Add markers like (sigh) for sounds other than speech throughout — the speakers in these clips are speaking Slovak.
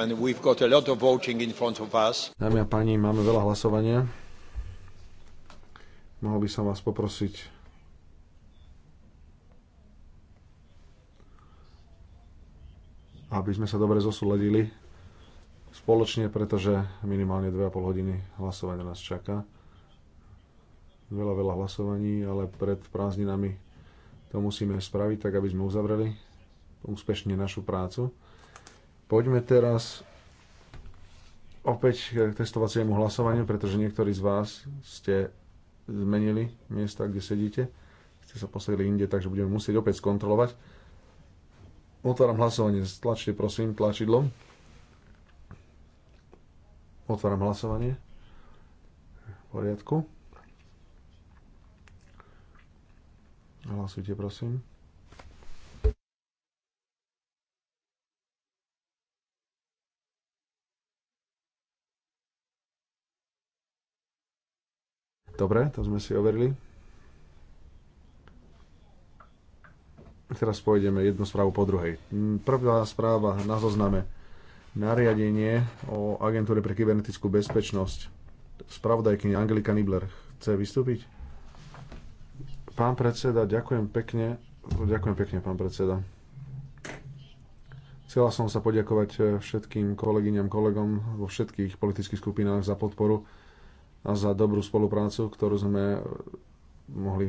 gentlemen, we've got a lot of voting in front of us. Dámy a páni, máme veľa hlasovania. Mohol by som vás poprosiť aby sme sa dobre zosúladili spoločne, pretože minimálne 2,5 hodiny hlasovania nás čaká. Veľa, veľa hlasovaní, ale pred prázdninami to musíme spraviť tak, aby sme uzavreli úspešne našu prácu. Poďme teraz opäť k testovaciemu hlasovaniu, pretože niektorí z vás ste zmenili miesta, kde sedíte. Ste sa posedili inde, takže budeme musieť opäť skontrolovať. Otváram hlasovanie. Stlačte prosím tlačidlo. Otváram hlasovanie. V poriadku. Hlasujte prosím. Dobre, to sme si overili. Teraz pôjdeme jednu správu po druhej. Mm, Prvá správa na zozname. Nariadenie o agentúre pre kybernetickú bezpečnosť. Spravodajkyňa Angelika Nibler chce vystúpiť? Pán predseda, ďakujem pekne. Ďakujem pekne, pán predseda. Chcela som sa poďakovať eh, všetkým kolegyňam, kolegom vo všetkých politických skupinách za podporu a za dobrú spoluprácu, ktorú sme eh, mohli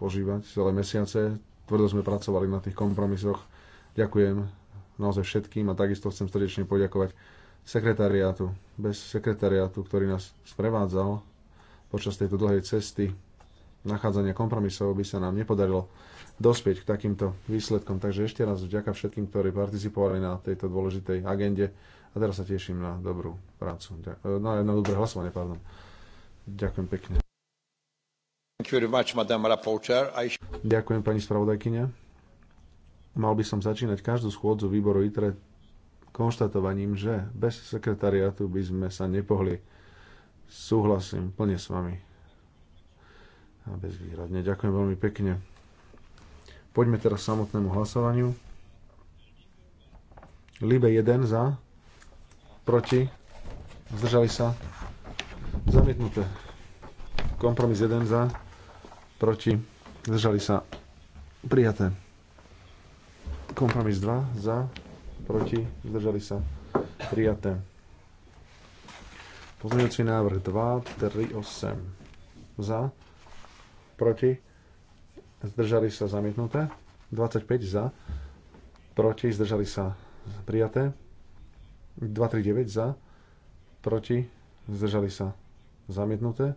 požívať celé mesiace. Tvrdo sme pracovali na tých kompromisoch. Ďakujem naozaj všetkým a takisto chcem srdečne poďakovať sekretariátu. Bez sekretariátu, ktorý nás sprevádzal počas tejto dlhej cesty nachádzania kompromisov by sa nám nepodarilo dospieť k takýmto výsledkom. Takže ešte raz vďaka všetkým, ktorí participovali na tejto dôležitej agende a teraz sa teším na dobrú prácu. Eh, na, na dobré hlasovanie, pardon. Ďakujem pekne. Much, Ďakujem pani spravodajkyňa. Mal by som začínať každú schôdzu výboru ITRE konštatovaním, že bez sekretariátu by sme sa nepohli. Súhlasím plne s vami. A bezvýhradne. Ďakujem veľmi pekne. Poďme teraz k samotnému hlasovaniu. Libe 1 za, proti, zdržali sa, Zamietnuté. Kompromis 1 za. Proti. Zdržali sa. Prijaté. Kompromis 2 za. Proti. Zdržali sa. Prijaté. Pozmeňujúci návrh 2, 3, 8. Za. Proti. Zdržali sa zamietnuté. 25 za. Proti. Zdržali sa prijaté. 2, 3, 9 za. Proti. Zdržali sa zamietnuté.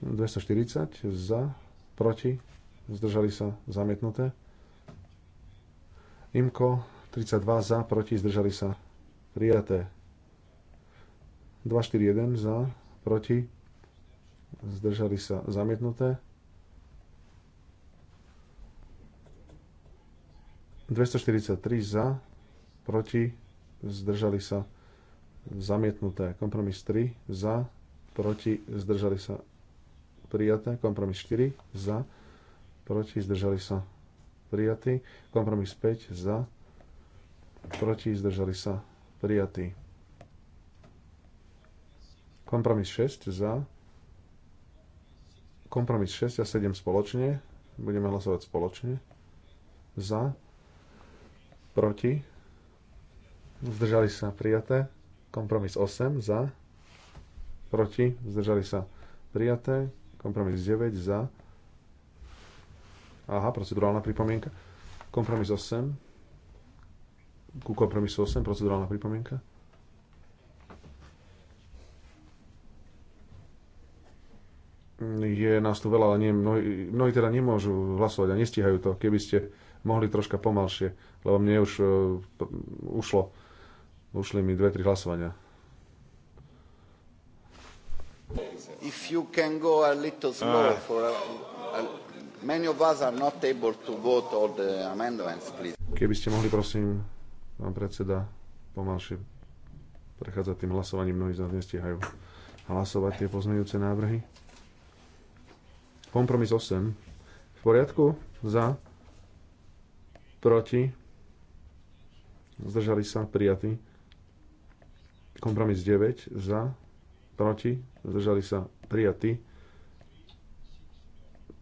240 za, proti, zdržali sa, zamietnuté. Imko 32 za, proti, zdržali sa, prijaté. 241 za, proti, zdržali sa, zamietnuté. 243 za, proti, zdržali sa, zamietnuté zamietnuté. Kompromis 3 za, proti, zdržali sa prijaté. Kompromis 4 za, proti, zdržali sa prijatý. Kompromis 5 za, proti, zdržali sa prijatý. Kompromis 6 za, kompromis 6 a 7 spoločne. Budeme hlasovať spoločne. Za, proti, zdržali sa prijaté. Kompromis 8 za, proti, zdržali sa prijaté. Kompromis 9 za. Aha, procedurálna pripomienka. Kompromis 8. Ku kompromisu 8, procedurálna pripomienka. je nás tu veľa, ale nie, mnohí, mnohí teda nemôžu hlasovať a nestihajú to. Keby ste mohli troška pomalšie, lebo mne už uh, ušlo Ušli mi dve, tri hlasovania. If you can go a little slow ah. for a, uh, a, uh, many of us are not able to vote all the amendments, please. Keby ste mohli, prosím, pán predseda, pomalšie prechádzať tým hlasovaním, mnohí z nás nestihajú hlasovať tie pozmeňujúce návrhy. Kompromis 8. V poriadku? Za? Proti? Zdržali sa? Prijatí? Kompromis 9 za, proti, zdržali sa prijatí.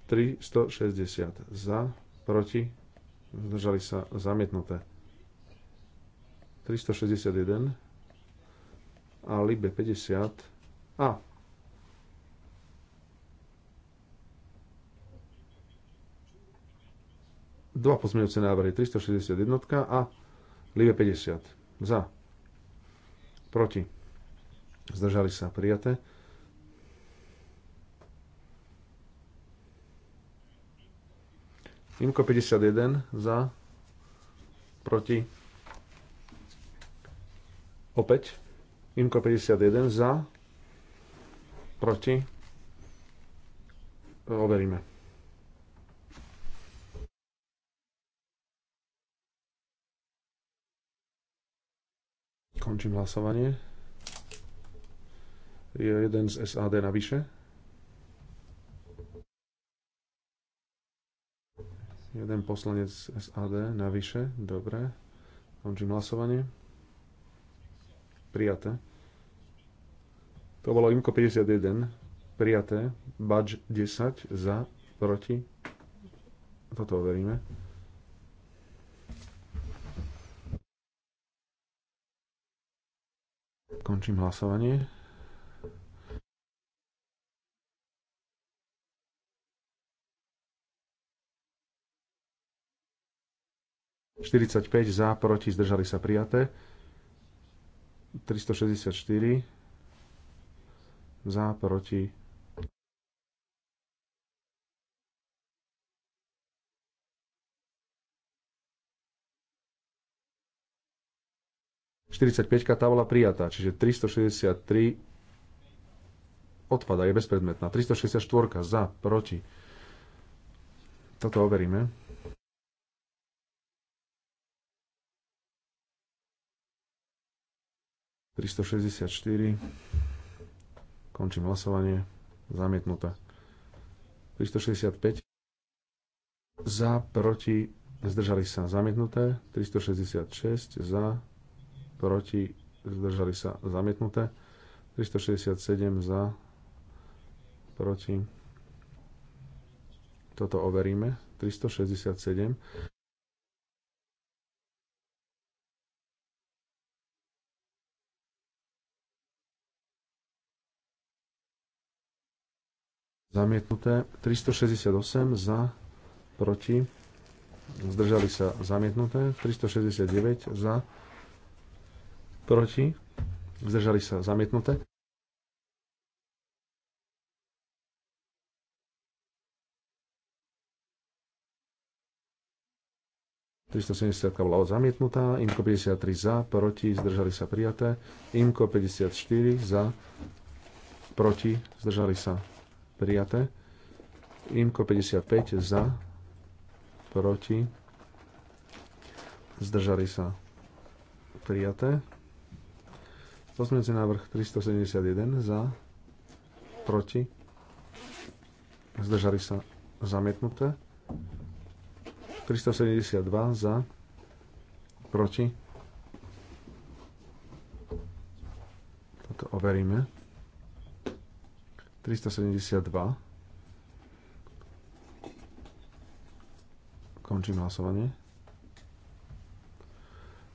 360 za, proti, zdržali sa zamietnuté. 361 a Libe 50 a dva pozmeňujúce návrhy 361 a Libe 50 za proti, zdržali sa prijaté. Imko 51 za, proti, opäť, Imko 51 za, proti, overíme. Končím hlasovanie. Je jeden z SAD navyše. Jeden poslanec SAD navyše. Dobre. Končím hlasovanie. Prijaté. To bolo IMKO 51. Prijaté. Badge 10. Za. Proti. Toto overíme. Končím hlasovanie. za, proti, zdržali sa prijaté. 364 za, proti, 45 tá bola prijatá, čiže 363 odpada, je bezpredmetná. 364 za, proti. Toto overíme. ...364. Končím hlasovanie. zamietnutá 365. Za, proti, zdržali sa. Zamietnuté. 366. Za, proti, zdržali sa zamietnuté. 367 za, proti. Toto overíme. 367. Zamietnuté. 368 za, proti. Zdržali sa zamietnuté. 369 za, proti proti, zdržali sa zamietnuté. ...370 bola zamietnutá, IMKO 53 za, proti, zdržali sa prijaté, IMKO 54 za, proti, zdržali sa prijaté, IMKO 55 za, proti, zdržali sa prijaté. Pozmeňujúci návrh 371 za, proti, zdržali sa zamietnuté. 372 za, proti. Toto overíme. 372. Končím hlasovanie.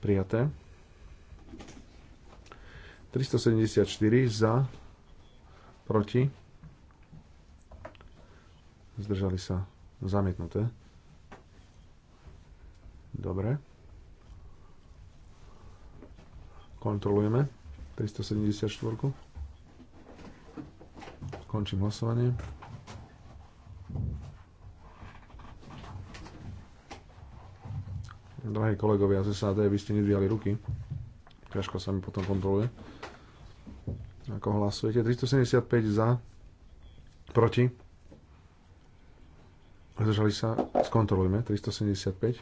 Prijaté. 374 za, proti, zdržali sa zamietnuté. Dobre. Kontrolujeme 374. Končím hlasovanie. Drahí kolegovia z SAD, vy ste nedvíjali ruky. Ťažko sa mi potom kontroluje ako hlasujete. 375 za, proti. Zdržali sa, skontrolujme, 375.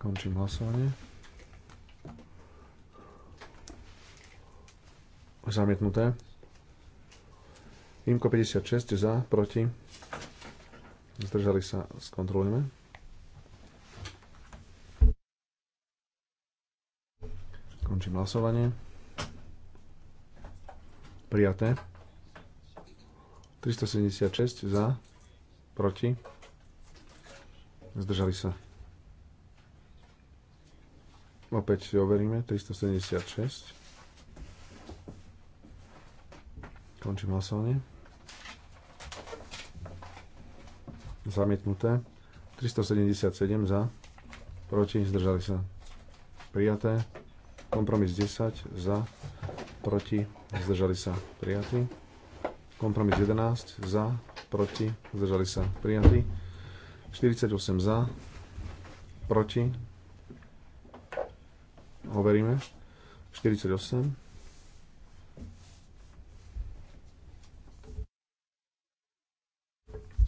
Končím hlasovanie. Zamietnuté. Imko 56 za, proti. Zdržali sa, skontrolujeme. Končím hlasovanie. Prijaté. 376 za, proti. Zdržali sa. Opäť si overíme. 376. Končím hlasovanie. Zamietnuté. 377 za, proti. Zdržali sa. Prijaté. Kompromis 10 za, proti, zdržali sa prijatí. Kompromis 11 za, proti, zdržali sa prijatí. 48 za, proti, overíme, 48.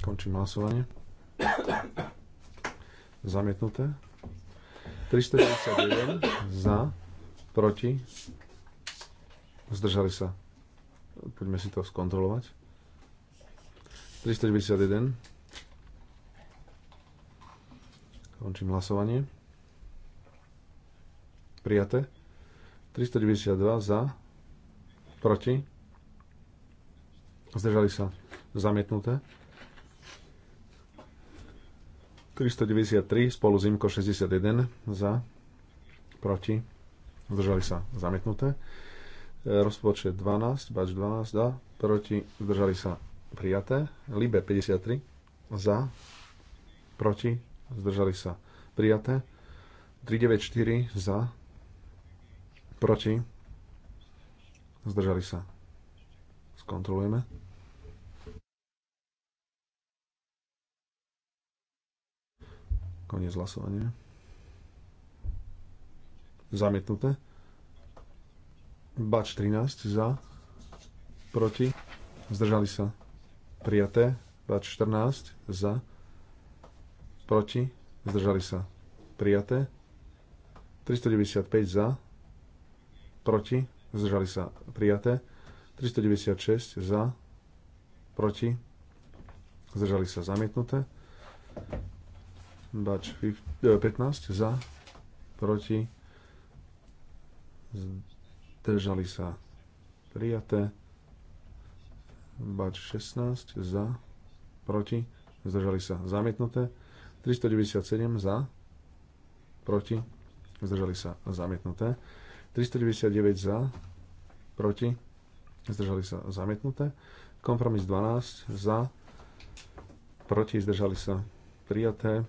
Končím hlasovanie. Zamietnuté. 341 za, Proti? Zdržali sa. Poďme si to skontrolovať. 391. Končím hlasovanie. Prijaté. 392 za. Proti. Zdržali sa. Zamietnuté. 393 spolu s 61 za. Proti zdržali sa zamietnuté. E, rozpočet 12, bač 12 za, proti, zdržali sa prijaté. Libe 53 za, proti, zdržali sa prijaté. 394 za, proti, zdržali sa. Skontrolujeme. Koniec hlasovania. Zamietnuté. Bač 13 za. Proti. Zdržali sa. Prijaté. Bač 14 za. Proti. Zdržali sa. Prijaté. 395 za. Proti. Zdržali sa. Prijaté. 396 za. Proti. Zdržali sa. Zamietnuté. Bač 15 eh, za. Proti zdržali sa prijaté. Bač 16 za, proti, zdržali sa zamietnuté. 397 za, proti, zdržali sa zamietnuté. 399 za, proti, zdržali sa zamietnuté. Kompromis 12 za, proti, zdržali sa prijaté.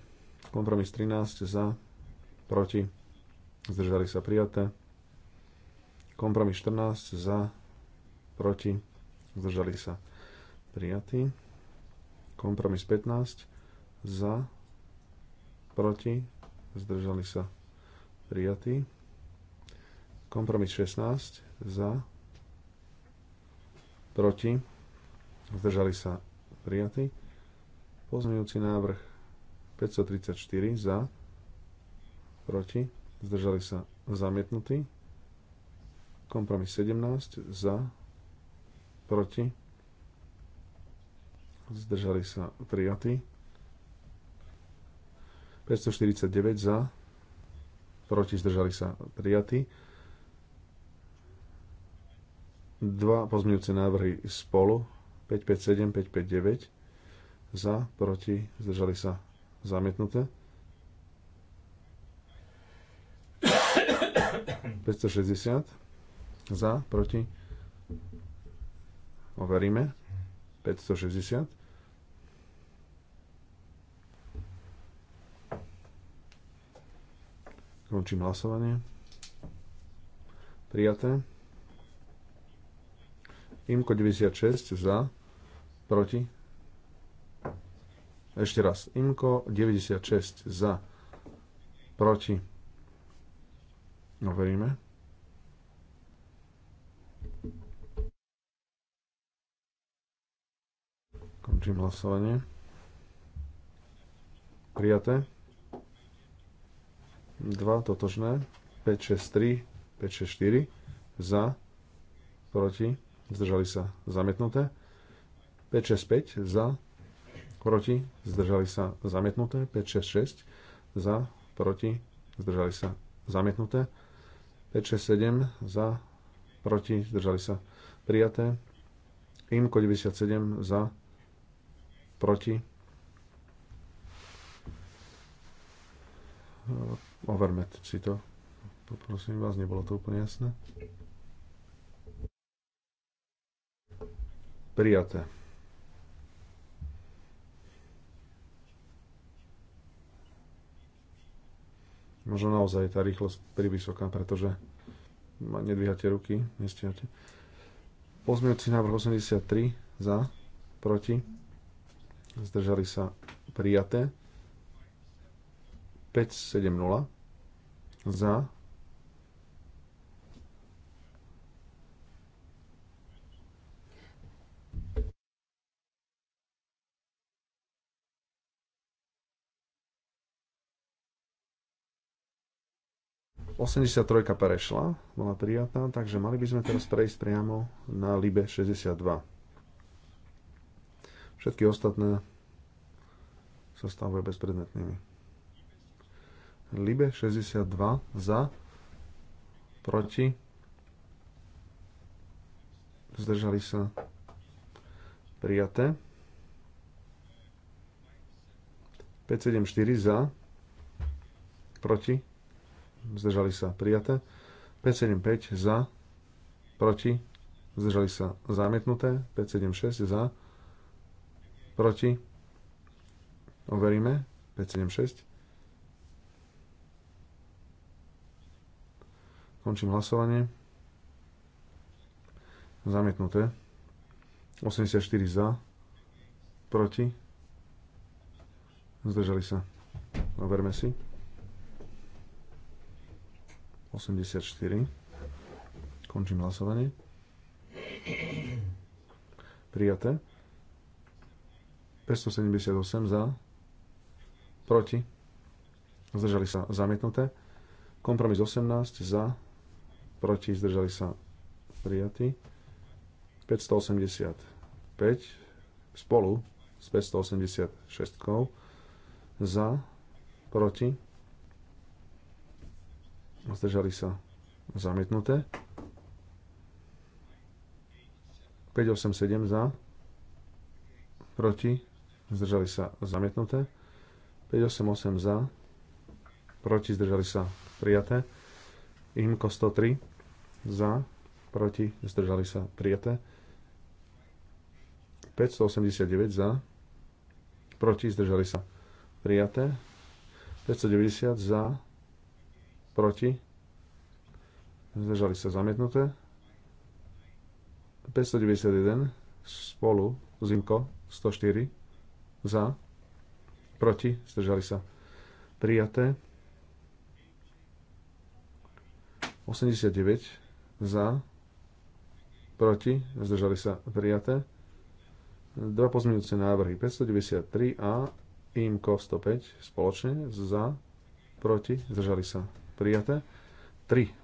Kompromis 13 za, proti, zdržali sa prijaté. Kompromis 14 za, proti, zdržali sa prijatí. Kompromis 15 za, proti, zdržali sa prijatí. Kompromis 16 za, proti, zdržali sa prijatí. Pozmeňujúci návrh 534 za, proti, zdržali sa zamietnutí. Kompromis 17 za, proti, zdržali sa prijatí. 549 za, proti, zdržali sa prijatí. Dva pozmeňujúce návrhy spolu, 557, 559 za, proti, zdržali sa zamietnuté. 560 za, proti. Overíme. 560. Končím hlasovanie. Prijaté. Imko 96 za, proti. Ešte raz. Imko 96 za, proti. Overíme. No, veríme. Končím hlasovanie. Prijaté. 2 totožné. 5, 6, 3, 5, 6, 4. Za. Proti. Zdržali sa. Zamietnuté. 5, 6, 5. Za. Proti. Zdržali sa. Zamietnuté. 5, 6, 6. Za. Proti. Zdržali sa. Zamietnuté. 5, 6, 7. Za. Proti. Zdržali sa. Prijaté. IMKO 97 za, proti. Overme si to. Poprosím vás, nebolo to úplne jasné. Prijaté. Možno naozaj tá rýchlosť privysoká, pretože ma nedvíhate ruky, nestíhate. Pozmeňujúci návrh 83 za, proti zdržali sa prijaté. 5-7-0 za trojka prešla, bola prijatá, takže mali by sme teraz prejsť priamo na Libe 62. Všetky ostatné sa stávajú bezpredmetnými. Libe 62 za, proti, zdržali sa prijaté. 574 za, proti, zdržali sa prijaté. 575 za, proti, zdržali sa zamietnuté. 576 za, Proti? Overíme. 576. Končím hlasovanie. Zamietnuté. 84 za. Proti. Zdržali sa. Overme si. 84. Končím hlasovanie. Prijaté. 578 za, proti, zdržali sa zamietnuté. Kompromis 18 za, proti, zdržali sa prijatí. 585 spolu s 586 za, proti, zdržali sa zamietnuté. 587 za, proti, zdržali sa zamietnuté, 588 za, proti zdržali sa prijaté, IMKO 103 za, proti zdržali sa prijaté, 589 za, proti zdržali sa prijaté, 590 za, proti zdržali sa zamietnuté, 591 spolu, Zimko 104 za, proti, zdržali sa prijaté. 89 za, proti, zdržali sa prijaté. Dva pozmeňujúce návrhy 593 a IMCO 105 spoločne za, proti, zdržali sa prijaté. 3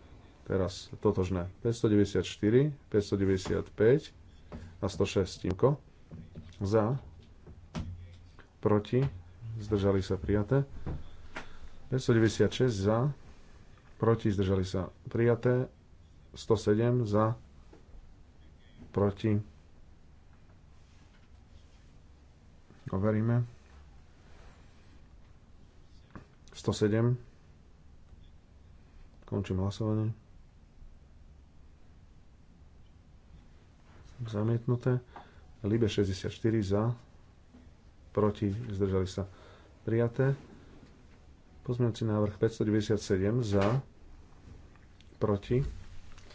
teraz totožné 594, 595 a 106 IMCO za, proti, zdržali sa prijaté. 596 za, proti, zdržali sa prijaté. 107 za, proti. Overíme. 107. Končím hlasovanie. Zamietnuté. Libe 64 za, proti, zdržali sa prijaté. Pozmeňujúci návrh 597 za, proti,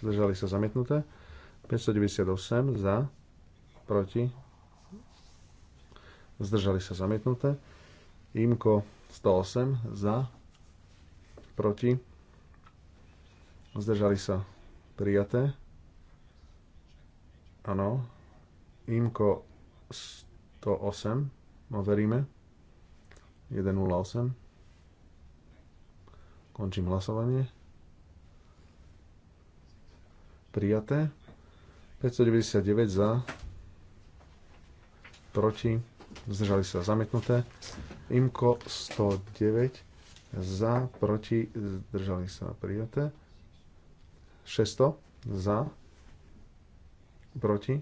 zdržali sa zamietnuté. 598 za, proti, zdržali sa zamietnuté. Imko 108 za, proti, zdržali sa prijaté. Áno. Imko 108 Overíme. 1.08. Končím hlasovanie. Prijaté. 599 za. Proti. Zdržali sa zamietnuté. IMKO 109 za. Proti. Zdržali sa prijaté. 600 za. Proti.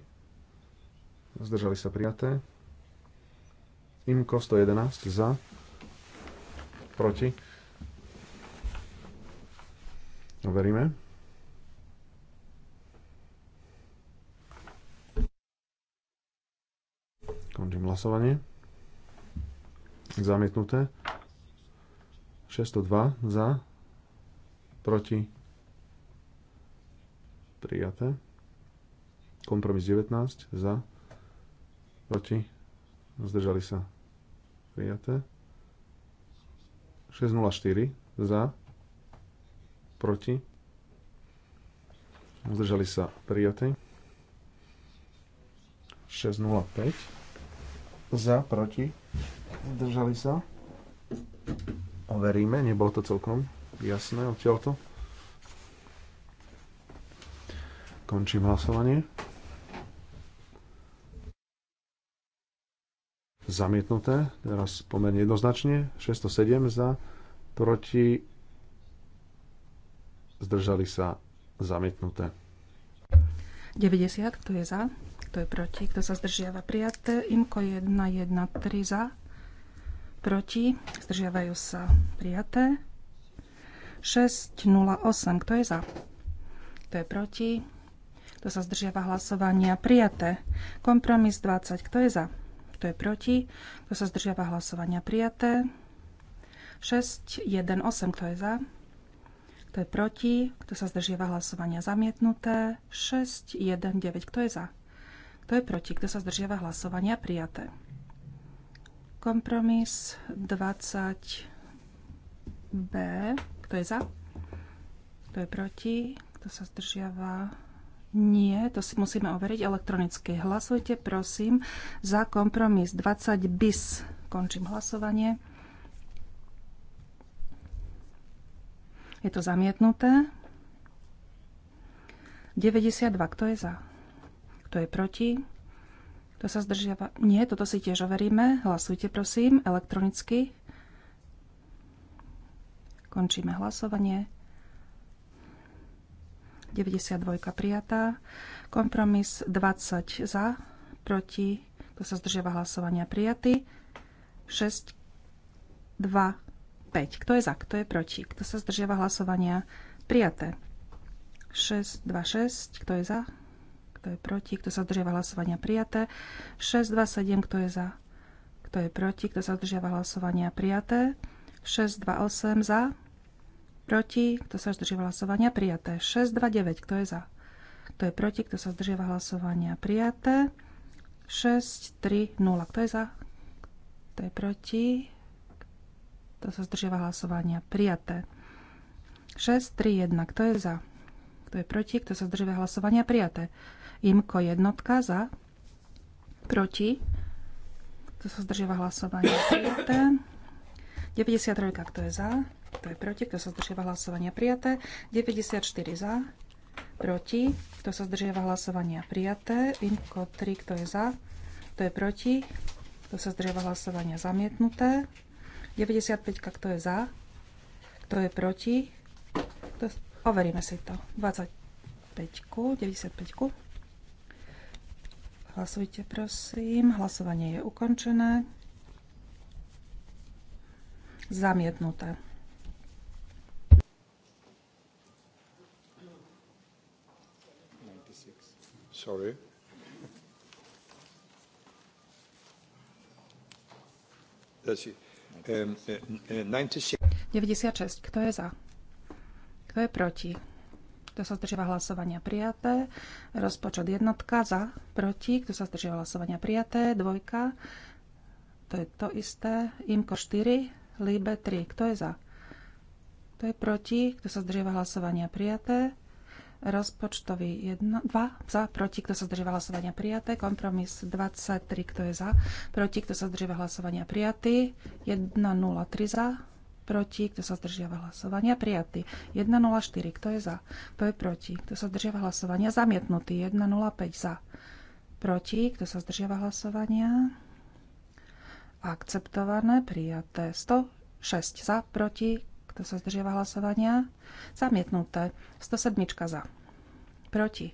Zdržali sa prijaté. IMKO 111 za, proti. veríme Končím hlasovanie. Zamietnuté. 602 za, proti, prijaté. Kompromis 19 za, proti, zdržali sa prijaté. 604 za, proti, zdržali sa prijaté. 605 za, proti, zdržali sa. Overíme, nebolo to celkom jasné odtiaľto. Končím hlasovanie. zamietnuté, teraz pomerne jednoznačne, 607 za, proti, zdržali sa, zamietnuté. 90, kto je za, kto je proti, kto sa zdržiava, prijaté, IMKO 1, 1, 3 za, proti, zdržiavajú sa, prijaté, 608, kto je za, kto je proti, kto sa zdržiava hlasovania, prijaté, kompromis 20, kto je za, kto je proti? Kto sa zdržiava hlasovania? Prijaté. 6, 1, 8. Kto je za? Kto je proti? Kto sa zdržiava hlasovania? Zamietnuté. 6, 1, 9. Kto je za? Kto je proti? Kto sa zdržiava hlasovania? Prijaté. Kompromis 20b. Kto je za? Kto je proti? Kto sa zdržiava nie, to si musíme overiť elektronicky. Hlasujte, prosím, za kompromis 20 bis. Končím hlasovanie. Je to zamietnuté. 92, kto je za? Kto je proti? To sa zdržiava? Nie, toto si tiež overíme. Hlasujte, prosím, elektronicky. Končíme hlasovanie. 92 prijatá. Kompromis 20 za, proti, to sa zdržiava hlasovania prijatý. 6, 2, 5. Kto je za, kto je proti? Kto sa zdržiava hlasovania? Prijaté. 6, 2, 6. Kto je za? Kto je proti? Kto sa zdržiava hlasovania? Prijaté. 6, 2, 7. Kto je za? Kto je proti? Kto sa zdržiava hlasovania? Prijaté. 6, 2, 8. Za? proti, kto sa zdržiava hlasovania, prijaté. 9, kto je za, kto je proti, kto sa zdržiava hlasovania, prijaté. 0, kto je za, kto je proti, kto sa zdržiava hlasovania, prijaté. 1, kto je za, kto je proti, kto sa zdržiava hlasovania, prijaté. Imko jednotka za, proti, kto sa zdržiava hlasovania, prijaté. 93, kto je za, kto je proti? Kto sa zdržiava hlasovania? Prijaté. 94 za. Proti. Kto sa zdržiava hlasovania? Prijaté. Inko 3. Kto je za? Kto je proti? Kto sa zdržiava hlasovania? Zamietnuté. 95. Kto je za? Kto je proti? Kto... Overíme si to. 25. 95. Hlasujte, prosím. Hlasovanie je ukončené. Zamietnuté. sorry. Um, 96. Uh, 96. Uh, Kto je za? Kto je proti? Kto sa zdržiava hlasovania prijaté? Rozpočet jednotka za, proti. Kto sa zdržiava hlasovania prijaté? Dvojka. To je to isté. Imko 4, Líbe 3. Kto je za? Kto je proti? Kto sa zdržiava hlasovania prijaté? Rozpočtový 1, 2 za, proti, kto sa zdržíva hlasovania prijaté. Kompromis 23, kto je za, proti, kto sa zdržíva hlasovania prijatý. 103 za, proti, kto sa zdržiava hlasovania, prijatý. 104, kto je za, kto je proti, kto sa zdržiava hlasovania, zamietnutý. 105 za, proti, kto sa zdržiava hlasovania, akceptované, prijaté. 106 za, proti, kto sa zdržiava hlasovania? Zamietnuté. 107 za. Proti.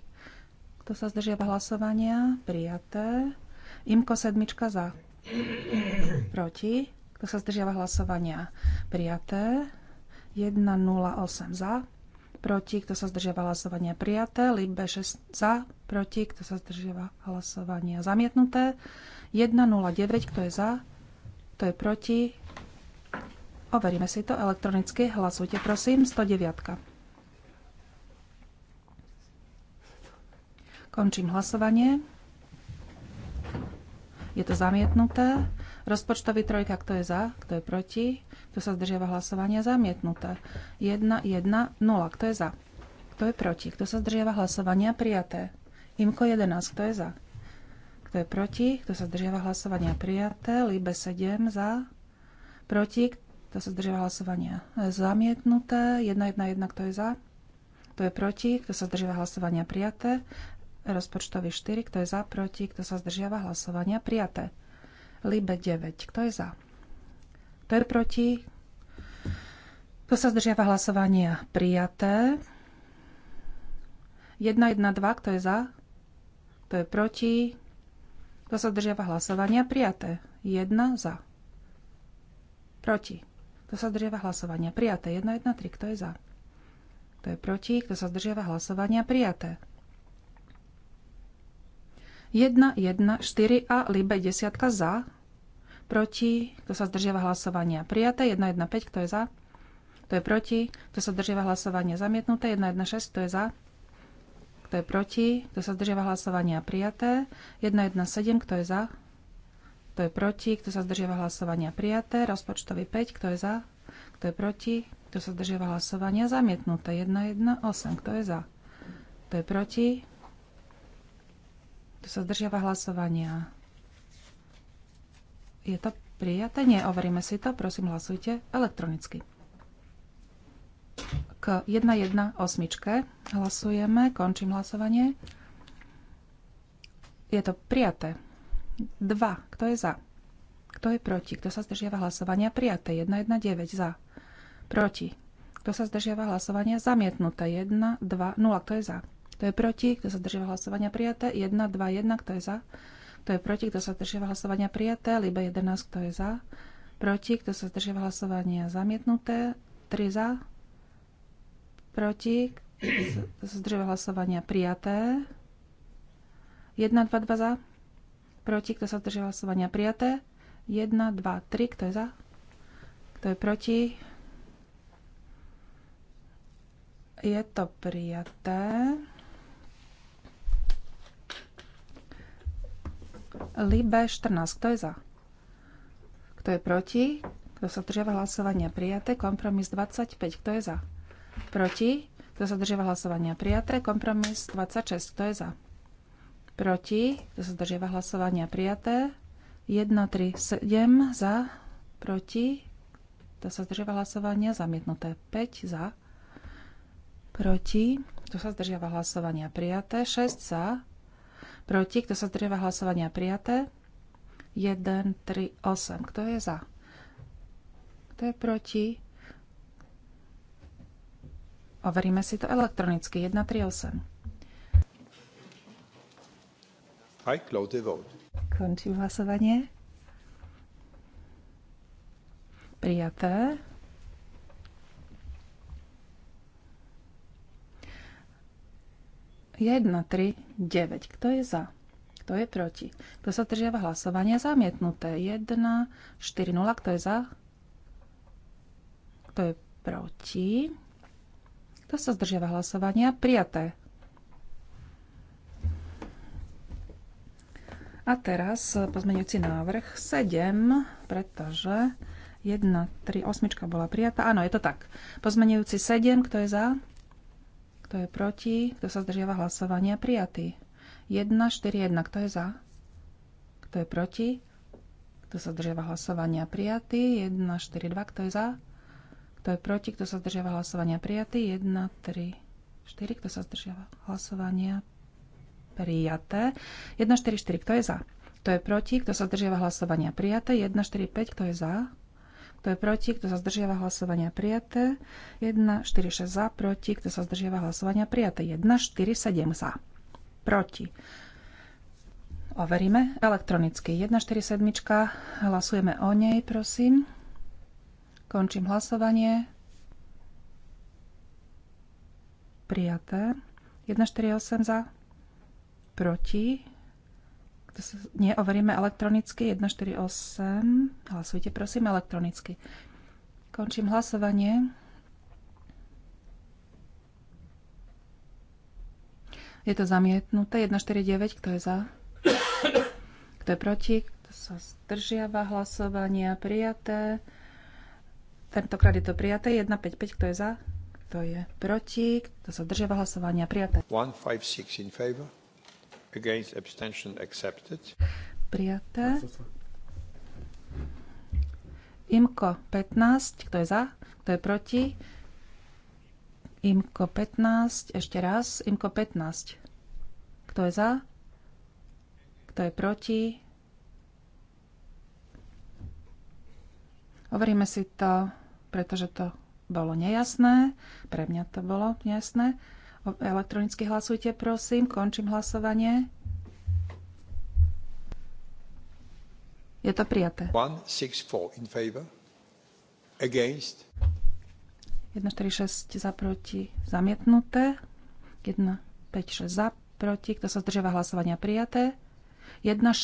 Kto sa zdržiava hlasovania? Prijaté. Imko 7 za. Proti. Kto sa zdržiava hlasovania? Prijaté. 108 za. Proti. Kto sa zdržiava hlasovania? Prijaté. Libe 6 za. Proti. Kto sa zdržiava hlasovania? Zamietnuté. 109. Kto je za? Kto je proti? Overíme si to elektronicky. Hlasujte, prosím. 109. Končím hlasovanie. Je to zamietnuté. Rozpočtový trojka, kto je za, kto je proti, kto sa zdržiava hlasovania, zamietnuté. 1, 1, 0, kto je za, kto je proti, kto sa zdržiava hlasovania, prijaté. Imko 11, kto je za, kto je proti, kto sa zdržiava hlasovania, prijaté. Libe 7, za, proti, kto sa zdržíva hlasovania? Zamietnuté. 1-1-1, kto je za? Kto je proti? Kto sa zdržíva hlasovania? Prijaté. Rozpočtový 4, kto je za? Proti? Kto sa zdržiava hlasovania? Prijaté. Libe 9, kto je za? Kto je proti? Kto sa zdržiava hlasovania? Prijaté. 1-1-2, kto je za? Kto je proti? Kto sa zdržiava hlasovania? Prijaté. 1 za. Proti. Kto sa zdržiava hlasovania? Prijaté. 1 3, Kto je za? Kto je proti? Kto sa zdržiava hlasovania? Prijaté. 1, 1, 4 a Libe 10 za. Proti. Kto sa zdržiava hlasovania? Prijaté. 1, 1, 5. Kto je za? Kto je proti? Kto sa zdržiava hlasovania? Zamietnuté. 1, 1, 6. Kto je za? Kto je proti? Kto sa zdržiava hlasovania? Prijaté. 1, 1, 7. Kto je za? Kto je proti? Kto sa zdržiava hlasovania? Prijaté. Rozpočtový 5. Kto je za? Kto je proti? Kto sa zdržiava hlasovania? Zamietnuté. 8. Kto je za? Kto je proti? Kto sa zdržiava hlasovania? Je to prijaté? Nie, overíme si to. Prosím, hlasujte elektronicky. K 1, 1 8 hlasujeme. Končím hlasovanie. Je to prijaté. 2. Kto je za? Kto je proti? Kto sa zdržiava hlasovania? Prijaté. 1, 1, 9. za. Proti. Kto sa zdržiava hlasovania? Zamietnuté. 1, 2, 0. Kto je za? Kto je proti? Kto sa zdržiava hlasovania? Prijaté. 1, 2, 1. Kto je za? Kto je proti? Kto sa zdržiava hlasovania? Prijaté. Libe 11. Kto je za? Proti. Kto sa zdržiava hlasovania? Zamietnuté. 3 za. Proti. Kto sa zdržiava hlasovania? Prijaté. 1, 2, 2 za proti, kto sa zdržal hlasovania prijaté. 1, 2, 3, kto je za, kto je proti. Je to prijaté. Libe 14, kto je za? Kto je proti? Kto sa zdržiava hlasovania prijaté? Kompromis 25, kto je za? Proti? Kto sa zdržiava hlasovania prijaté? Kompromis 26, kto je za? proti, kto sa zdržiava hlasovania prijaté. 1, 3, 7 za, proti, To sa zdržiava hlasovania zamietnuté. 5 za, proti, To sa zdržiava hlasovania prijaté. 6 za, proti, kto sa zdržiava hlasovania prijaté. 1, 3, 8. Kto je za? Kto je proti? Overíme si to elektronicky. 1, 3, 8. I close the vote. Končím hlasovanie. Prijaté. Jedna, tri, 9. Kto je za? Kto je proti? Kto sa držiava hlasovania? Zamietnuté. 1, 4, 0. Kto je za? Kto je proti? Kto sa zdržiava hlasovania? Prijaté. A teraz eh, pozmeňujúci návrh 7, pretože 1, 3, 8 bola prijatá. Áno, je to tak. Pozmeňujúci 7, kto je za? Kto je proti? Kto sa zdržiava hlasovania? Prijatý. 1, 4, 1, kto je za? Kto je proti? Kto sa zdržiava hlasovania? Prijatý. 1, 4, 2, kto je za? Kto je proti? Kto sa zdržiava hlasovania? Prijatý. 1, 3, 4, kto sa zdržiava hlasovania? prijaté. 144, kto je za? Kto je proti? Kto sa zdržiava hlasovania? Prijaté. 145, kto je za? Kto je proti? Kto sa zdržiava hlasovania? Prijaté. 146 za, proti. Kto sa zdržiava hlasovania? Prijaté. 147 za, proti. Overíme elektronicky. 147. Hlasujeme o nej, prosím. Končím hlasovanie. Prijaté. 148 za, proti. Nie, overíme elektronicky. 148. Hlasujte prosím elektronicky. Končím hlasovanie. Je to zamietnuté. 149. Kto je za? Kto je proti? Kto sa zdržiava hlasovania? Prijaté. Tentokrát je to prijaté. 155. Kto je za? Kto je proti? Kto sa zdržiava hlasovania? Prijaté. 156 in favor against abstention accepted. Prijaté. Imko 15, kto je za, kto je proti? Imko 15, ešte raz, Imko 15. Kto je za? Kto je proti? Overíme si to, pretože to bolo nejasné. Pre mňa to bolo nejasné. Elektronicky hlasujte, prosím. Končím hlasovanie. Je to prijaté. 164 in favor. Against. 146 za proti zamietnuté. 1-5-6 za proti. Kto sa zdržiava hlasovania prijaté? 6,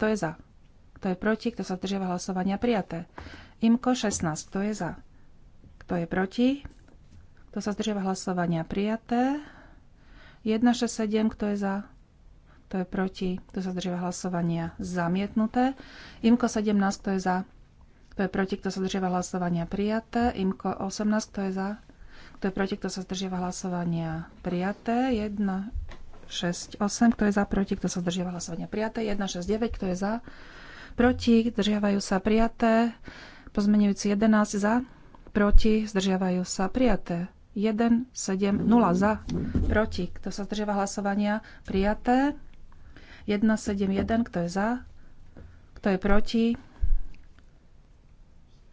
Kto je za? Kto je proti? Kto sa zdržiava hlasovania prijaté? Imko 16. Kto je za? Kto je proti? Kto sa zdržiava hlasovania? Prijaté. 1, 6, 7. kto je za? Kto je proti? Kto sa zdržiava hlasovania? Zamietnuté. Imko 17, kto je za? Kto je proti? Kto sa zdržiava hlasovania? Prijaté. Imko 18, kto je za? Kto je proti? Kto sa zdržiava hlasovania? Prijaté. 1, 6, 8, kto je za? Proti? Kto sa zdržiava hlasovania? Prijaté. 1, 6, 9, kto je za? Proti? Zdržiavajú sa prijaté. Pozmenujúci 11 za? Proti? Zdržiavajú sa prijaté. 1, 7, 0 za, proti. Kto sa zdržiava hlasovania? Prijaté. 1, 7, 1, kto je za? Kto je proti?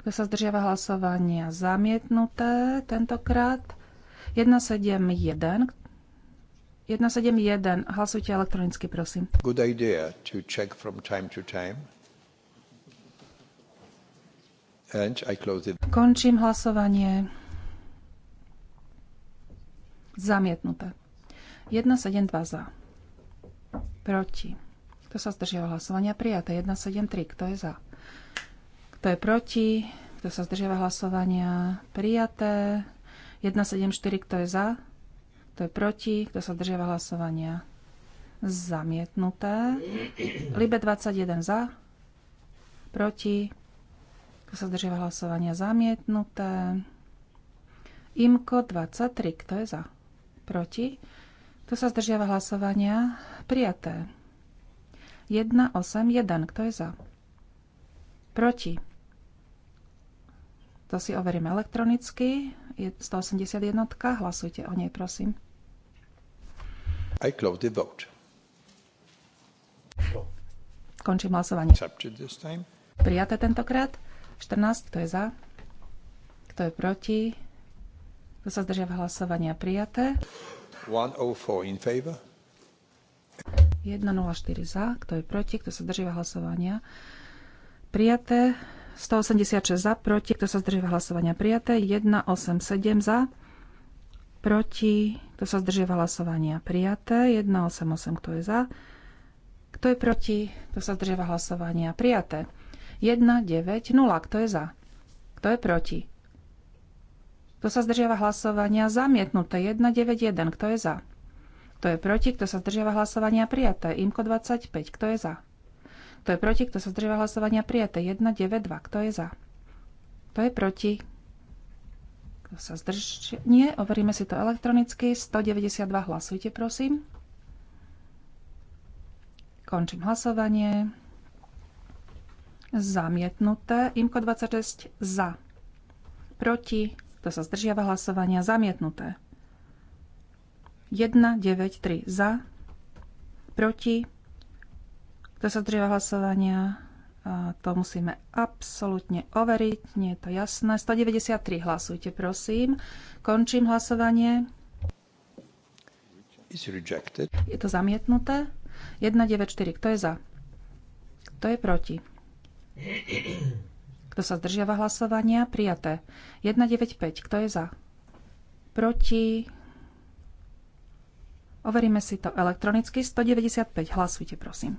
Kto sa zdržiava hlasovania? Zamietnuté tentokrát. 1, 7, 1. 1, 7, 1. Hlasujte elektronicky, prosím. Good idea to check from time to time. And I close it. Končím hlasovanie. Zamietnuté. 172 za. Proti. Kto sa zdržiava hlasovania? Prijaté. 173. Kto je za? Kto je proti? Kto sa zdržiava hlasovania? Prijaté. 174. Kto je za? Kto je proti? Kto sa zdržiava hlasovania? Zamietnuté. Libe 21 za. Proti. Kto sa zdržiava hlasovania? Zamietnuté. Imko 23. Kto je za? Proti? Kto sa zdržiava hlasovania? Prijaté. 1, 8, 1. Kto je za? Proti? To si overíme elektronicky. Je 181. Hlasujte o nej, prosím. I close the vote. Končím hlasovanie. Prijaté tentokrát. 14. Kto je za? Kto je proti? Kto sa v hlasovania? Prijaté. 104 in favor. 104 za. Kto je proti? Kto sa zdržiava hlasovania? Prijaté. 186 za. Proti. Kto sa zdržiava hlasovania? Prijaté. 187 za. Proti. Kto sa zdržiava hlasovania? Prijaté. 188. Kto je za? Kto je proti? Kto sa zdržiava hlasovania? Prijaté. 190. Kto je za? Kto je proti? Kto sa zdržiava hlasovania? Zamietnuté. 1, Kto je za? Kto je proti? Kto sa zdržiava hlasovania? Prijaté. Imko 25. Kto je za? Kto je proti? Kto sa zdržiava hlasovania? Prijaté. 2, Kto je za? Kto je proti? Kto sa zdržia? Nie. Overíme si to elektronicky. 192. Hlasujte, prosím. Končím hlasovanie. Zamietnuté. Imko 26. Za. Proti kto sa zdržiava hlasovania? Zamietnuté. 1, 9, 3 za. Proti. Kto sa zdržiava hlasovania? A to musíme absolútne overiť. Nie je to jasné. 193 hlasujte, prosím. Končím hlasovanie. Je to zamietnuté. 194. Kto je za? Kto je proti? Kto sa zdržiava hlasovania? Prijaté. 195. Kto je za? Proti? Overíme si to elektronicky. 195. Hlasujte, prosím.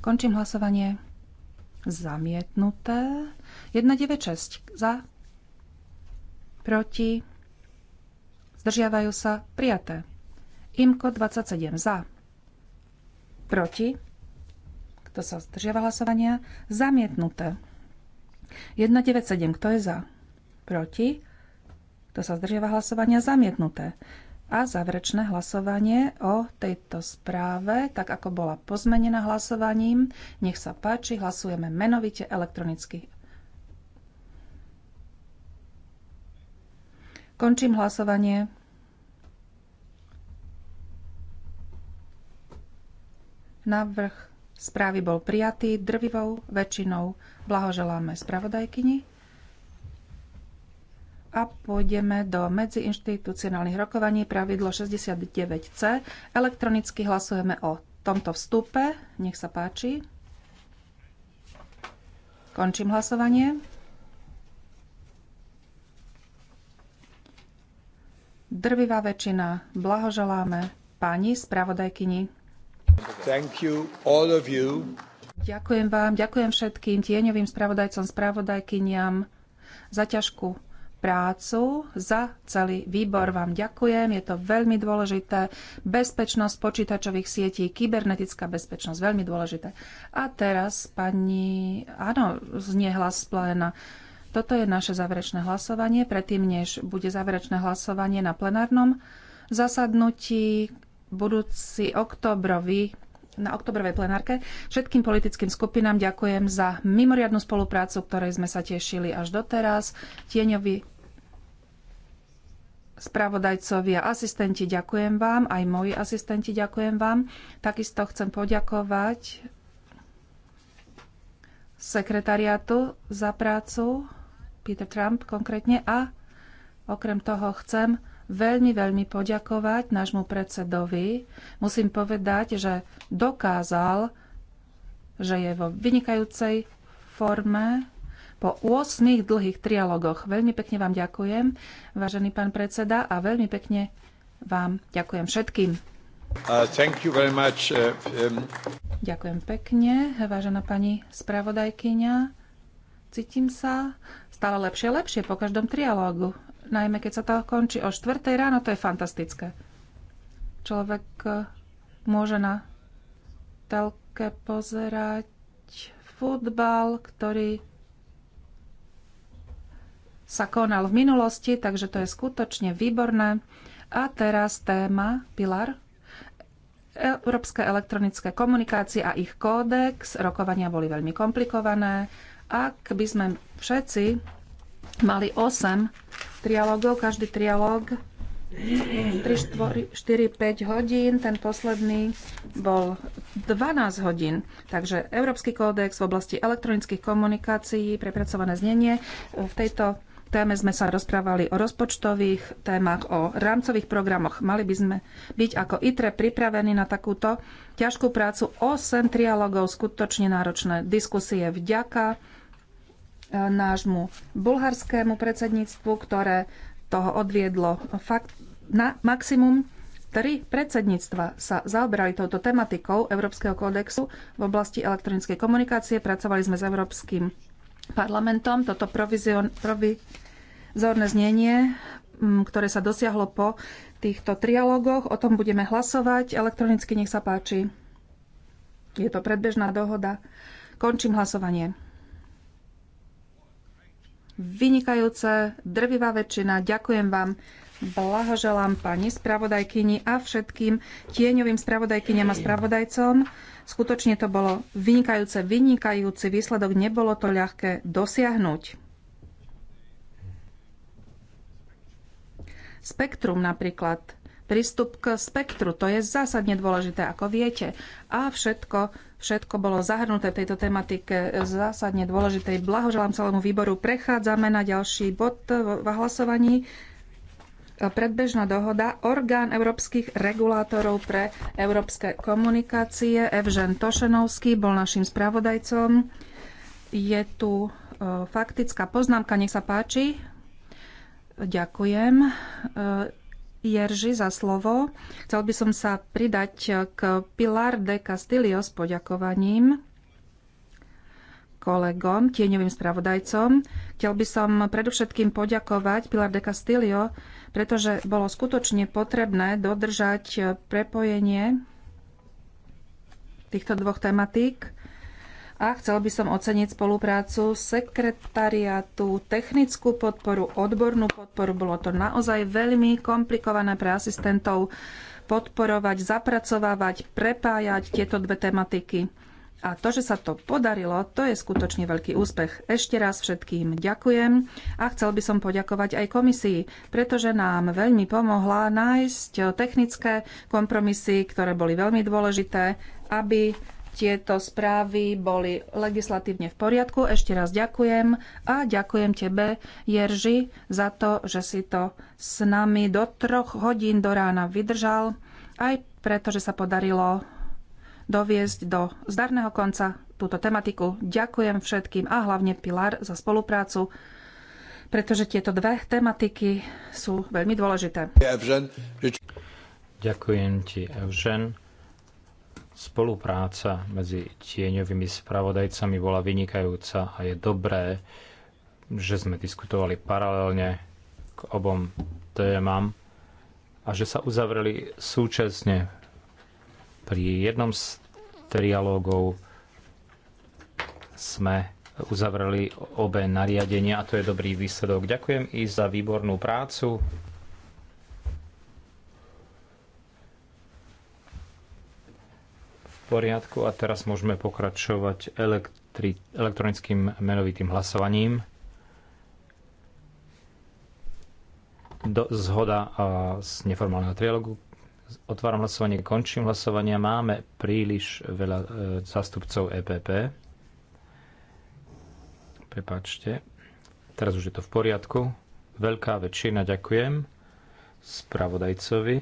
Končím hlasovanie. Zamietnuté. 196. Za? Proti? Zdržiavajú sa? Prijaté. Imko 27. Za? Proti? Kto sa zdržiava hlasovania? Zamietnuté. 197. Kto je za? Proti? Kto sa zdržiava hlasovania? Zamietnuté. A záverečné hlasovanie o tejto správe, tak ako bola pozmenená hlasovaním. Nech sa páči, hlasujeme menovite elektronicky. Končím hlasovanie. Návrh správy bol prijatý drvivou väčšinou. Blahoželáme spravodajkyni a pôjdeme do medziinštitucionálnych rokovaní pravidlo 69c. Elektronicky hlasujeme o tomto vstupe. Nech sa páči. Končím hlasovanie. Drvivá väčšina. Blahoželáme pani spravodajkyni. Ďakujem vám, ďakujem všetkým tieňovým spravodajcom, spravodajkyniam za ťažkú prácu, za celý výbor vám ďakujem. Je to veľmi dôležité. Bezpečnosť počítačových sietí, kybernetická bezpečnosť, veľmi dôležité. A teraz pani, áno, znie hlas pléna. Toto je naše záverečné hlasovanie. Predtým, než bude záverečné hlasovanie na plenárnom zasadnutí, budúci oktobrový na oktobrovej plenárke. Všetkým politickým skupinám ďakujem za mimoriadnu spoluprácu, ktorej sme sa tešili až doteraz. Tieňovi a asistenti, ďakujem vám, aj moji asistenti, ďakujem vám. Takisto chcem poďakovať sekretariátu za prácu, Peter Trump konkrétne, a okrem toho chcem veľmi, veľmi poďakovať nášmu predsedovi. Musím povedať, že dokázal, že je vo vynikajúcej forme po 8 dlhých trialogoch. Veľmi pekne vám ďakujem, vážený pán predseda, a veľmi pekne vám ďakujem všetkým. Uh, much, uh, um... Ďakujem pekne, vážená pani spravodajkyňa. Cítim sa stále lepšie, lepšie po každom trialógu najmä keď sa to končí o 4. ráno, to je fantastické. Človek e, môže na telke pozerať futbal, ktorý sa konal v minulosti, takže to je skutočne výborné. A teraz téma, pilar, Európske elektronické komunikácie a ich kódex. Rokovania boli veľmi komplikované. Ak by sme všetci mali 8 trialogov. Každý trialóg 3, 4, 5 hodín. Ten posledný bol 12 hodín. Takže Európsky kódex v oblasti elektronických komunikácií, prepracované znenie. V tejto téme sme sa rozprávali o rozpočtových témach, o rámcových programoch. Mali by sme byť ako ITRE pripravení na takúto ťažkú prácu. 8 trialogov, skutočne náročné diskusie. Vďaka E, nášmu bulharskému predsedníctvu, ktoré toho odviedlo fakt na maximum. Tri predsedníctva sa zaoberali touto tematikou Európskeho kódexu v oblasti elektronickej komunikácie. Pracovali sme s Európskym parlamentom. Toto provizorné znenie, ktoré sa dosiahlo po týchto trialógoch, o tom budeme hlasovať. Elektronicky nech sa páči. Je to predbežná dohoda. Končím hlasovanie vynikajúce, drvivá väčšina. Ďakujem vám. Blahoželám pani spravodajkyni a všetkým tieňovým spravodajkyniam a spravodajcom. Skutočne to bolo vynikajúce, vynikajúci výsledok. Nebolo to ľahké dosiahnuť. Spektrum napríklad prístup k spektru. To je zásadne dôležité, ako viete. A všetko, všetko bolo zahrnuté v tejto tematike zásadne dôležitej. Blahoželám celému výboru. Prechádzame na ďalší bod v hlasovaní. Predbežná dohoda. Orgán európskych regulátorov pre európske komunikácie Evžen Tošenovský bol našim spravodajcom. Je tu e, faktická poznámka. Nech sa páči. Ďakujem. E, Jerži za slovo. Chcel by som sa pridať k Pilar de Castillo s poďakovaním kolegom, tieňovým spravodajcom. Chcel by som predovšetkým poďakovať Pilar de Castillo, pretože bolo skutočne potrebné dodržať prepojenie týchto dvoch tematík a chcel by som oceniť spoluprácu sekretariátu, technickú podporu, odbornú podporu. Bolo to naozaj veľmi komplikované pre asistentov podporovať, zapracovávať, prepájať tieto dve tematiky. A to, že sa to podarilo, to je skutočne veľký úspech. Ešte raz všetkým ďakujem a chcel by som poďakovať aj komisii, pretože nám veľmi pomohla nájsť technické kompromisy, ktoré boli veľmi dôležité, aby tieto správy boli legislatívne v poriadku. Ešte raz ďakujem a ďakujem tebe, Jerži, za to, že si to s nami do troch hodín do rána vydržal, aj preto, že sa podarilo doviesť do zdarného konca túto tematiku. Ďakujem všetkým a hlavne Pilar za spoluprácu, pretože tieto dve tematiky sú veľmi dôležité. Ďakujem ti, Evžen. Spolupráca medzi tieňovými spravodajcami bola vynikajúca a je dobré, že sme diskutovali paralelne k obom témam a že sa uzavreli súčasne pri jednom z trialógov sme uzavreli obe nariadenia a to je dobrý výsledok. Ďakujem i za výbornú prácu. poriadku a teraz môžeme pokračovať elektri- elektronickým menovitým hlasovaním. Do, zhoda a, z neformálneho trialogu. Otváram hlasovanie, končím hlasovanie. Máme príliš veľa e, zastupcov EPP. Prepačte. Teraz už je to v poriadku. Veľká väčšina, ďakujem spravodajcovi,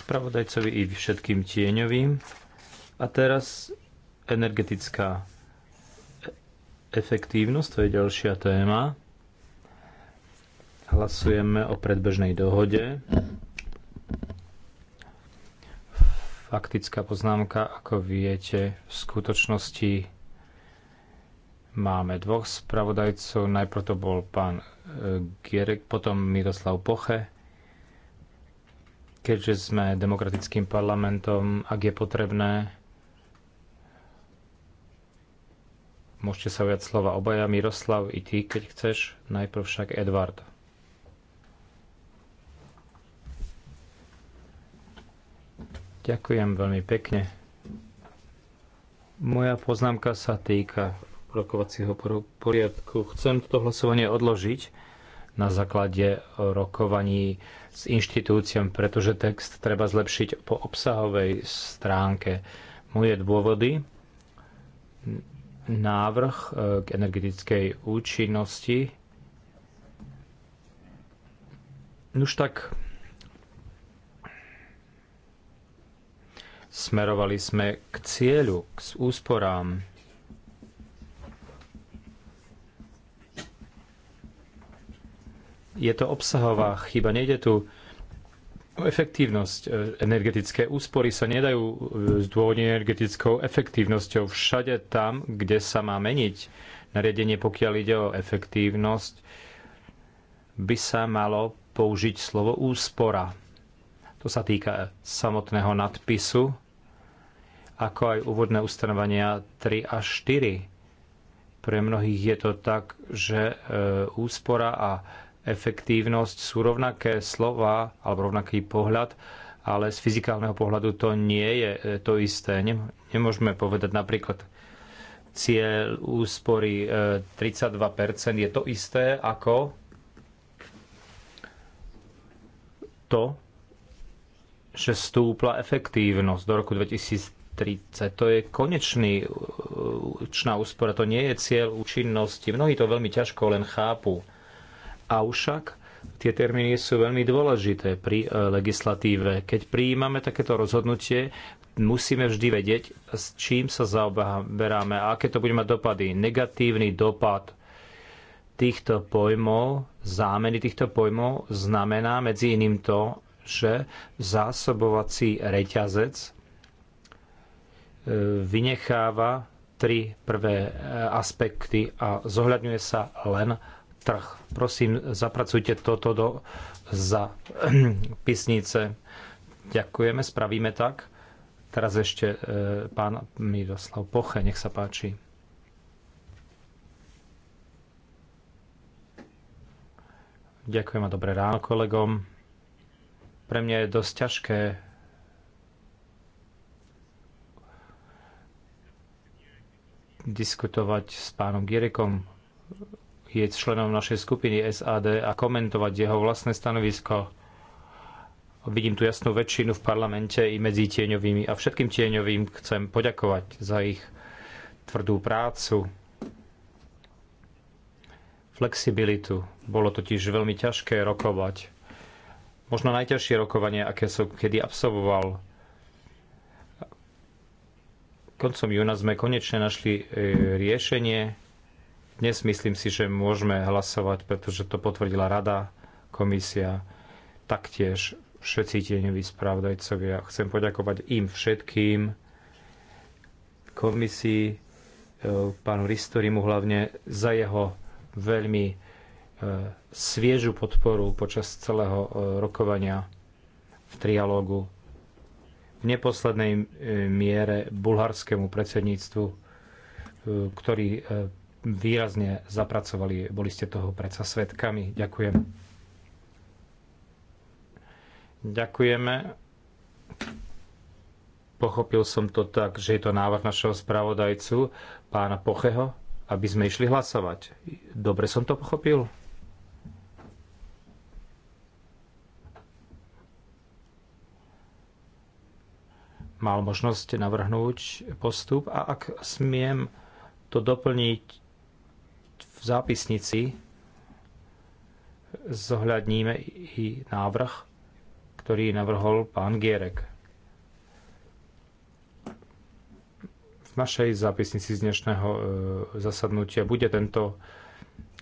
spravodajcovi i všetkým tieňovým. A teraz energetická efektívnosť, to je ďalšia téma. Hlasujeme o predbežnej dohode. Faktická poznámka, ako viete, v skutočnosti máme dvoch spravodajcov. Najprv to bol pán e, Gierek, potom Miroslav Poche. Keďže sme demokratickým parlamentom, ak je potrebné, Môžete sa viac slova obaja, Miroslav i ty, keď chceš. Najprv však Edward. Ďakujem veľmi pekne. Moja poznámka sa týka rokovacieho poriadku. Chcem toto hlasovanie odložiť na základe rokovaní s inštitúciom, pretože text treba zlepšiť po obsahovej stránke. Moje dôvody návrh e, k energetickej účinnosti. Už tak smerovali sme k cieľu, k úsporám. Je to obsahová chyba. Nejde tu Efektívnosť, e, energetické úspory sa nedajú e, zdôvodniť energetickou efektívnosťou všade tam, kde sa má meniť. Nariadenie, pokiaľ ide o efektívnosť, by sa malo použiť slovo úspora. To sa týka samotného nadpisu, ako aj úvodné ustanovania 3 a 4. Pre mnohých je to tak, že e, úspora a efektívnosť sú rovnaké slova alebo rovnaký pohľad, ale z fyzikálneho pohľadu to nie je e, to isté. Nemôžeme povedať napríklad cieľ úspory 32% e, je to isté ako to, že stúpla efektívnosť do roku 2030. To je konečný e, účná úspora, to nie je cieľ účinnosti. Mnohí to veľmi ťažko len chápu. Avšak tie termíny sú veľmi dôležité pri e, legislatíve. Keď prijímame takéto rozhodnutie, musíme vždy vedieť, s čím sa zaoberáme a aké to bude mať dopady. Negatívny dopad týchto pojmov, zámeny týchto pojmov znamená medzi iným to, že zásobovací reťazec e, vynecháva tri prvé e, aspekty a zohľadňuje sa len trh. Prosím, zapracujte toto do za (clears throat) pisnice. Ďakujeme, spravíme tak. Teraz ešte e, pán Miroslav Poche, nech sa páči. Ďakujem a dobré ráno kolegom. Pre mňa je dosť ťažké diskutovať s pánom Girekom je členom našej skupiny SAD a komentovať jeho vlastné stanovisko. Vidím tu jasnú väčšinu v parlamente i medzi tieňovými a všetkým tieňovým chcem poďakovať za ich tvrdú prácu, flexibilitu. Bolo totiž veľmi ťažké rokovať. Možno najťažšie rokovanie, aké som kedy absolvoval. Koncom júna sme konečne našli e, riešenie dnes myslím si, že môžeme hlasovať, pretože to potvrdila rada, komisia, taktiež všetci tieňoví spravodajcovia. Chcem poďakovať im všetkým, komisii, e, pánu Ristorimu hlavne, za jeho veľmi e, sviežu podporu počas celého e, rokovania v trialógu. V neposlednej miere bulharskému predsedníctvu, ktorý výrazne zapracovali. Boli ste toho predsa svetkami. Ďakujem. Ďakujeme. Pochopil som to tak, že je to návrh našeho spravodajcu, pána Pocheho, aby sme išli hlasovať. Dobre som to pochopil? Mal možnosť navrhnúť postup a ak smiem to doplniť v zápisnici zohľadníme i návrh, ktorý navrhol pán Gierek. V našej zápisnici z dnešného e, zasadnutia bude tento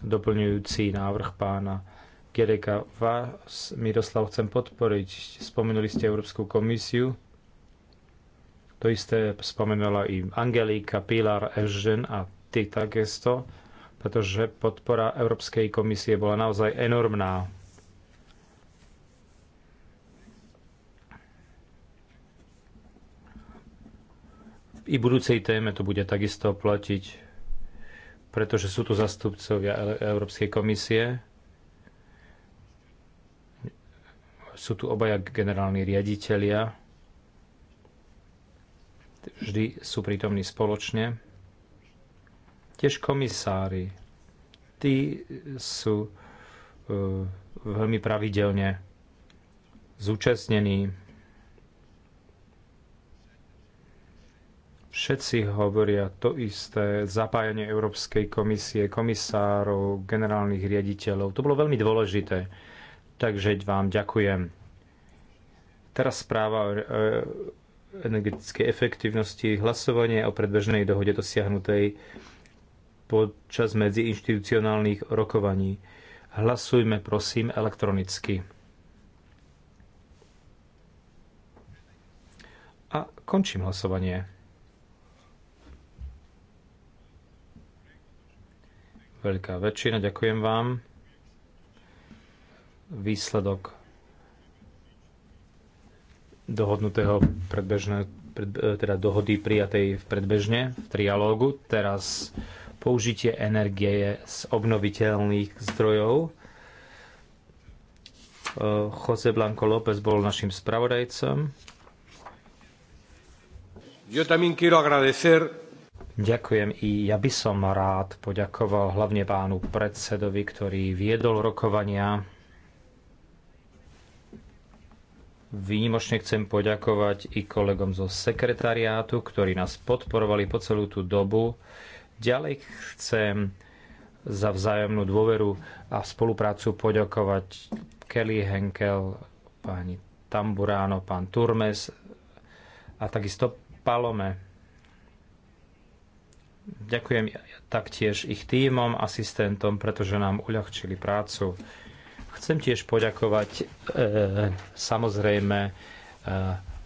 doplňujúci návrh pána Gereka. Vás, Miroslav, chcem podporiť. Spomenuli ste Európsku komisiu. To isté spomenula i Angelika, Pilar, Evžen a ty takisto pretože podpora Európskej komisie bola naozaj enormná. I budúcej téme to bude takisto platiť, pretože sú tu zastupcovia Európskej komisie. Sú tu obaja generálni riaditeľia. Vždy sú prítomní spoločne tiež komisári. Tí sú e, veľmi pravidelne zúčastnení. Všetci hovoria to isté, zapájanie Európskej komisie, komisárov, generálnych riaditeľov. To bolo veľmi dôležité. Takže vám ďakujem. Teraz správa o e, energetickej efektivnosti, hlasovanie o predbežnej dohode dosiahnutej počas medziinstitucionálnych rokovaní. Hlasujme prosím elektronicky. A končím hlasovanie. Veľká väčšina, ďakujem vám. Výsledok dohodnutého predbežného e, teda dohody prijatej v predbežne, v trialógu. Teraz použitie energie z obnoviteľných zdrojov. Eh, Jose Blanco López bol našim spravodajcom. Yo también quiero agradecer Ďakujem i ja by som rád poďakoval hlavne pánu predsedovi, ktorý viedol rokovania. Výnimočne chcem poďakovať i kolegom zo sekretariátu, ktorí nás podporovali po celú tú dobu. Ďalej chcem za vzájomnú dôveru a spoluprácu poďakovať Kelly Henkel, pani Tamburáno, pán Turmes a takisto Palome. Ďakujem taktiež ich týmom, asistentom, pretože nám uľahčili prácu. Chcem tiež poďakovať e, samozrejme e,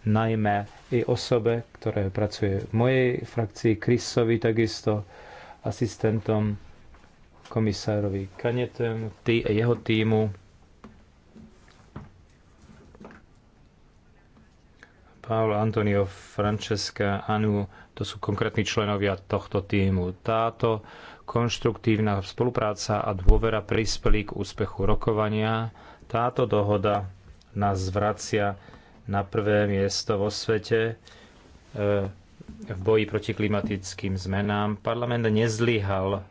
najmä i osobe, ktoré pracuje v mojej frakcii, Chrisovi takisto, asistentom komisárovi Kanetem, tý, jeho týmu, Paolo Antonio Francesca Anu, to sú konkrétni členovia tohto týmu. Táto konštruktívna spolupráca a dôvera prispeli k úspechu rokovania. Táto dohoda nás vracia na prvé miesto vo svete. E v boji proti klimatickým zmenám. Parlament nezlyhal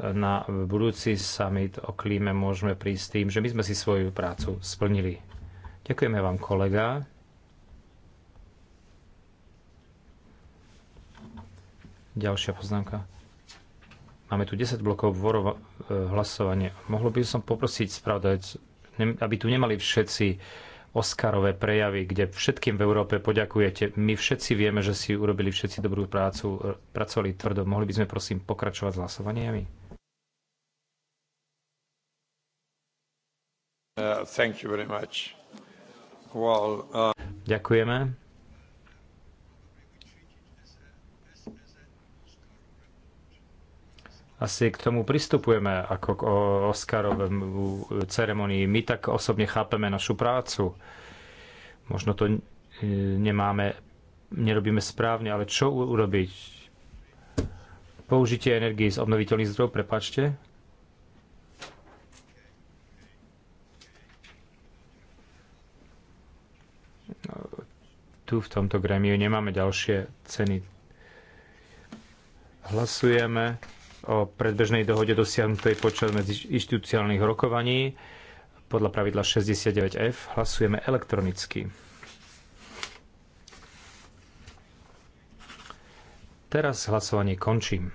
na budúci summit o klíme môžeme prísť s tým, že my sme si svoju prácu splnili. Ďakujeme vám, kolega. Ďalšia poznámka. Máme tu 10 blokov vorov e, hlasovanie. Mohlo by som poprosiť spravdať, aby tu nemali všetci Oscarové prejavy, kde všetkým v Európe poďakujete. My všetci vieme, že si urobili všetci dobrú prácu, pracovali tvrdo. Mohli by sme prosím pokračovať s hlasovaniami? Uh, thank you very much. Well, uh... Ďakujeme. asi k tomu pristupujeme ako k Oscarovému ceremonii. My tak osobne chápeme našu prácu. Možno to e, nemáme, nerobíme správne, ale čo urobiť? Použitie energie z obnoviteľných zdrojov, prepačte. No, tu v tomto gremiu nemáme ďalšie ceny. Hlasujeme o predbežnej dohode dosiahnutej počas medziinstitucionálnych rokovaní podľa pravidla 69F hlasujeme elektronicky. Teraz hlasovanie končím.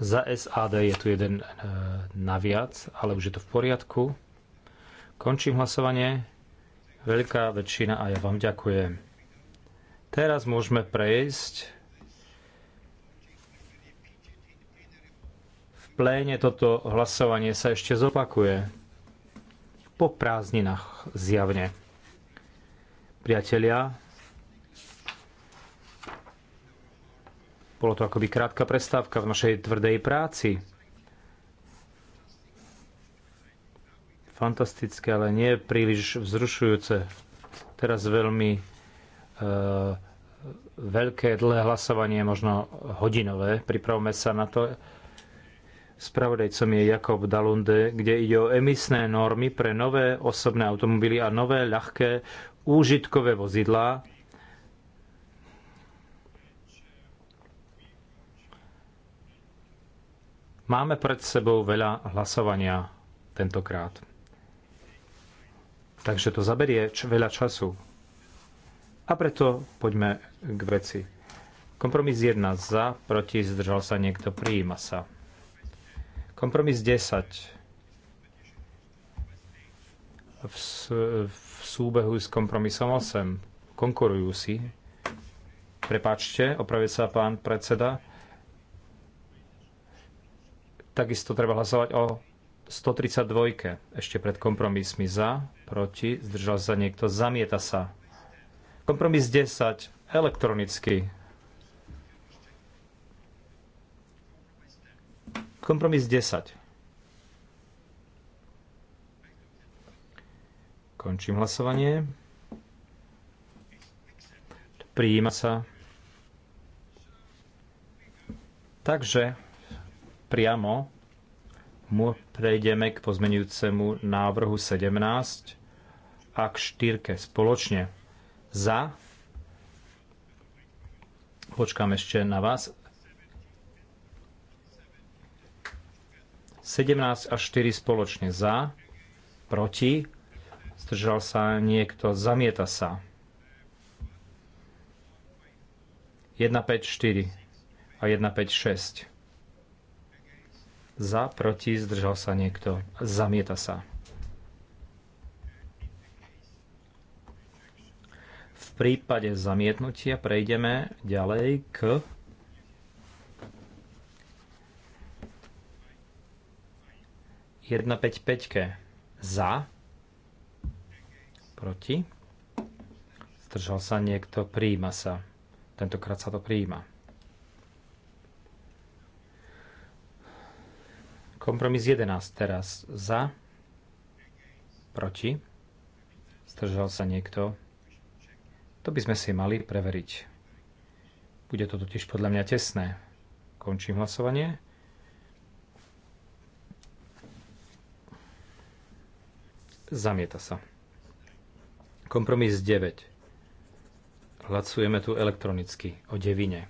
Za SAD je tu jeden e, naviac, ale už je to v poriadku. Končím hlasovanie. Veľká väčšina a ja vám ďakujem. Teraz môžeme prejsť pléne toto hlasovanie sa ešte zopakuje. Po prázdninách zjavne. Priatelia, bolo to akoby krátka prestávka v našej tvrdej práci. Fantastické, ale nie príliš vzrušujúce. Teraz veľmi e, veľké, dlhé hlasovanie, možno hodinové. Pripravme sa na to. Spravodajcom je Jakob Dalunde, kde ide o emisné normy pre nové osobné automobily a nové ľahké úžitkové vozidlá. Máme pred sebou veľa hlasovania tentokrát. Takže to zaberie veľa času. A preto poďme k veci. Kompromis 1 za, proti, zdržal sa niekto, prijíma sa. Kompromis 10. V, v súbehu s kompromisom 8 konkurujú si. Prepáčte, opravie sa pán predseda. Takisto treba hlasovať o 132. Ešte pred kompromismi za, proti, zdržal sa niekto, zamieta sa. Kompromis 10 elektronicky. Kompromis 10. Končím hlasovanie. Prijíma sa. Takže priamo mu prejdeme k pozmenujúcemu návrhu 17 a k 4 spoločne. Za. Počkám ešte na vás. 17 až 4 spoločne za, proti, zdržal sa niekto, zamieta sa. 1, 5, 4 a 1, 5, 6. Za, proti, zdržal sa niekto, zamieta sa. V prípade zamietnutia prejdeme ďalej k 155 za, proti, zdržal sa niekto, prijíma sa. Tentokrát sa to prijíma. Kompromis 11 teraz za, proti, zdržal sa niekto. To by sme si mali preveriť. Bude to totiž podľa mňa tesné. Končím hlasovanie. Zamieta sa. Kompromis 9. Hlasujeme tu elektronicky o devine.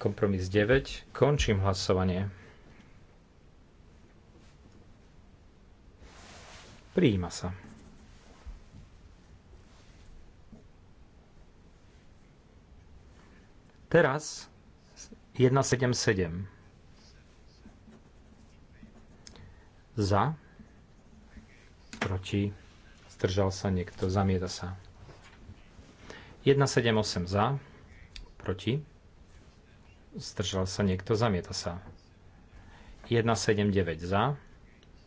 Kompromis 9. Končím hlasovanie. Prijíma sa. Teraz 177. Za. Proti. Zdržal sa niekto. Zamieta sa. 178 za. Proti. Zdržal sa niekto. Zamieta sa. 179 za.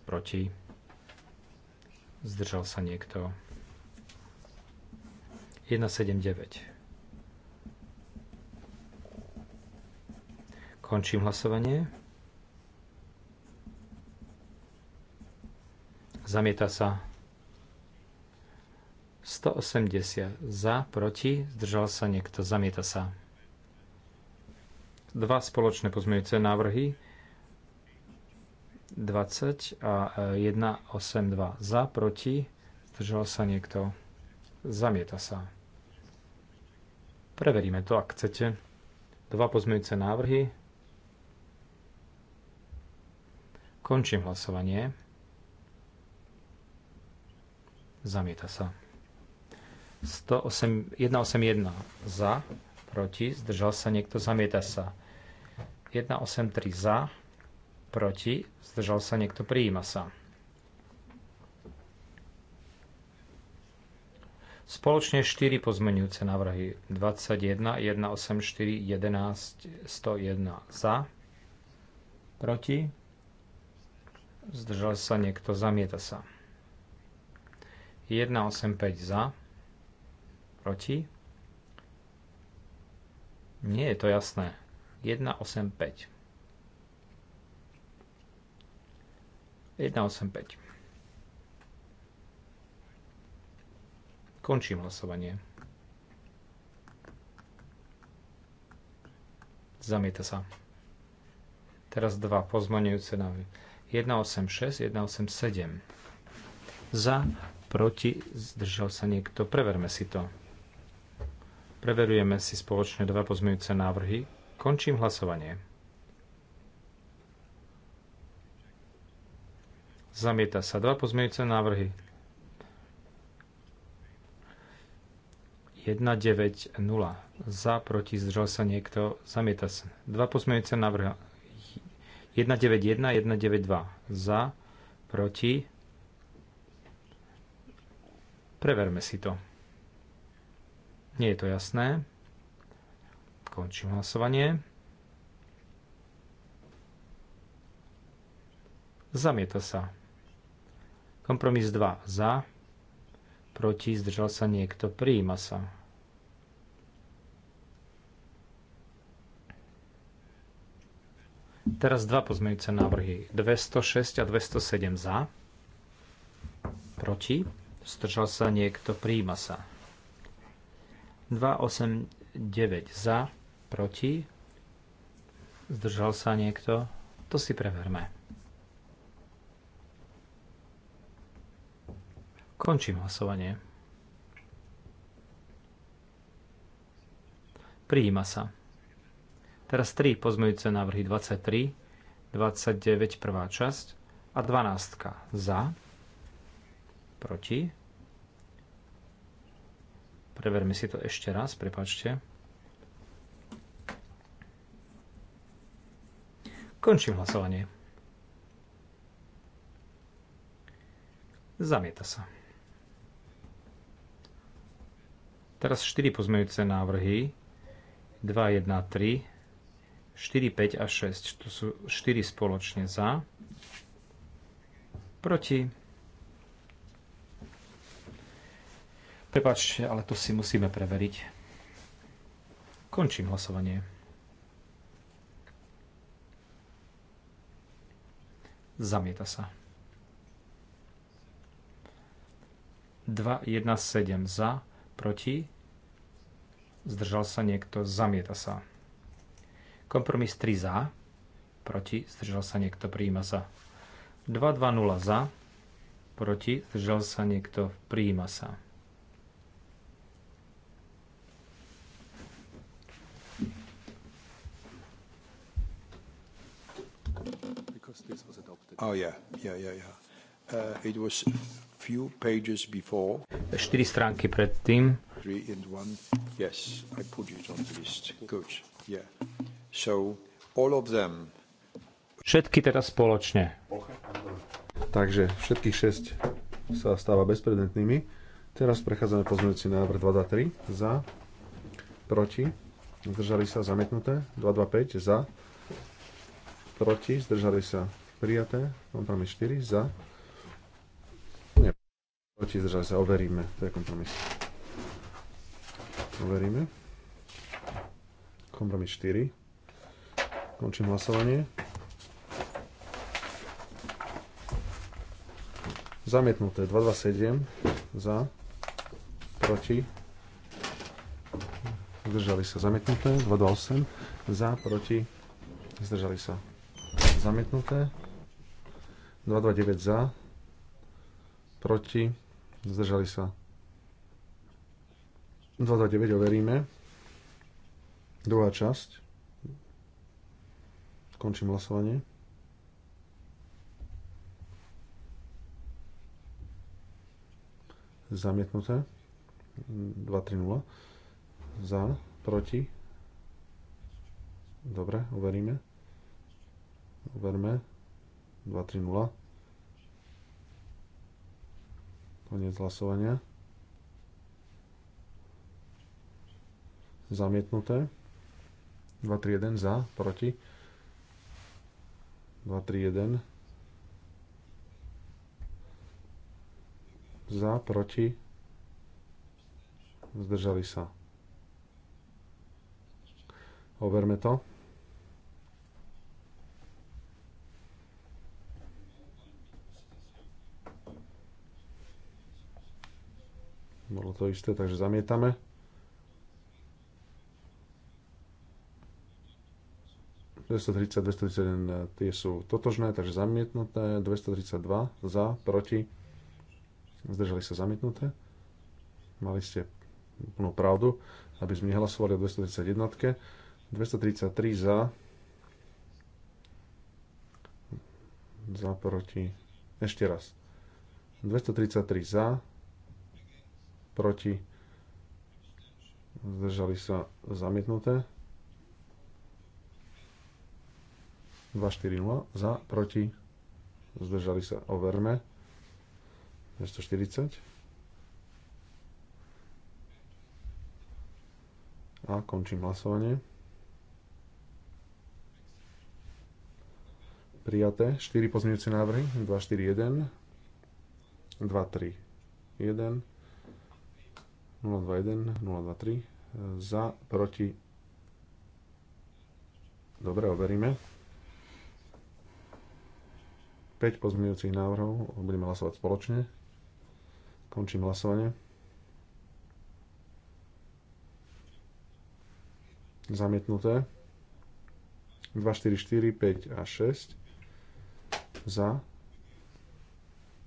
Proti. Zdržal sa niekto. 179. Končím hlasovanie. zamieta sa. 180 za, proti, zdržal sa niekto, zamieta sa. Dva spoločné pozmeňujúce návrhy 20 a 182 e, za, proti, zdržal sa niekto, zamieta sa. Preveríme to, ak chcete. Dva pozmeňujúce návrhy. Končím hlasovanie. Zamieta sa. 108, 181 za, proti, zdržal sa niekto, zamieta sa. 183 za, proti, zdržal sa niekto, prijíma sa. Spoločne 4 pozmenujúce návrhy 21, 184, 11, 101 za, proti, zdržal sa niekto, zamieta sa. 185 za, proti. Nie je to jasné. 185. 185. Končím hlasovanie. Zamieta sa. Teraz dva pozmaňujúce návrhy. 186, 187. Za, proti, zdržal sa niekto. Preverme si to. Preverujeme si spoločne dva pozmeňujúce návrhy. Končím hlasovanie. Zamieta sa dva pozmeňujúce návrhy. 1, 9, 0. Za, proti, zdržal sa niekto. Zamieta sa. Dva pozmeňujúce návrhy. 1, 9, 1, 1, 9, 2. Za, proti, Preverme si to. Nie je to jasné. Končím hlasovanie. Zamieta sa. Kompromis 2. Za. Proti. Zdržal sa niekto. Prijíma sa. Teraz dva pozmeňujúce návrhy. 206 a 207 za. Proti zdržal sa niekto, príjma sa. 289 za, proti, zdržal sa niekto, to si preverme. Končím hlasovanie. Prijíma sa. Teraz 3 pozmeňujúce návrhy 23, 29 prvá časť a 12 za Proti. Preverme si to ešte raz, prepačte. Končím hlasovanie. Zamieta sa. Teraz 4 pozmeňujúce návrhy. 2, 1, 3, 4, 5 a 6. Tu sú 4 spoločne za. Proti Prepačte, ale to si musíme preveriť. Končím hlasovanie. Zamieta sa. 2, 1, 7 za, proti. Zdržal sa niekto, zamieta sa. Kompromis 3 za, proti, zdržal sa niekto, prijíma sa. 2, 2, 0 za, proti, zdržal sa niekto, prijíma sa. Oh, yeah, yeah, yeah, yeah. Uh, it was few pages before. Štyri stránky predtým. 3 and 1. Yes, I put it on the list. Good. Yeah. So all of them. Všetky teda spoločne. Takže všetkých 6 sa stáva bezpredmetnými. Teraz prechádzame pozmeňujúci návrh 223 za, proti, zdržali sa, zamietnuté, 225 za, proti, zdržali sa, prijaté. Kompromis 4 za. Nie. Proti zdržali sa. Overíme. To je kompromis. Overíme. Kompromis 4. Končím hlasovanie. Zamietnuté 227 za, proti, zdržali sa zamietnuté, 228 za, proti, zdržali sa zamietnuté, 229 za, proti, zdržali sa. 229 overíme. Druhá časť. Končím hlasovanie. Zamietnuté. 230. Za, proti. Dobre, overíme. Overme. 2-3-0. Koniec hlasovania. Zamietnuté. 231 za, proti. 2-3-1 za, proti. Zdržali sa. Overme to. Bolo to isté, takže zamietame. ...230, e, tie sú totožné, takže zamietnuté, 232 za, proti, zdržali sa zamietnuté. Mali ste plnú pravdu, aby sme nehlasovali o 231. 233 za, za proti, ešte raz. 233 za, proti, zdržali sa zamietnuté. 2-4-0 za, proti, zdržali sa, overme. 240. A končím hlasovanie. Prijaté. 4 pozmeňujúce návrhy. 3 1, 021, 023 e, za, proti. Dobre, overíme. 5 pozmeňujúcich návrhov, budeme hlasovať spoločne. Končím hlasovanie. Zamietnuté. 2, 4, 4, 5 a 6 za,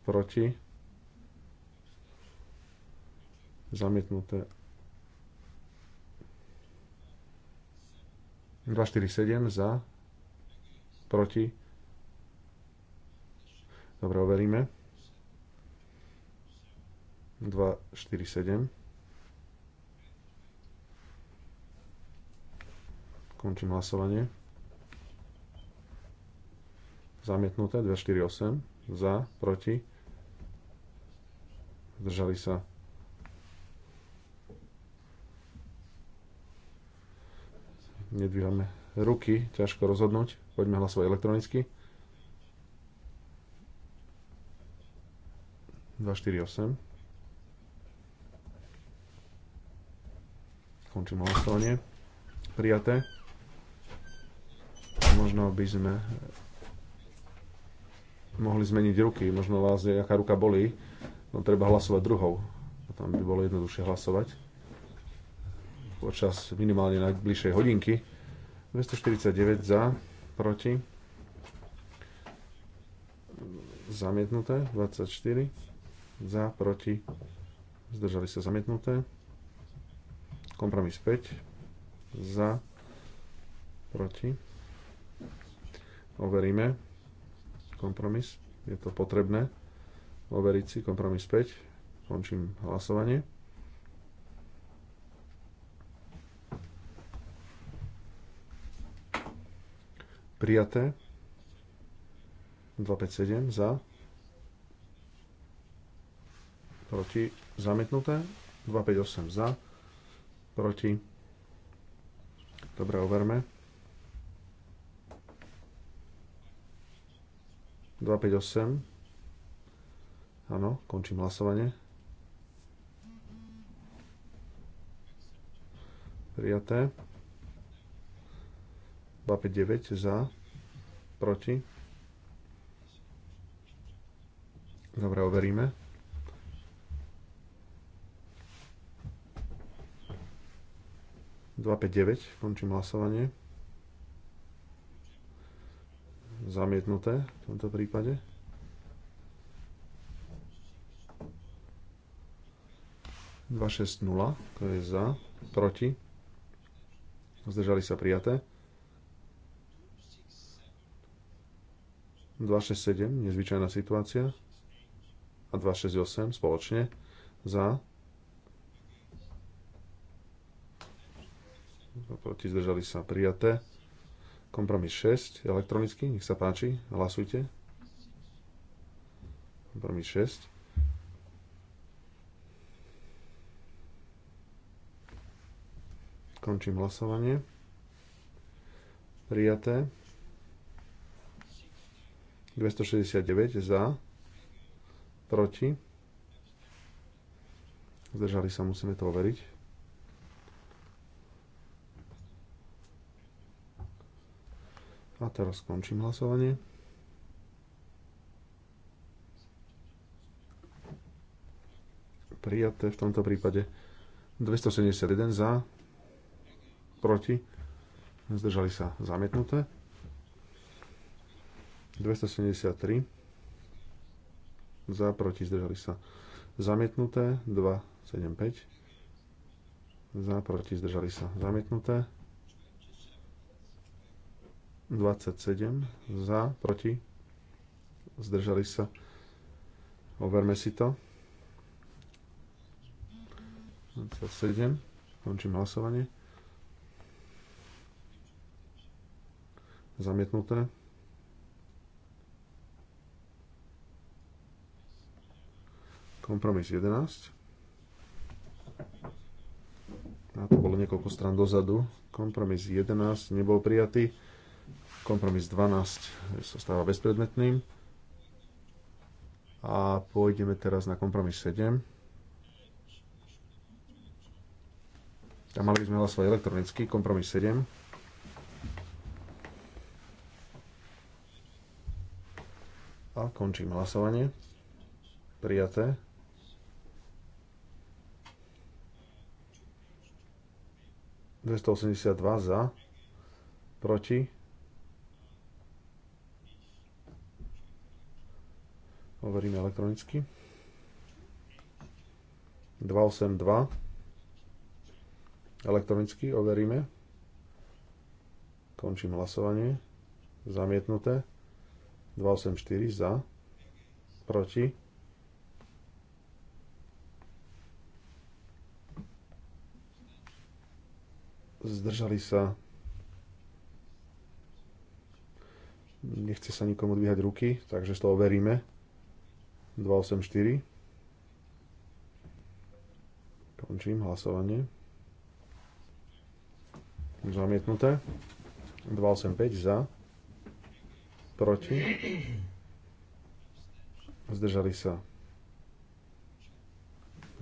proti zamietnuté 247 za proti dobre overíme 247 končím hlasovanie zamietnuté 248 za proti zdržali sa nedvíhame ruky, ťažko rozhodnúť. Poďme hlasovať elektronicky. 248. Končím hlasovanie. Prijaté. Možno by sme mohli zmeniť ruky. Možno vás, aká ruka bolí, no treba hlasovať druhou. Tam by bolo jednoduchšie hlasovať počas minimálne najbližšej hodinky. 249 za, proti. Zamietnuté, 24. Za, proti. Zdržali sa zamietnuté. Kompromis 5. Za, proti. Overíme. Kompromis. Je to potrebné. Overiť si kompromis 5. Končím hlasovanie. Prijaté. 257 za. Proti. Zamietnuté. 258 za. Proti. Dobre, overme. 258. Áno, končím hlasovanie. Prijaté. 259 za, proti. Dobre, overíme. Dva, päť, deväť. Končím hlasovanie. Zamietnuté v tomto prípade. Dva, šesť, nula. To je za, proti. Zdržali sa prijaté. 267, nezvyčajná situácia. A 268 spoločne. Za. Proti zdržali sa prijaté. Kompromis 6, elektronicky, nech sa páči, hlasujte. Kompromis 6. Končím hlasovanie. Prijaté. 269 za, proti, zdržali sa, musíme to overiť. A teraz skončím hlasovanie. Prijaté v tomto prípade 271 za, proti, zdržali sa zamietnuté. 273 za, proti, zdržali sa zamietnuté, 275 za, proti, zdržali sa zamietnuté, 27 za, proti, zdržali sa, overme si to, 27, končím hlasovanie, zamietnuté, Kompromis 11. A to bolo niekoľko strán dozadu. Kompromis 11 nebol prijatý. Kompromis 12 sa stáva bezpredmetným. A pôjdeme teraz na kompromis 7. Tam mali by sme hlasovať elektronicky. Kompromis 7. A končím hlasovanie. Prijaté. 282 za, proti. Overíme elektronicky. 282 elektronicky overíme. Končím hlasovanie. Zamietnuté. 284 za, proti. zdržali sa. Nechce sa nikomu dvíhať ruky, takže z toho veríme. 284. Končím hlasovanie. Zamietnuté. 285 za. Proti. Zdržali sa.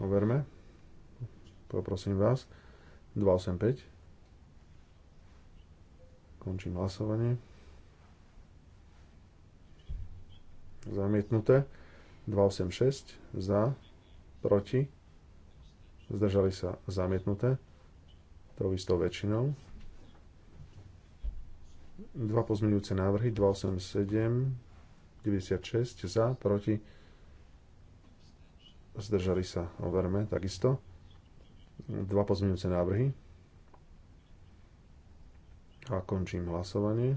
Overme. Poprosím vás. 285. Končím hlasovanie. Zamietnuté. 286 za, proti, zdržali sa zamietnuté, to istou väčšinou. Dva pozmeňujúce návrhy, 287, 96 za, proti, zdržali sa, overme, takisto. Dva pozmeňujúce návrhy, a končím hlasovanie.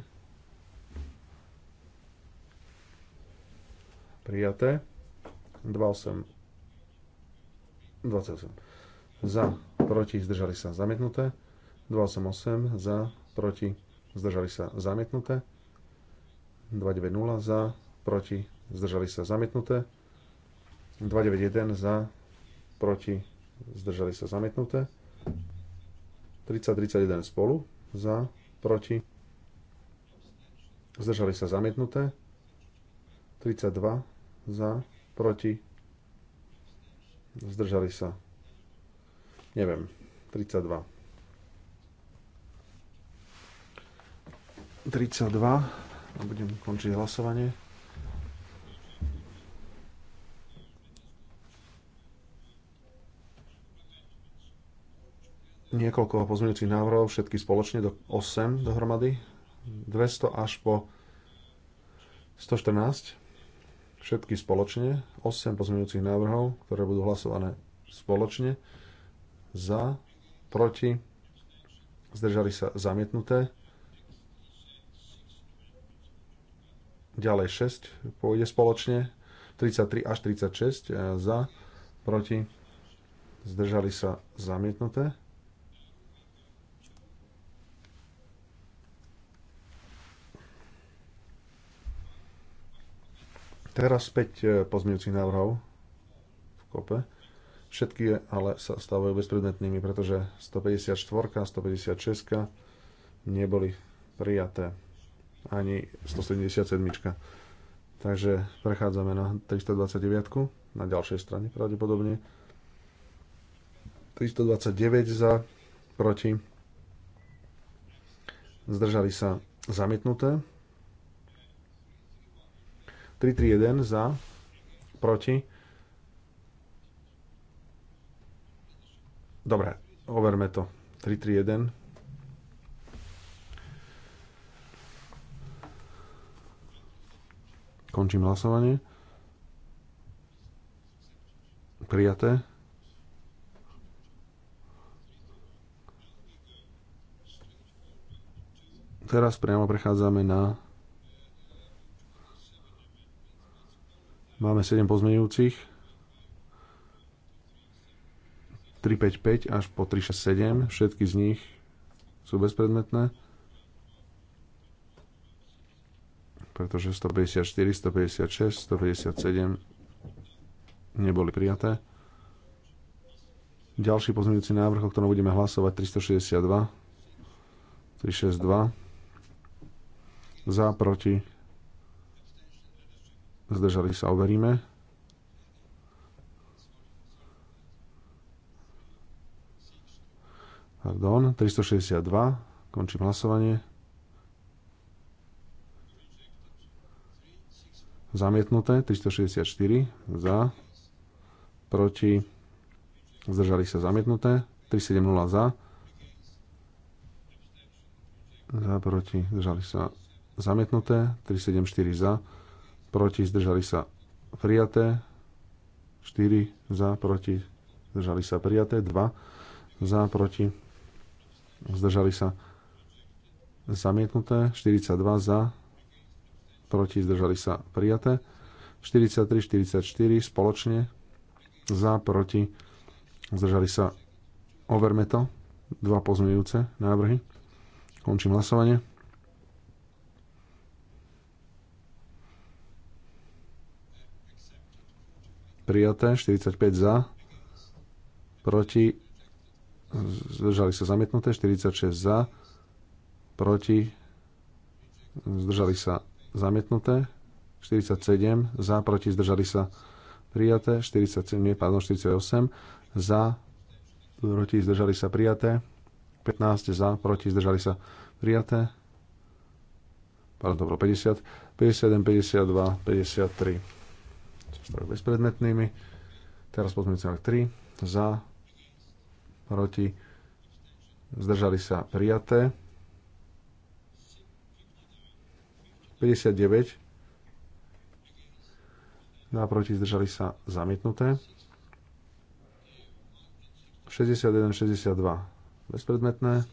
Prijaté. 28. 28. Za, proti, zdržali sa zamietnuté. 288 za, proti, zdržali sa zamietnuté. 290 za, proti, zdržali sa zamietnuté. 291 za, proti, zdržali sa zamietnuté. 3031 spolu za, proti, zdržali sa zamietnuté, 32 za, proti, zdržali sa, neviem, 32. 32 a budem končiť hlasovanie. niekoľko pozmeňujúcich návrhov, všetky spoločne do 8 dohromady, 200 až po 114, všetky spoločne, 8 pozmeňujúcich návrhov, ktoré budú hlasované spoločne, za, proti, zdržali sa zamietnuté. Ďalej 6 pôjde spoločne, 33 až 36 e, za, proti, zdržali sa zamietnuté. Teraz 5 e, pozmeňujúcich návrhov v kope. Všetky ale sa stávajú bezpredmetnými, pretože 154 a 156 neboli prijaté. Ani 177. Takže prechádzame na 329, na ďalšej strane pravdepodobne. 329 za, proti. Zdržali sa zamietnuté. 3-3-1 za, proti. Dobre, overme to. 3-3-1. Končím hlasovanie. Prijaté. Teraz priamo prechádzame na Máme 7 pozmeňujúcich. 5 až po 367. Všetky z nich sú bezpredmetné. Pretože 154, 156, 157 neboli prijaté. Ďalší pozmeňujúci návrh, o ktorom budeme hlasovať, 362. 362. Za, proti, Zdržali sa, overíme. Pardon, 362. Končím hlasovanie. Zamietnuté, 364. Za. Proti. Zdržali sa zamietnuté. 370 za. Za, proti. Zdržali sa zamietnuté. 374 za proti, zdržali sa prijaté, 4 za, proti, zdržali sa prijaté, 2 za, proti, zdržali sa zamietnuté, 42 za, proti, zdržali sa prijaté, 43, 44 spoločne, za, proti, zdržali sa overme to, dva pozmeňujúce návrhy. Končím hlasovanie. prijaté, 45 za, proti, zdržali sa zamietnuté, 46 za, proti, zdržali sa zamietnuté, 47 za, proti, zdržali sa prijaté, 47, nie, pardon, 48 za, proti, zdržali sa prijaté, 15 za, proti, zdržali sa prijaté, pardon, dobro, 50, 51, 52, 53 bezpredmetnými. Teraz pozmeňujúci návrh 3 za, proti, zdržali sa prijaté. 59 za, proti, zdržali sa zamietnuté. 61, 62 bezpredmetné.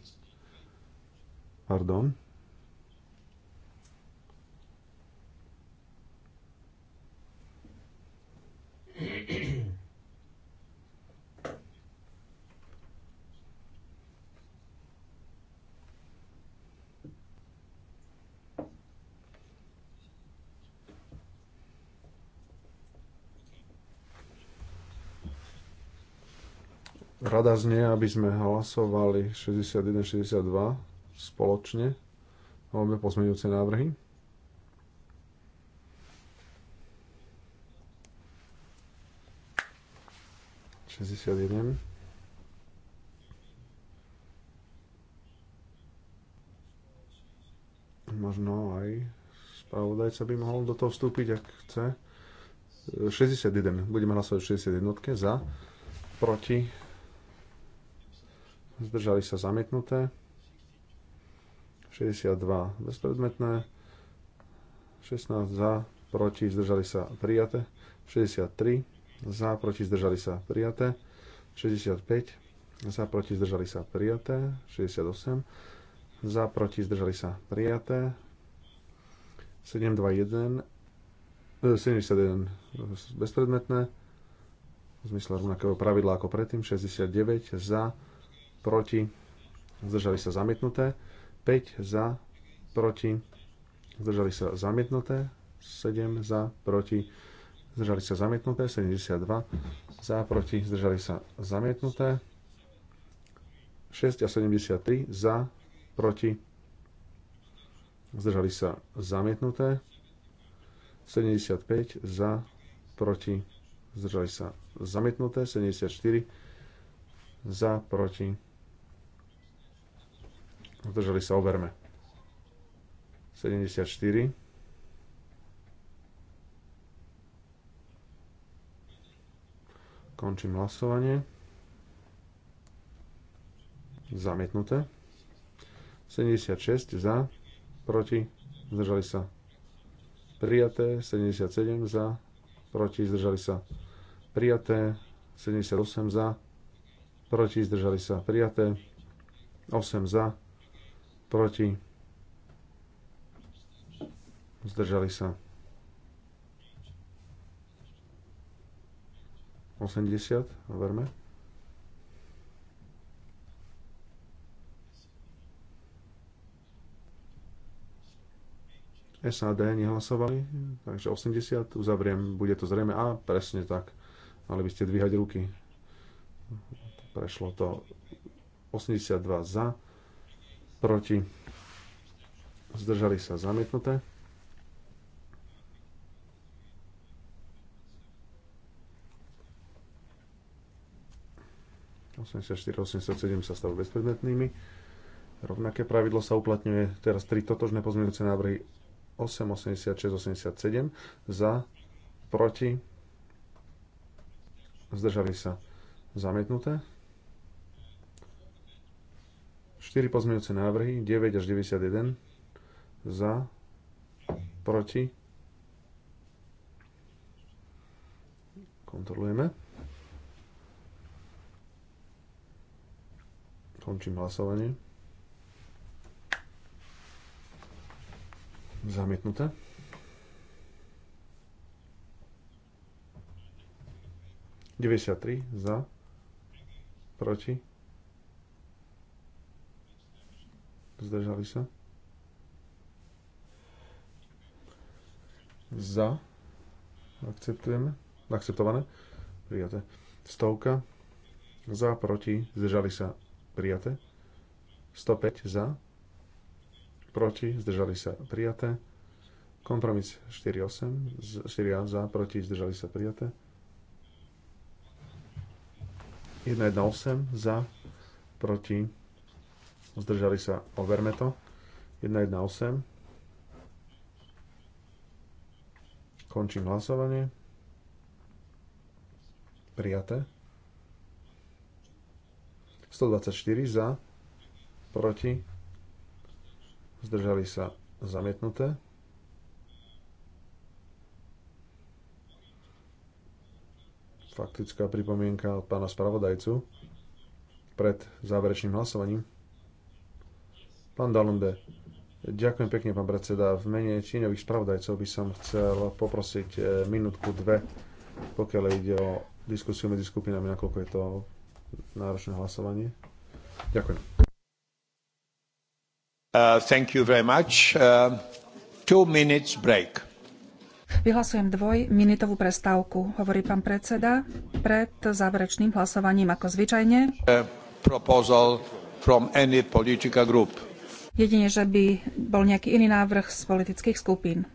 Pardon. Rada znie, aby sme hlasovali 61-62 spoločne obe pozmeňujúce návrhy. Šesťdesiat jeden. Možno aj spravodajca by mohol do toho vstúpiť, ak chce. 61. Budeme hlasovať 61. Za. Proti zdržali sa zamietnuté, 62 bezpredmetné, 16 za, proti, zdržali sa prijaté, 63 za, proti, zdržali sa prijaté, 65 za, proti, zdržali sa prijaté, 68 za, proti, zdržali sa prijaté, 721 71 e, bezpredmetné v zmysle rovnakého pravidla ako predtým, 69 za, proti, zdržali sa zamietnuté, 5 za, proti, zdržali sa zamietnuté, 7 za, proti, zdržali sa zamietnuté, 72 za, proti, zdržali sa zamietnuté, 6 a 73 za, proti, zdržali sa zamietnuté, 75 za, proti, zdržali sa zamietnuté, 74 za, proti, Zdržali sa, overme. 74. Končím hlasovanie. Zamietnuté. 76 za, proti, zdržali sa. Prijaté, 77 za, proti, zdržali sa. Prijaté, 78 za, proti, zdržali sa. Prijaté, 8 za, proti, zdržali sa 80, verme. SAD nehlasovali, takže 80, uzavriem, bude to zrejme A, presne tak. Mali by ste dvíhať ruky. Prešlo to 82 za, proti, zdržali sa zamietnuté. ...84-87 sa stavujú bezpredmetnými. Rovnaké pravidlo sa uplatňuje teraz tri totožné pozmeňujúce návrhy 8, 86, 87 za, proti, zdržali sa zamietnuté. 4 pozmeňujúce návrhy, 9 až 91, za, proti, kontrolujeme. Končím hlasovanie. Zamietnuté. Deväťdesiat три за, против. Zdržali sa? Za. Akceptujeme. Akceptované. Prijaté. Stovka. Za, proti. Zdržali sa. Prijaté. 105 za. Proti. Zdržali sa. Prijaté. Kompromis 4,8. 4 za, proti. Zdržali sa. Prijaté. 1,18 za, proti zdržali sa, overme to. 1.1.8. Končím hlasovanie. Prijaté. 124 za, proti, zdržali sa zamietnuté. faktická pripomienka od pána spravodajcu pred záverečným hlasovaním. Pán Dalombe, ďakujem pekne, pán predseda. V mene číňových spravodajcov by som chcel poprosiť eh, minútku, dve, pokiaľ ide o diskusiu medzi skupinami, nakoľko je to náročné hlasovanie. Ďakujem. Uh, thank you very much. Uh, two minutes break. Vyhlasujem dvojminútovú prestávku, hovorí pán predseda, pred záverečným hlasovaním ako zvyčajne. Uh, proposal from any political group jedine, že by bol nejaký iný návrh z politických skupín.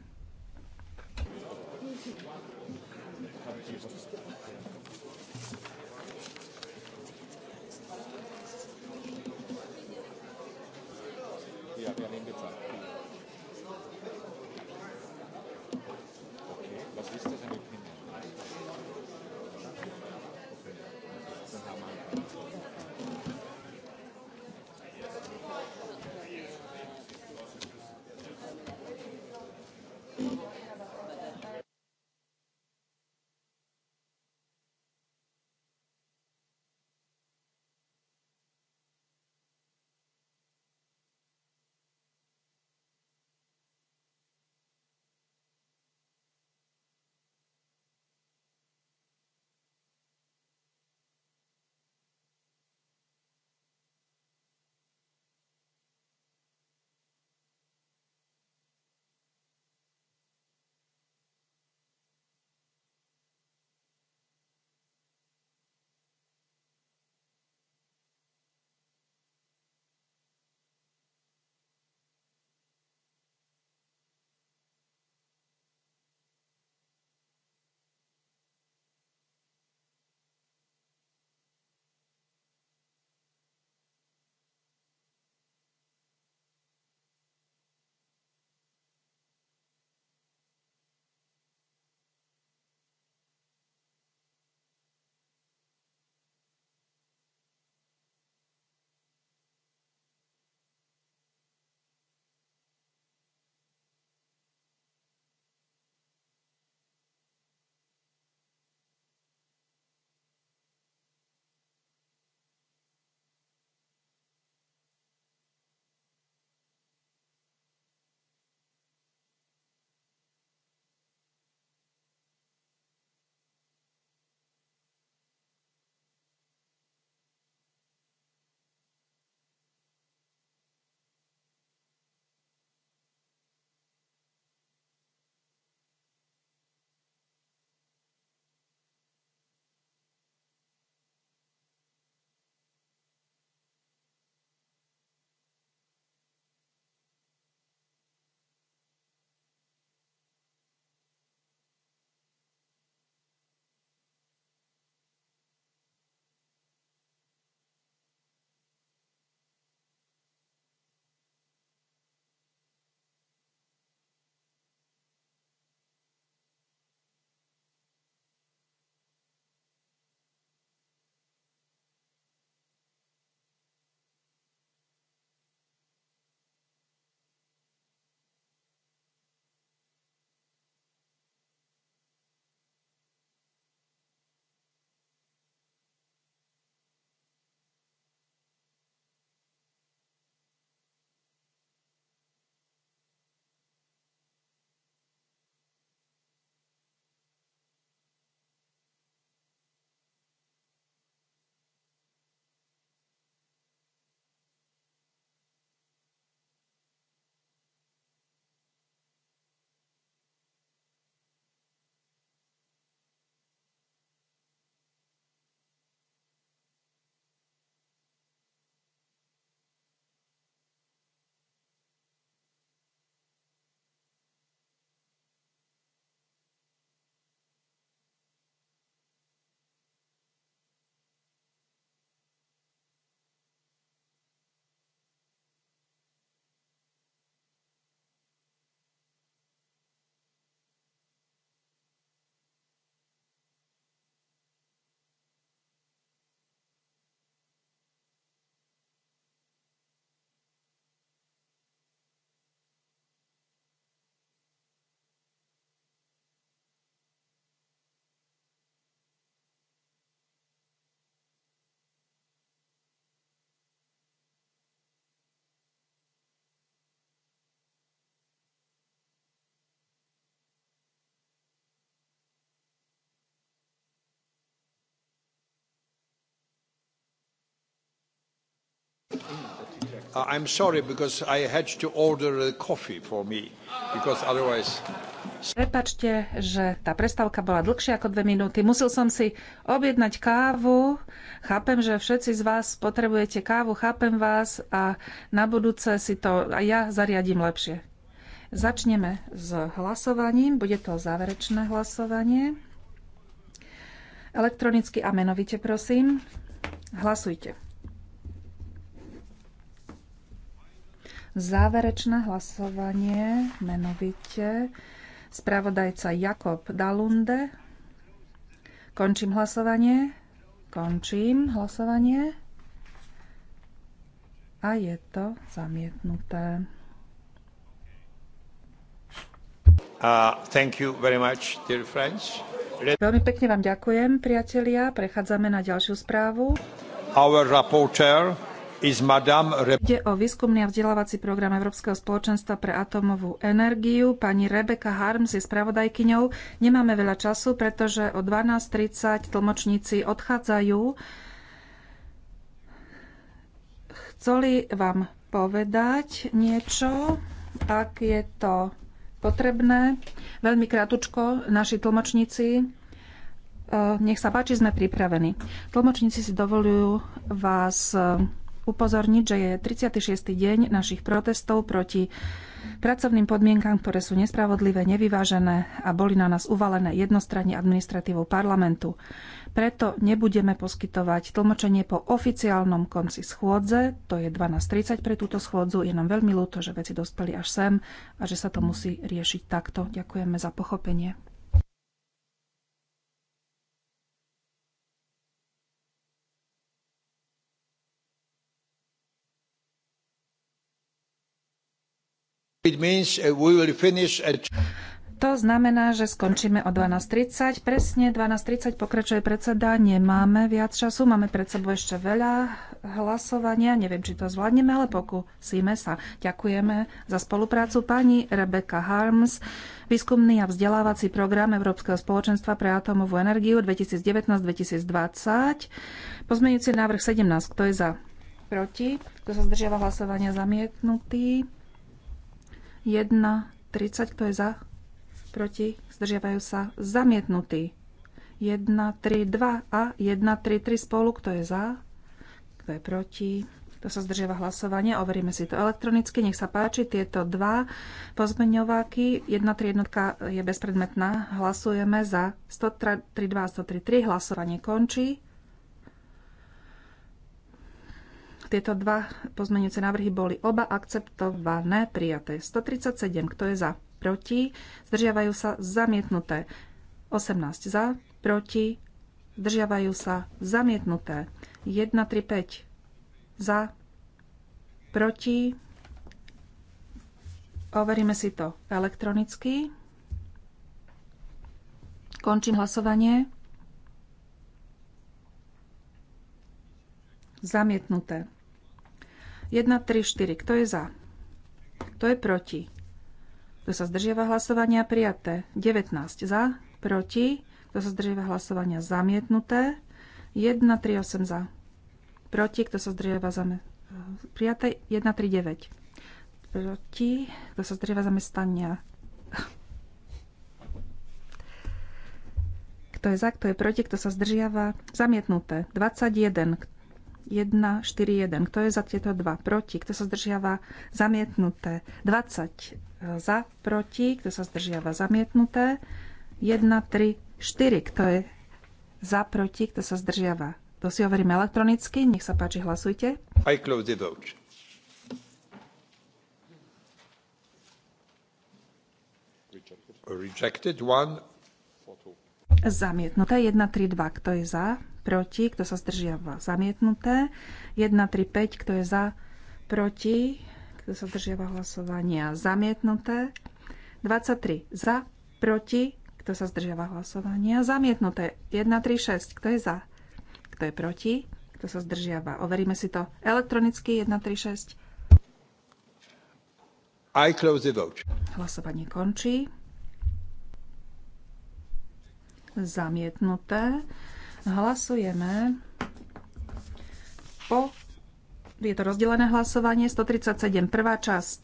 Uh, I'm sorry, because I had to order a coffee for me, because otherwise... Prepačte, že tá prestávka bola dlhšia ako dve minúty. Musel som si objednať kávu. Chápem, že všetci z vás potrebujete kávu, chápem vás a na budúce si to a ja zariadím lepšie. Začneme s hlasovaním. Bude to záverečné hlasovanie. Elektronicky a menovite, prosím. Hlasujte. Záverečné hlasovanie menovite. Spravodajca Jakob Dalunde. Končím hlasovanie. Končím hlasovanie. A je to zamietnuté. Uh, thank you very much, dear friends. Veľmi pekne vám ďakujem, priatelia. Prechádzame na ďalšiu správu. Our rapporteur Ide o výskumný a vzdelávací program Európskeho spoločenstva pre atómovú energiu. Pani Rebeka Harms je spravodajkyňou. Nemáme veľa času, pretože o 12.30 tlmočníci odchádzajú. Chceli vám povedať niečo, ak je to potrebné. Veľmi krátko, naši tlmočníci e, nech sa páči, sme pripravení. Tlmočníci si dovolujú vás e, upozorniť, že je 36. deň našich protestov proti pracovným podmienkam, ktoré sú nespravodlivé, nevyvážené a boli na nás uvalené jednostranne administratívou parlamentu. Preto nebudeme poskytovať tlmočenie po oficiálnom konci schôdze, to je 12.30 pre túto schôdzu. Je nám veľmi ľúto, že veci dospeli až sem a že sa to musí riešiť takto. Ďakujeme za pochopenie. Uh, to znamená, že skončíme o 12.30. Presne 12.30 pokračuje predseda. Nemáme viac času, máme pred sebou ešte veľa hlasovania. Neviem, či to zvládneme, ale pokúsime sa. Ďakujeme za spoluprácu pani Rebecca Harms, výskumný a vzdelávací program Európskeho spoločenstva pre atómovú energiu 2019-2020. Pozmeňujúci návrh 17. Kto je za? Proti? Kto sa zdržiava hlasovania? Zamietnutý. 1, 30, kto je za? Proti? Zdržiavajú sa? Zamietnutý. 1, 3, 2 a 1, 3, 3 spolu. Kto je za? Kto je proti? To sa zdržiava hlasovanie. Overíme si to elektronicky. Nech sa páči. Tieto dva pozmeňováky. 1, 3, 1 je bezpredmetná. Hlasujeme za 132 a 133. Hlasovanie končí. Tieto dva pozmeňujúce návrhy boli oba akceptované, prijaté. 137, kto je za? Proti. Zdržiavajú sa zamietnuté. 18 za, proti. Zdržiavajú sa zamietnuté. 1, 3, 5 za, proti. Overíme si to elektronicky. Končím hlasovanie. Zamietnuté. 1, 3, 4. Kto je za? Kto je proti? Kto sa zdržiava hlasovania? Prijaté. 19 za, proti. Kto sa zdržiava hlasovania? Zamietnuté. 1, 3, 8 za. Proti. Kto sa zdržiava zamietnuté? Prijaté. 1, 3, 9. Proti. Kto sa zdržiava zamestania? Kto je za, kto je proti, kto sa zdržiava? Zamietnuté. 21. 1, 4, 1. Kto je za tieto dva? Proti. Kto sa zdržiava? Zamietnuté. 20 e, za, proti. Kto sa zdržiava? Zamietnuté. 1, 3, 4. Kto je za, proti? Kto sa zdržiava? To si hovoríme elektronicky. Nech sa páči, hlasujte. I close the vote. Rejected one. Zamietnuté 1, 3, 2. Kto je za? proti, kto sa zdržiava, zamietnuté. 1, 3, 5, kto je za, proti, kto sa zdržiava hlasovania, zamietnuté. 23 za, proti, kto sa zdržiava hlasovania, zamietnuté. 1, 3, 6, kto je za, kto je proti, kto sa zdržiava. Overíme si to elektronicky 1, 3, 6. I close the vote. Hlasovanie končí. Zamietnuté. Hlasujeme po... Je to rozdelené hlasovanie. 137. Prvá časť.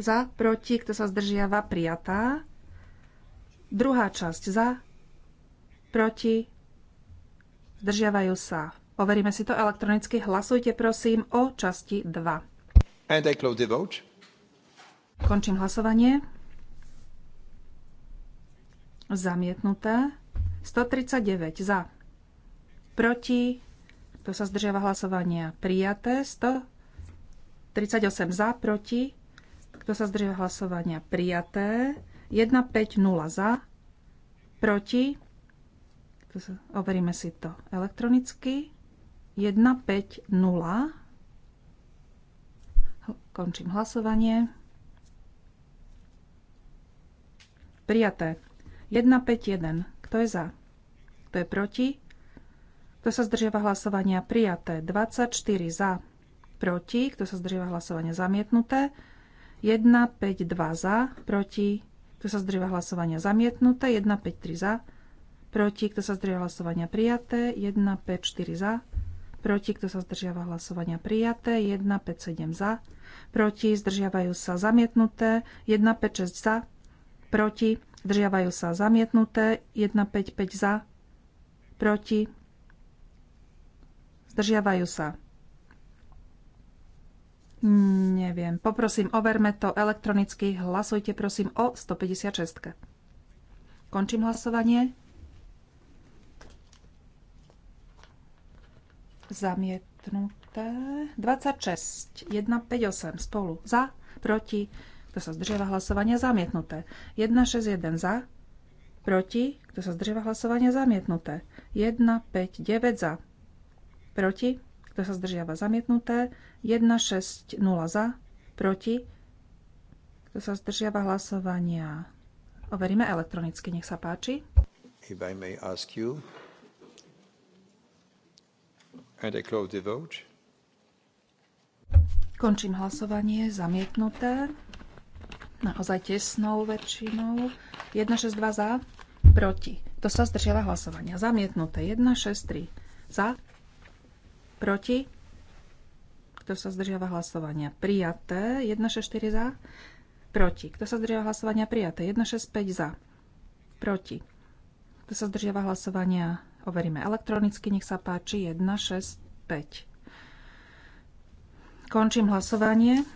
Za, proti, kto sa zdržiava, prijatá. Druhá časť. Za, proti, zdržiavajú sa. Overíme si to elektronicky. Hlasujte prosím o časti 2. And I close the vote. Končím hlasovanie. Zamietnuté. 139 za proti, to sa zdržiava hlasovania prijaté, 138 za, proti, kto sa zdržiava hlasovania prijaté, 150 za, proti, to sa, overíme si to elektronicky, 150, končím hlasovanie, prijaté, 151, kto je za, kto je proti, kto sa zdržiava hlasovania? Prijaté. 24 za. Proti. Kto sa zdržiava hlasovania? Zamietnuté. 1, 5, 2 za. Proti. Kto sa zdržiava hlasovania? Zamietnuté. 1, 5, 3 za. Proti. Kto sa zdržiava hlasovania? Prijaté. 1, 5, 4 za. Proti. Kto sa zdržiava hlasovania? Prijaté. 1, 5, 7 za. Proti. Zdržiavajú sa zamietnuté. 1, 5, 6 za. Proti. Zdržiavajú sa zamietnuté. 1, 5, 5 za. Proti Zdržiavajú sa. Neviem. Poprosím, overme to elektronicky. Hlasujte prosím o 156. Končím hlasovanie. Zamietnuté. 26. 1, 5, 8 spolu. Za, proti. Kto sa zdržiava hlasovania? Zamietnuté. 1, 6, 1 za. Proti. Kto sa zdržiava hlasovania? Zamietnuté. 1, 5, 9 za proti, kto sa zdržiava zamietnuté, 1, 6, 0 za, proti, kto sa zdržiava hlasovania. Overíme elektronicky, nech sa páči. If I may ask you, and I close the vote. Končím hlasovanie, zamietnuté. Naozaj tesnou väčšinou. 1, 6, 2 za, proti. To sa zdržiava hlasovania. Zamietnuté. 1, 6, 3 za, Proti? Kto sa zdržiava hlasovania? Prijaté. 164 za. Proti. Kto sa zdržiava hlasovania? Prijaté. 165 za. Proti. Kto sa zdržiava hlasovania? Overíme elektronicky. Nech sa páči. 165. Končím hlasovanie.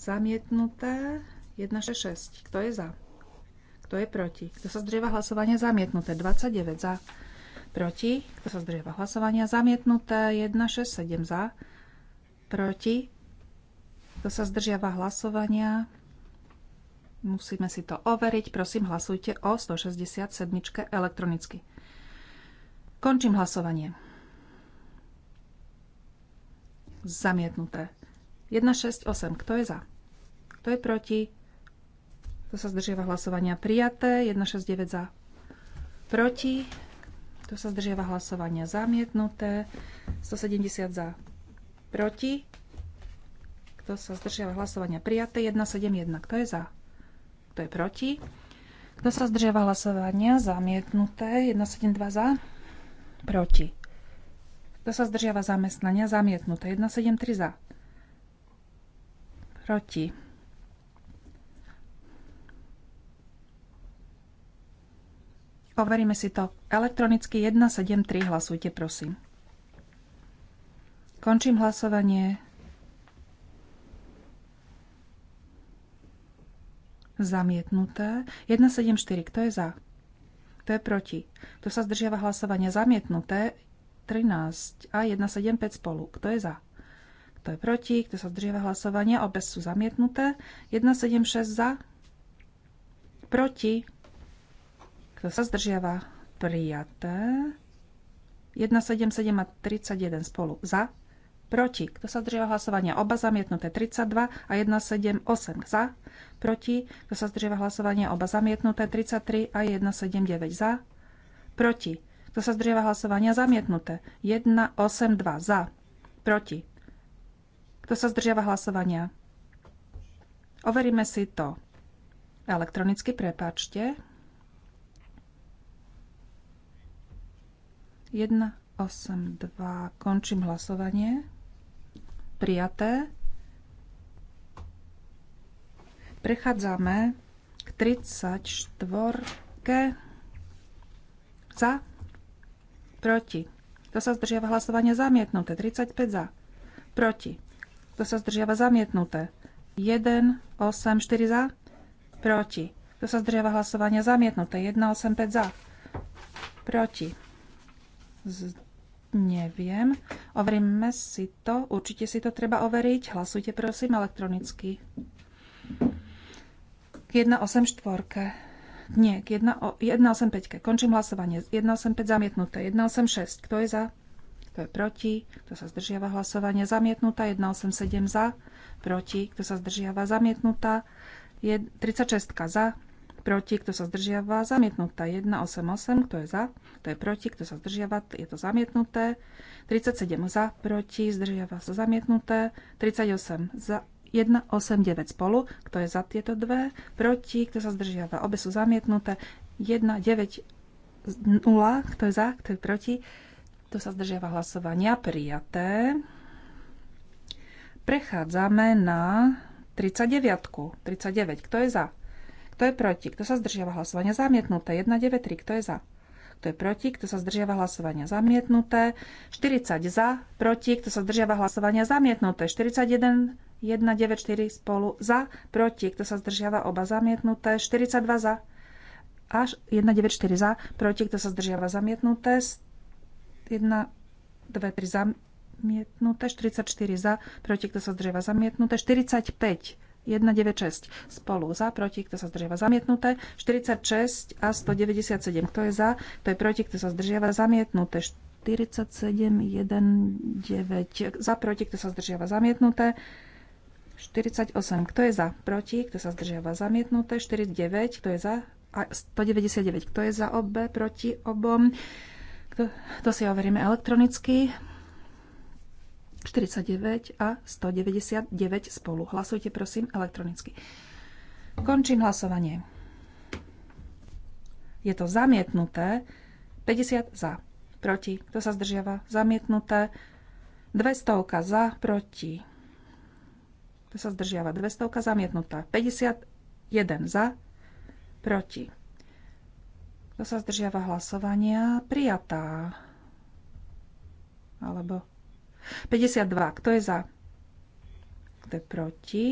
Zamietnuté. 166. Kto je za? Kto je proti? Kto sa zdrieva hlasovania? Zamietnuté. 29 za. Proti. Kto sa zdrieva hlasovania? Zamietnuté. 1, 6, 7 za. Proti. Kto sa zdržiava hlasovania? Musíme si to overiť. Prosím, hlasujte o 167 elektronicky. Končím hlasovanie. Zamietnuté. 168. Kto je za? Kto je proti? Kto sa zdržiava hlasovania? Prijaté. 169 za. Proti. Kto sa zdržiava hlasovania? Zamietnuté. 170 za. Proti. Kto sa zdržiava hlasovania? Prijaté. 171. Kto je za? Kto je proti? Kto sa zdržiava hlasovania? Zamietnuté. 172 za. Proti. Kto sa zdržiava zamestnania? Zamietnuté. 173 za. Proti. Overíme si to. Elektronicky 173 hlasujte, prosím. Končím hlasovanie. Zamietnuté. 174. Kto je za? Kto je proti? Kto sa zdržiava hlasovania? Zamietnuté. 13 a 175 spolu. Kto je za? Kto je proti? Kto sa zdržiava hlasovania? Obe sú zamietnuté. 176 za. Proti. Kto sa zdržiava? Prijaté. 177 a 31 spolu za, proti. Kto sa zdržiava hlasovania? Oba zamietnuté 32 a 178 za, proti. Kto sa zdržiava hlasovania? Oba zamietnuté 33 a 179 za, proti. Kto sa zdržiava hlasovania? Zamietnuté 2 za, proti. Kto sa zdržiava hlasovania? Overíme si to. Elektronicky prepáčte. 1, 8, 2. Končím hlasovanie. Prijaté. Prechádzame k 34. Za. Proti. To sa zdržiava hlasovanie zamietnuté? 35 za. Proti. To sa zdržiava zamietnuté? 1, 8, 4 za. Proti. To sa zdržiava hlasovanie zamietnuté? 1, 8, 5 za. Proti. Z... Neviem. Overíme si to. Určite si to treba overiť. Hlasujte prosím elektronicky. K 184. Nie, k 185. Končím hlasovanie. 185 zamietnuté. 186. Kto je za? Kto je proti? Kto sa zdržiava hlasovanie? Zamietnutá. 187 za. Proti. Kto sa zdržiava? Zamietnutá. 36 za proti, kto sa zdržiava, zamietnutá. 188, kto je za, kto je proti, kto sa zdržiava, je to zamietnuté. 37 za, proti, zdržiava sa zamietnuté. 38 za, 189 9 spolu, kto je za tieto dve, proti, kto sa zdržiava, obe sú zamietnuté. 190, kto je za, kto je proti, kto sa zdržiava hlasovania, prijaté. Prechádzame na 39. 39, kto je za? Kto je proti? Kto sa zdržiava hlasovania? Zamietnuté. 1, 9, 3. Kto je za? Kto je proti? Kto sa zdržiava hlasovania? Zamietnuté. 40 za, proti. Kto sa zdržiava hlasovania? Zamietnuté. 41 1, 9, 4 spolu za, proti. Kto sa zdržiava? Oba zamietnuté. 42 za až 1, 9, 4 za, proti. Kto sa zdržiava? Zamietnuté. 1, 2, 3 zamietnuté. 44 za, proti. Kto sa zdržiava? Zamietnuté. 45 196 spolu za, proti, kto sa zdržiava zamietnuté, 46 a 197, kto je za, kto je proti, kto sa zdržiava zamietnuté, 47, 1, 9, za, proti, kto sa zdržiava zamietnuté, 48, kto je za, proti, kto sa zdržiava zamietnuté, 49, kto je za, a 199, kto je za obe, proti obom, kto, to si overíme elektronicky. 49 a 199 spolu. Hlasujte prosím elektronicky. Končím hlasovanie. Je to zamietnuté. 50 za, proti. Kto sa zdržiava? Zamietnuté. 200 za, proti. Kto sa zdržiava? 200 zamietnutá. 51 za, proti. Kto sa zdržiava hlasovania? Prijatá. Alebo 52. Kto je za? Kto je proti?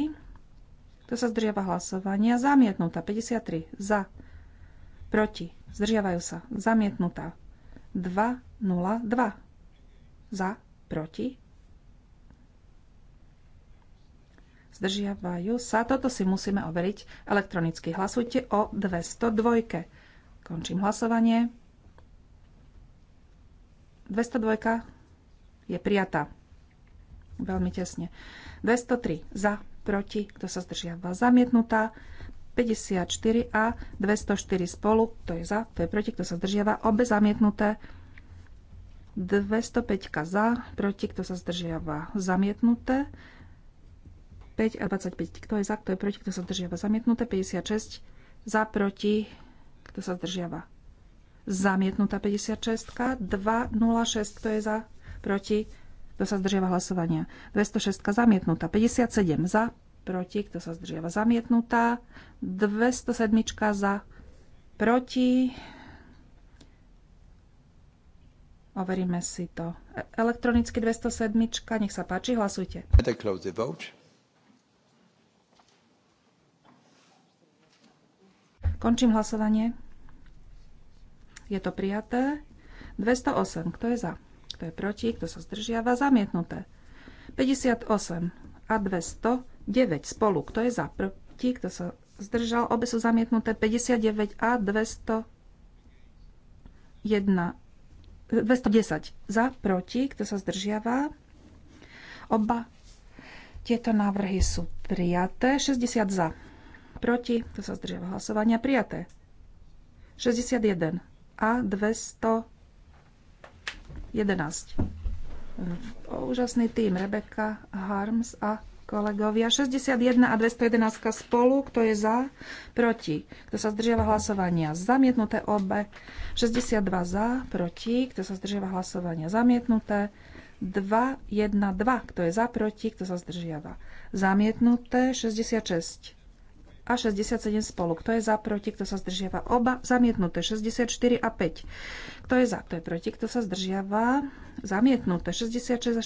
Kto sa zdržiava hlasovania? Zamietnutá. 53. Za. Proti. Zdržiavajú sa. Zamietnutá. 2, 0, 2. Za. Proti. Zdržiavajú sa. Toto si musíme overiť elektronicky. Hlasujte o 202. Končím hlasovanie. 202 je prijatá. Veľmi tesne. 203 za, proti, kto sa zdržiava, zamietnutá. 54 a 204 spolu, to je za, to je proti, kto sa zdržiava, obe zamietnuté. 205 za, proti, kto sa zdržiava, zamietnuté. 5 a 25, kto je za, kto je proti, kto sa zdržiava, zamietnuté. 56 za, proti, kto sa zdržiava, zamietnutá 56, 206, kto je za, proti, kto sa zdržiava hlasovania. 206 zamietnutá, 57 za, proti, kto sa zdržiava zamietnutá, 207 za, proti. Overíme si to. E- elektronicky 207, nech sa páči, hlasujte. Končím hlasovanie. Je to prijaté. 208, kto je za? kto je proti, kto sa zdržiava, zamietnuté. 58 a 209 spolu, kto je za, proti, kto sa zdržal, obe sú zamietnuté. 59 a 201, 210 za, proti, kto sa zdržiava. Oba tieto návrhy sú prijaté. 60 za, proti, kto sa zdržiava hlasovania, prijaté. 61 a 200 11. Úžasný tým Rebeka Harms a kolegovia. 61 a 211 spolu. Kto je za? Proti. Kto sa zdržiava hlasovania? Zamietnuté obe. 62 za, proti. Kto sa zdržiava hlasovania? Zamietnuté. 2, 1, 2. Kto je za, proti. Kto sa zdržiava? Zamietnuté. 66 a 67 spolu. Kto je za, proti, kto sa zdržiava? Oba zamietnuté. 64 a 5. Kto je za, kto je proti, kto sa zdržiava? Zamietnuté. 66 a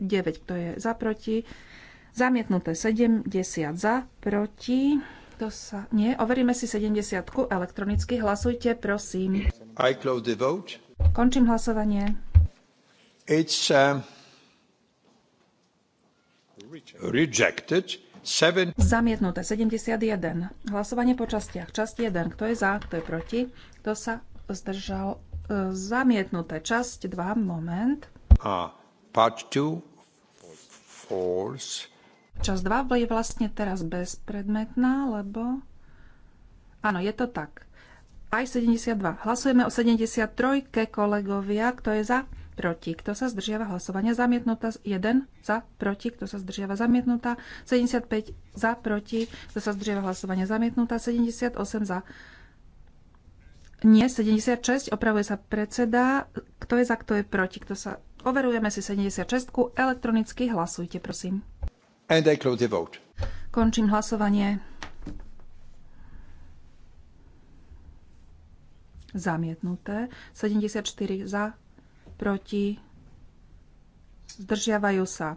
69. Kto je za, proti? Zamietnuté. 70 za, proti. Kto sa... Nie, overíme si 70 elektronicky. Hlasujte, prosím. I close the vote. Končím hlasovanie. It's uh, rejected. Zamietnuté 71. Hlasovanie po častiach. Časť 1. Kto je za, kto je proti, kto sa zdržal. E, zamietnuté. Časť 2. Moment. A part 2 false. Časť 2 je vlastne teraz bezpredmetná, lebo... Áno, je to tak. Aj 72. Hlasujeme o 73. kolegovia. Kto je za? proti, kto sa zdržiava hlasovania, zamietnutá 1 za, proti, kto sa zdržiava zamietnutá, 75 za, proti, kto sa zdržiava hlasovania, zamietnutá, 78 za. Nie, 76, opravuje sa predseda. Kto je za, kto je proti, kto sa... Overujeme si 76, elektronicky hlasujte, prosím. And I close the vote. Končím hlasovanie. Zamietnuté. 74 za, proti, zdržiavajú sa.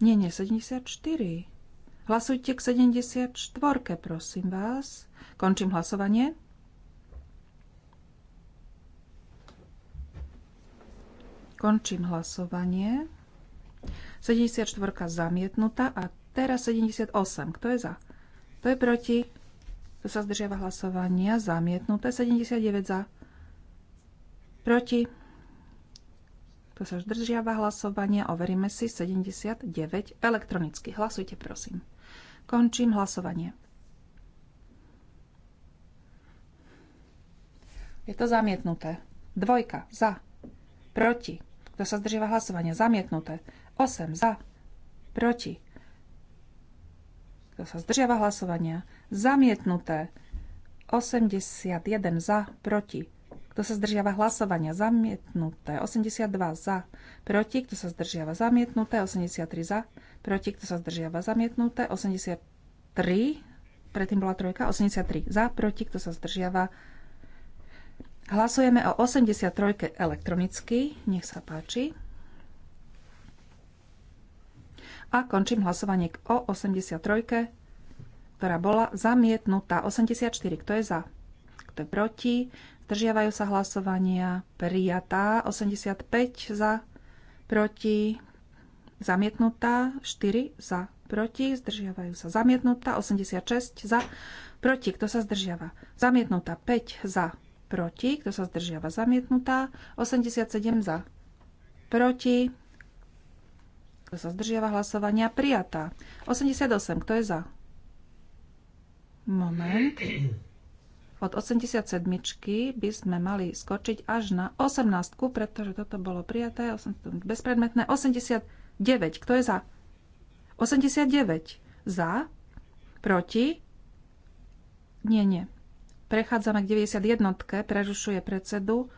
Nie, nie, 74. Hlasujte k 74, prosím vás. Končím hlasovanie. Končím hlasovanie. 74 zamietnutá a teraz 78. Kto je za? Kto je proti? Kto sa zdržiava hlasovania? Zamietnuté 79 za. Proti? Kto sa zdržiava hlasovania? Overíme si 79 elektronicky. Hlasujte, prosím. Končím hlasovanie. Je to zamietnuté. Dvojka. Za. Proti. Kto sa zdržiava hlasovania? Zamietnuté. 8. Za. Proti. Kto sa zdržiava hlasovania? Zamietnuté. 81 za, proti. Kto sa zdržiava hlasovania? Zamietnuté. 82 za. Proti. Kto sa zdržiava? Zamietnuté. 83 za. Proti. Kto sa zdržiava? Zamietnuté. 83. Predtým bola trojka. 83 za. Proti. Kto sa zdržiava? Hlasujeme o 83 elektronicky. Nech sa páči. A končím hlasovanie o 83, ktorá bola zamietnutá. 84. Kto je za? Kto je proti? Zdržiavajú sa hlasovania prijatá. 85 za, proti, zamietnutá. 4 za, proti, zdržiavajú sa zamietnutá. 86 za, proti, kto sa zdržiava? Zamietnutá. 5 za, proti, kto sa zdržiava? Zamietnutá. 87 za, proti, kto sa zdržiava hlasovania? Prijatá. 88. Kto je za? Moment. (clears throat) od 87 by sme mali skočiť až na 18, pretože toto bolo prijaté, bezpredmetné. 89, kto je za? 89 za, proti, nie, nie. Prechádzame k 91. Prerušuje predsedu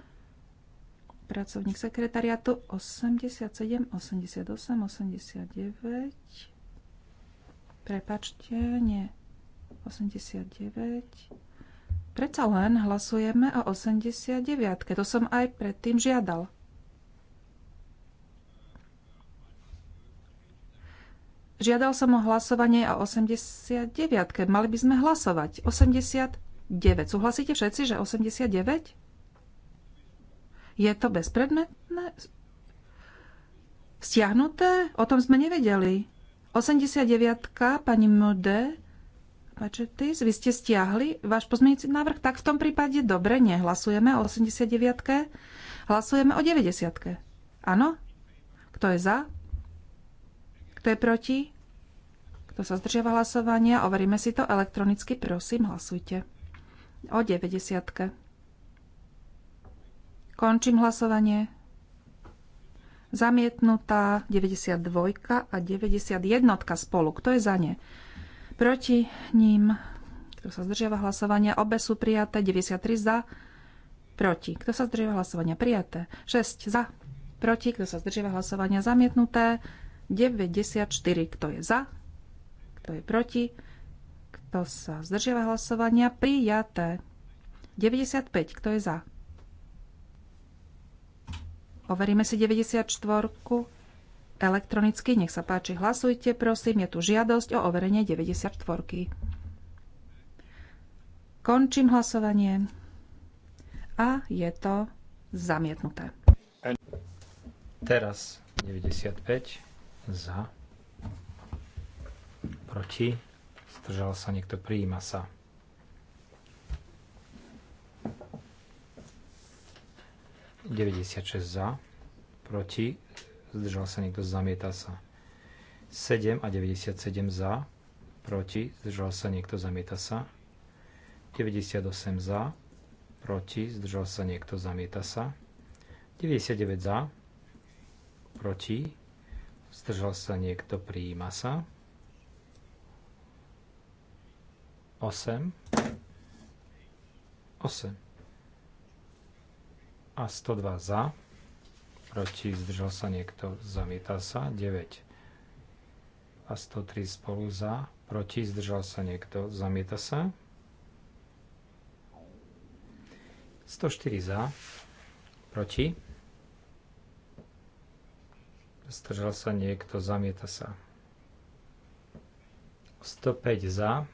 pracovník sekretariatu 87, 88, 89. Prepačte, nie. 89. Preca len hlasujeme o 89. To som aj predtým žiadal. Žiadal som o hlasovanie o 89. Mali by sme hlasovať. 89. Súhlasíte všetci, že 89? Je to bezpredmetné? Stiahnuté? O tom sme nevedeli. 89. pani Mode Pačetis, vy ste stiahli váš pozmeňujúci návrh, tak v tom prípade dobre, nehlasujeme o 89. Hlasujeme o 90. Áno? Kto je za? Kto je proti? Kto sa zdržiava hlasovania? Overíme si to elektronicky, prosím, hlasujte. O 90. Končím hlasovanie. Zamietnutá 92 a 91 spolu. Kto je za ne? proti ním, kto sa zdržiava hlasovania, obe sú prijaté, 93 za, proti, kto sa zdržiava hlasovania, prijaté, 6 za, proti, kto sa zdržiava hlasovania, zamietnuté, 94, kto je za, kto je proti, kto sa zdržiava hlasovania, prijaté, 95, kto je za. Overíme si 94 elektronicky. Nech sa páči, hlasujte, prosím. Je tu žiadosť o overenie 94. Končím hlasovanie. A je to zamietnuté. Teraz 95 za, proti, zdržal sa niekto, prijíma sa. Deväťdesiat za, proti, zdržal sa niekto, zamieta sa. 7 a 97 za, proti, zdržal sa niekto, zamieta sa. 98 za, proti, zdržal sa niekto, zamieta sa. 99 za, proti, zdržal sa niekto, prijíma sa. 8, 8 a 102 za, proti, zdržal sa niekto, zamieta sa, 9 a 103 spolu za, proti, zdržal sa niekto, zamieta sa, 104 za, proti, zdržal sa niekto, zamieta sa, 105 za,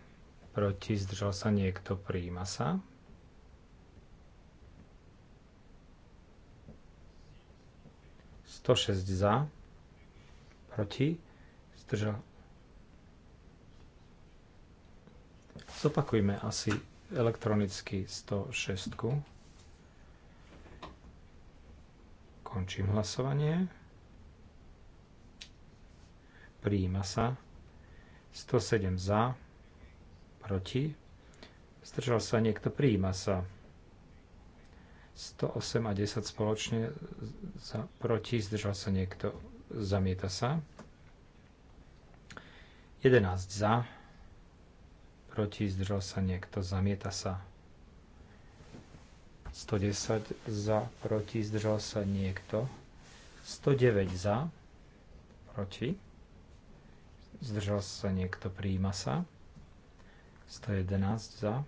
proti, zdržal sa niekto, prijíma sa, 106 za, proti, zdržal. Zopakujme asi elektronicky 106. Končím hlasovanie. Prijíma sa. 107 za, proti. Zdržal sa niekto, prijíma sa. 108 a 10 spoločne za, proti, zdržal sa niekto, zamieta sa. 11 za, proti, zdržal sa niekto, zamieta sa. 110 za, proti, zdržal sa niekto. 109 za, proti, zdržal sa niekto, príjima sa. 111 za,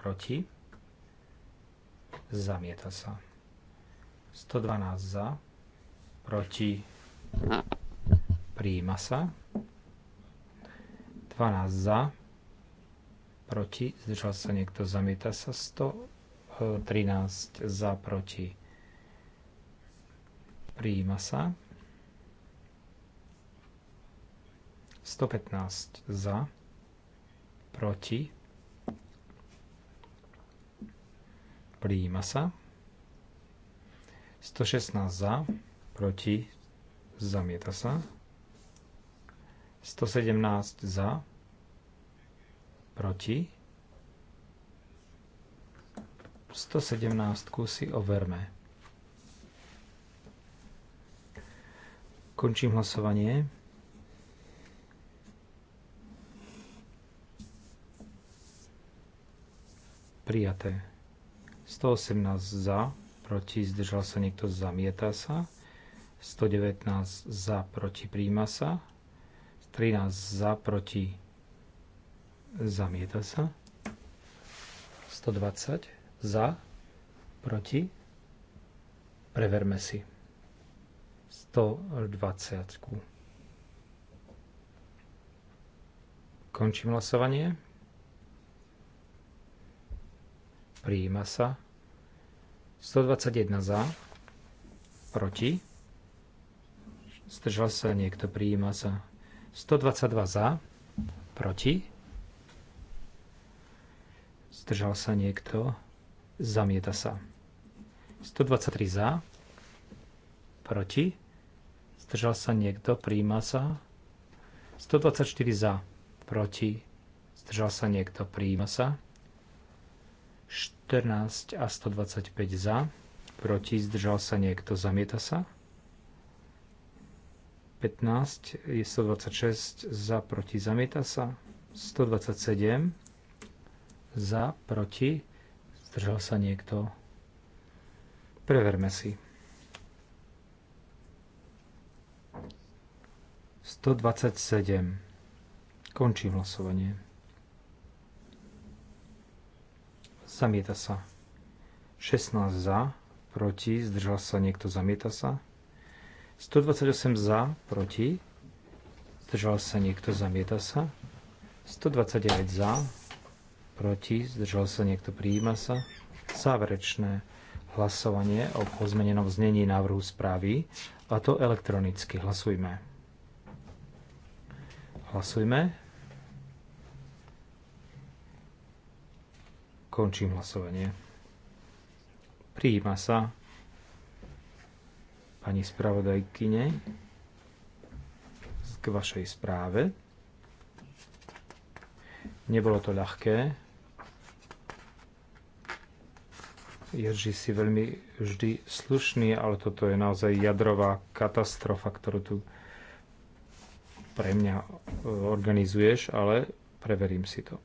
proti, Zamieta sa. 112 za. Proti. Príjima sa. 12 za. Proti. Zdržal sa niekto. Zamieta sa. 113 za. Proti. Príjima sa. 115 za. Proti Prijíma sa. 116 za, proti, zamieta sa. 117 za, proti. 117 si overme. Končím hlasovanie. Prijaté. 118 za, proti, zdržal sa niekto, zamieta sa. 119 za, proti, príjma sa. 13 za, proti, zamieta sa. 120 za, proti, preverme si. 120. Končím hlasovanie. Prijíma sa. 121 za, proti, zdržal sa niekto, prijíma sa. 122 za, proti, zdržal sa niekto, zamieta sa. 123 za, proti, zdržal sa niekto, prijíma sa. 124 za, proti, zdržal sa niekto, prijíma sa. 14 a 125 za, proti zdržal sa niekto, zamieta sa. 15 je 126 za, proti zamieta sa. 127 za, proti zdržal sa niekto. Preverme si. 127. Končím hlasovanie. Zamieta sa. 16 za, proti, zdržal sa niekto, zamieta sa. 128 za, proti, zdržal sa niekto, zamieta sa. 129 za, proti, zdržal sa niekto, prijíma sa. Záverečné hlasovanie o pozmenenom znení návrhu správy, a to elektronicky. Hlasujme. Hlasujme. Končím hlasovanie. Prijíma sa pani spravodajkyne k vašej správe. Nebolo to ľahké. Ježi si veľmi vždy slušný, ale toto je naozaj jadrová katastrofa, ktorú tu pre mňa organizuješ, ale preverím si to.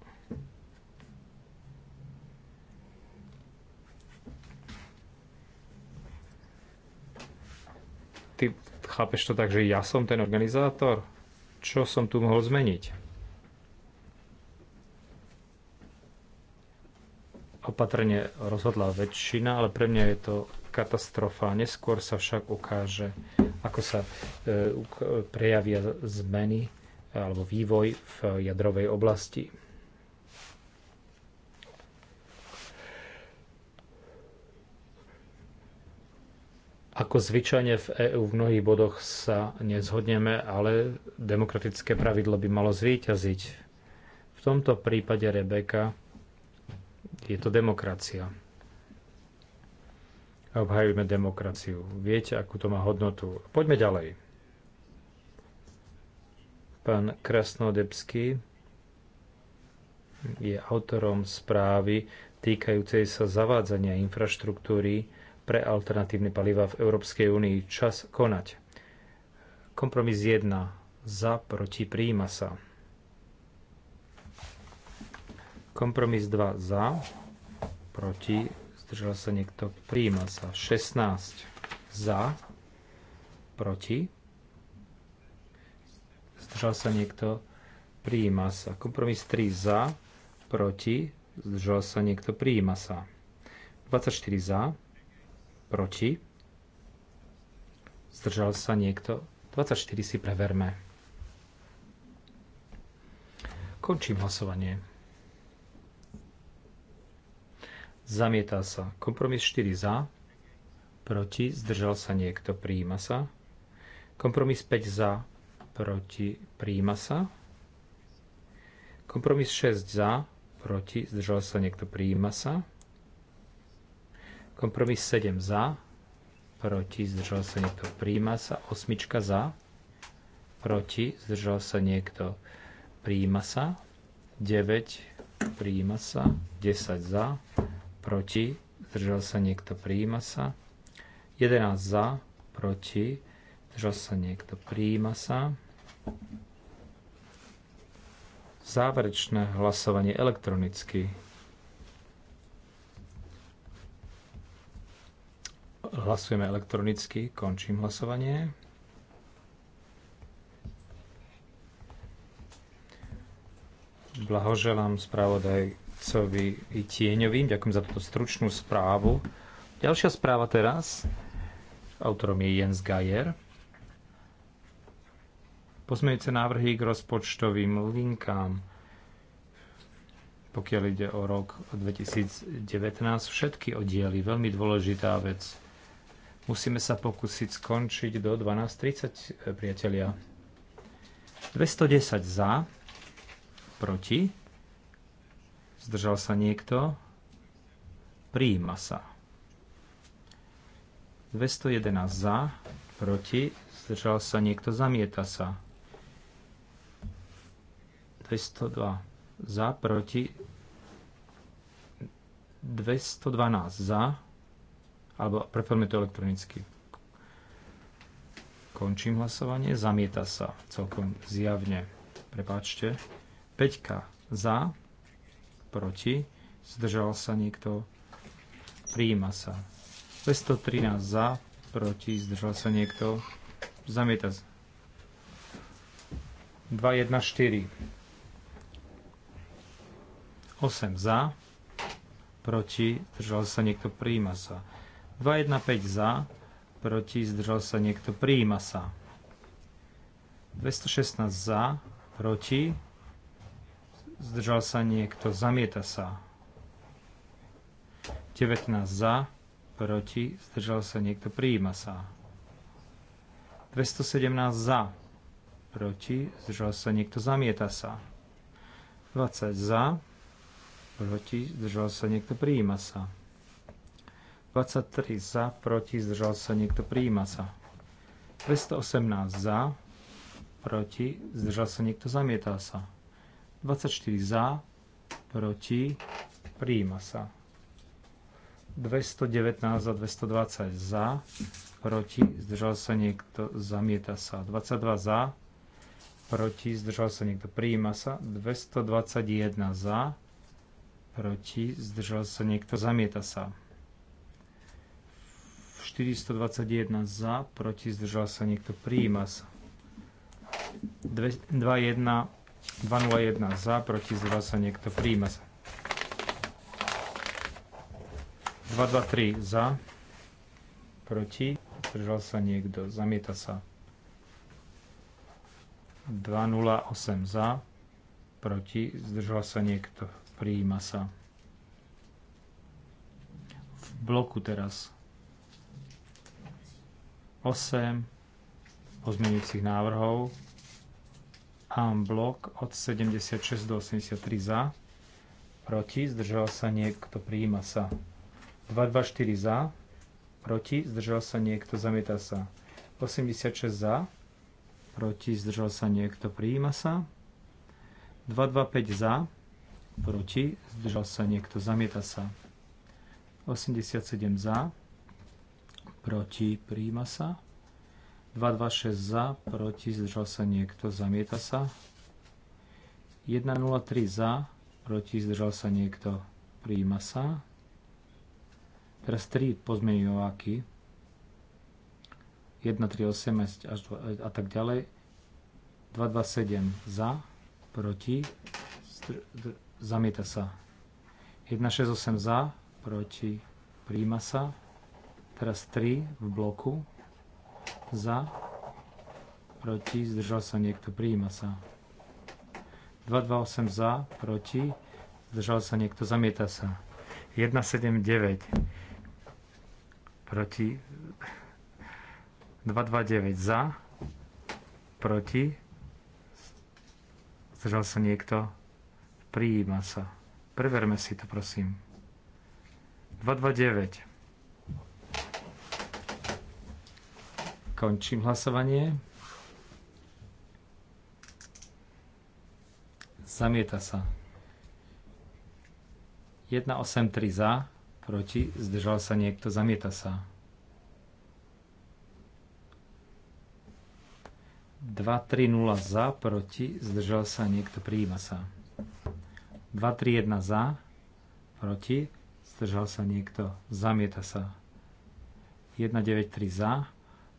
chápeš to tak, že ja som ten organizátor? Čo som tu mohol zmeniť? Opatrne rozhodla väčšina, ale pre mňa je to katastrofa. Neskôr sa však ukáže, ako sa e, prejavia zmeny alebo vývoj v jadrovej oblasti. Ako zvyčajne v EÚ v mnohých bodoch sa nezhodneme, ale demokratické pravidlo by malo zvíťaziť. V tomto prípade Rebeka je to demokracia. Obhajujeme demokraciu. Viete, akú to má hodnotu. Poďme ďalej. Pán Krasnodebský je autorom správy týkajúcej sa zavádzania infraštruktúry pre alternatívne paliva v Európskej únii. Čas konať. Kompromis 1. Za, proti, príjima sa. Kompromis 2. Za, proti, zdržal sa niekto, príjima sa. 16. Za, proti, zdržal sa niekto, príjima sa. Kompromis 3 za, proti, zdržal sa niekto, príjima sa. 24 za, Proti? Zdržal sa niekto? 24 si preverme. Končím hlasovanie. Zamieta sa. Kompromis 4 za. Proti. Zdržal sa niekto. Prijíma sa. Kompromis 5 za. Proti. Prijíma sa. Kompromis 6 za. Proti. Zdržal sa niekto. Prijíma sa. Kompromis 7 za, proti, zdržal sa niekto, príjma sa. Osmička za, proti, zdržal sa niekto, príjma sa. 9, príjma sa. 10 za, proti, zdržal sa niekto, príjma sa. 11 za, proti, zdržal sa niekto, príjma sa. Záverečné hlasovanie elektronicky. Hlasujeme elektronicky. Končím hlasovanie. Blahoželám správodajcovi i tieňovým. Ďakujem za túto stručnú správu. Ďalšia správa teraz. Autorom je Jens Geier. Pozmejúce návrhy k rozpočtovým linkám pokiaľ ide o rok 2019, všetky oddiely, veľmi dôležitá vec. Musíme sa pokúsiť skončiť do 12.30, e, priatelia. 210 za, proti, zdržal sa niekto, prijíma sa. 211 za, proti, zdržal sa niekto, zamieta sa. 202 za, proti, 212 za, alebo preferme to elektronicky. Končím hlasovanie. Zamieta sa celkom zjavne. Prepáčte. 5 za, proti, zdržal sa niekto, prijíma sa. 213 za, proti, zdržal sa niekto, zamieta sa. 2, 1, 4. 8 za, proti, zdržal sa niekto, prijíma sa. 215 za, proti zdržal sa niekto, prijíma sa. 216 za, proti, zdržal sa niekto, zamieta sa. 19 za, proti, zdržal sa niekto, prijíma sa. 217 za, proti, zdržal sa niekto, zamieta sa. 20 za, proti, zdržal sa niekto, prijíma sa. 23 za, proti, zdržal sa niekto, prijíma sa. 218 za, proti, zdržal sa niekto, zamietá sa. 24 za, proti, prijíma sa. 219 za, 220 za, proti, zdržal sa niekto, zamieta sa. 22 za, proti, zdržal sa niekto, prijíma sa. 221 za, proti, zdržal sa niekto, zamieta sa. 421 za, proti zdržal sa niekto, prijíma sa. 201 za, proti zdržal sa niekto, prijíma sa. 223 za, proti zdržal sa niekto, zamieta sa. 208 za, proti zdržal sa niekto, prijíma sa. V bloku teraz 8 pozmeňujúcich návrhov en blok od 76 do 83 za, proti, zdržal sa niekto, prijíma sa. 224 za, proti, zdržal sa niekto, zamieta sa. 86 za, proti, zdržal sa niekto, prijíma sa. 225 za, proti, zdržal sa niekto, zamieta sa. 87 za, proti, príjma sa. 2, 2, 6 za, proti, zdržal sa niekto, zamieta sa. 1, 0, 3 za, proti, zdržal sa niekto, príjma sa. Teraz 3 pozmeňováky. 1, 3, 8 až a tak ďalej. 2, 2, 7 za, proti, zamieta sa. 1, 6, 8 za, proti, príjma sa. Teraz 3 v bloku. Za. Proti. Zdržal sa niekto. Prijíma sa. 228 za. Proti. Zdržal sa niekto. Zamieta sa. 179 proti 229 za proti zdržal sa niekto prijíma sa preverme si to prosím 229 Končím hlasovanie. Zamieta sa. 3 za, proti, zdržal sa niekto, zamieta sa. 2-3-0 za, proti, zdržal sa niekto, prijíma sa. 2-3-1 za, proti, zdržal sa niekto, zamieta sa. 1-9-3 za,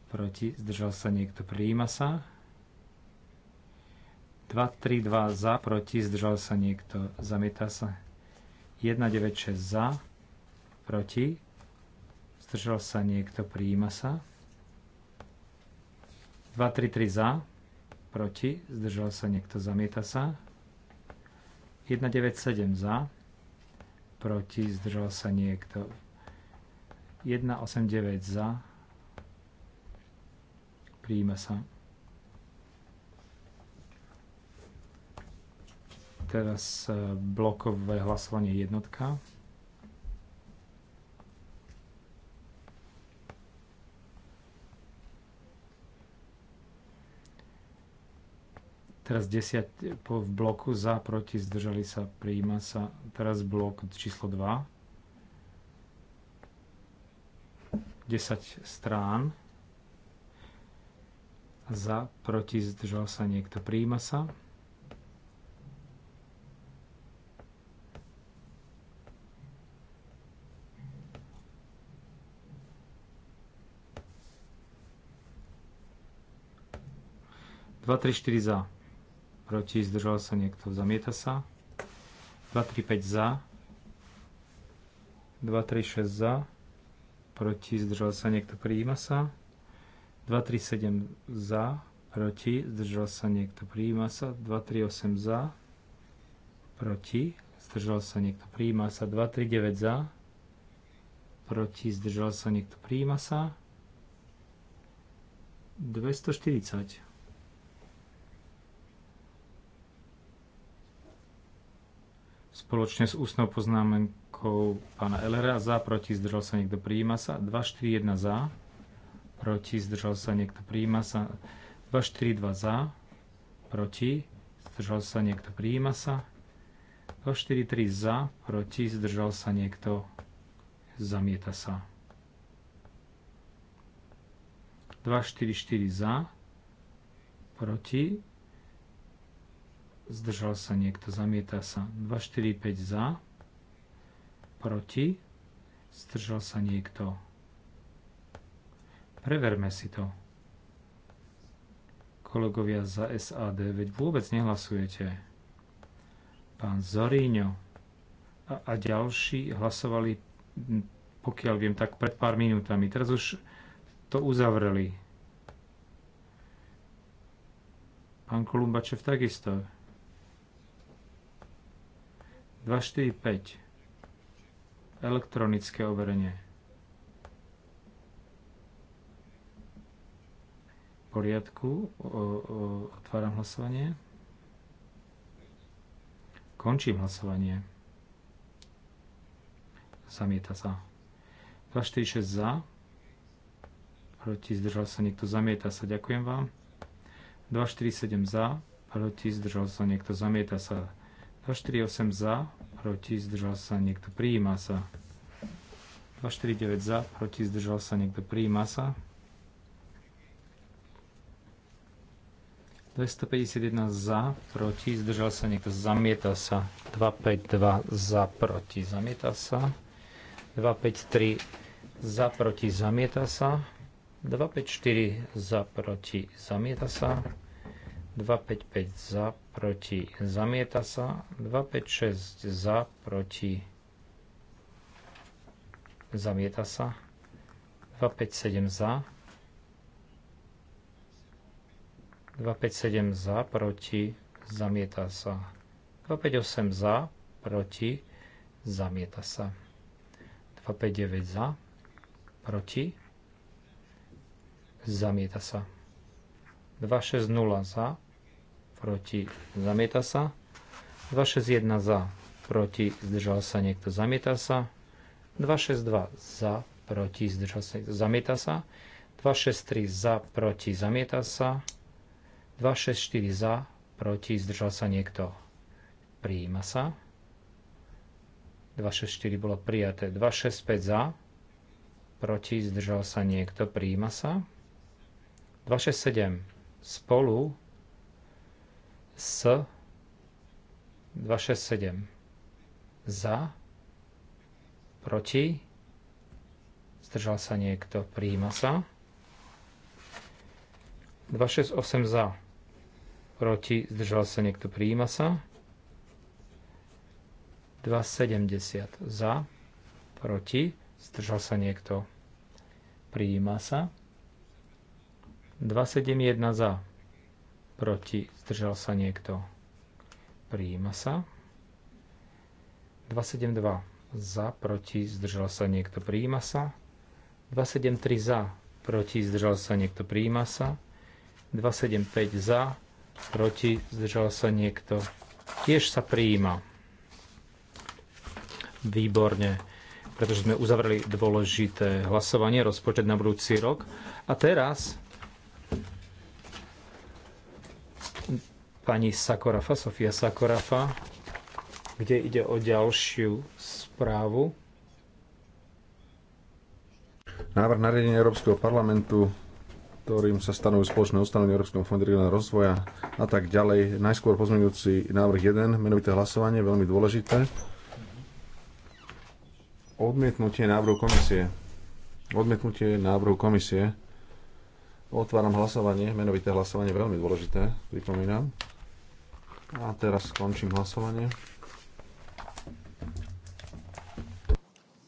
proti, zdržal sa niekto, prijíma sa. 2, 3, 2 za, proti, zdržal sa niekto, zamieta sa. 1, 9, 6 za, proti, zdržal sa niekto, prijíma sa. 2, 3, 3 za, proti, zdržal sa niekto, zamieta sa. 1, 9, 7 za, proti, zdržal sa niekto. 1, 8, 9 za, Proti príjme sa. Teraz e, blokové hlasovanie jednotka. Teraz 10 po, v bloku za, proti, zdržali sa, prijíma sa. Teraz blok číslo 2. 10 strán za, proti, zdržal sa niekto, príjima sa. Dva, tri, štyri za, proti, zdržal sa niekto, zamieta sa. Dva, tri, päť za, Dva, tri, šesť za, proti, zdržal sa niekto, prijíma sa. 237 za, proti, zdržal sa niekto, prijíma sa. 238 za, proti, zdržal sa niekto, prijíma sa. 239 za, proti, zdržal sa niekto, prijíma sa. 240. Spoločne s ústnou poznámenkou pána Elera za, proti, zdržal sa niekto, prijíma sa. 241 za, proti, zdržal sa niekto, prijíma sa. 2 za, proti, zdržal sa niekto, prijíma sa. 243 za, proti, zdržal sa niekto, zamieta sa. 4 za, proti, zdržal sa niekto, zamieta sa. 245 za, proti, zdržal sa niekto, Preverme si to. Kolegovia za SAD, veď vôbec nehlasujete. Pán Zoríňo a, a ďalší hlasovali, pokiaľ viem, tak pred pár minútami. Teraz už to uzavreli. Pán Kolumbačev takisto. 24-5. Elektronické overenie. poriadku. Otváram hlasovanie. Končím hlasovanie. Zamieta sa. 246 za. Proti zdržal sa niekto. Zamieta sa. Ďakujem vám. 247 za. Proti zdržal sa niekto. Zamieta sa. 248 za. Proti zdržal sa niekto. Prijíma sa. 249 za. Proti zdržal sa niekto. Prijíma sa. 251 za, proti, zdržal sa niekto, zamieta sa. 252 za, proti, zamieta sa. 253 za, proti, zamieta sa. 254 za, proti, zamieta sa. 255 za, proti, zamieta sa. 256 za, proti, zamieta sa. 257 za, 257 za, proti, zamieta sa. 258 za, proti, zamieta sa. 259 za, proti, zamieta sa. 260 za, proti, zamieta sa. 261 za, proti, zdržal sa niekto, zamieta sa. 262 za, proti, zdržal sa niekto, zamieta sa. 263 za, proti, zamieta sa. 264 za, proti, zdržal sa niekto. Prijíma sa. 264 bolo prijaté. 265 za, proti, zdržal sa niekto. Prijíma sa. 267 spolu s 267 za, proti, zdržal sa niekto, prijíma sa. 268 za, proti, zdržal sa niekto, prijíma sa. 270 za, proti, zdržal sa niekto, prijíma sa. 271 za, proti, zdržal sa niekto, prijíma sa. 272 za, proti, zdržal sa niekto, prijíma sa. 273 za, proti, zdržal sa niekto, prijíma sa. 275 za, proti, zdržal sa niekto. Tiež sa prijíma. Výborne, pretože sme uzavreli dôležité hlasovanie, rozpočet na budúci rok. A teraz pani Sakorafa, Sofia Sakorafa, kde ide o ďalšiu správu. Návrh nariadenia Európskeho parlamentu ktorým sa stanovuje spoločné ustanovenie Európskom fonde regionálneho rozvoja a tak ďalej. Najskôr pozmeňujúci návrh 1, menovité hlasovanie, veľmi dôležité. Odmietnutie návrhu komisie. Odmietnutie návrhu komisie. Otváram hlasovanie, menovité hlasovanie, veľmi dôležité, pripomínam. A teraz skončím hlasovanie.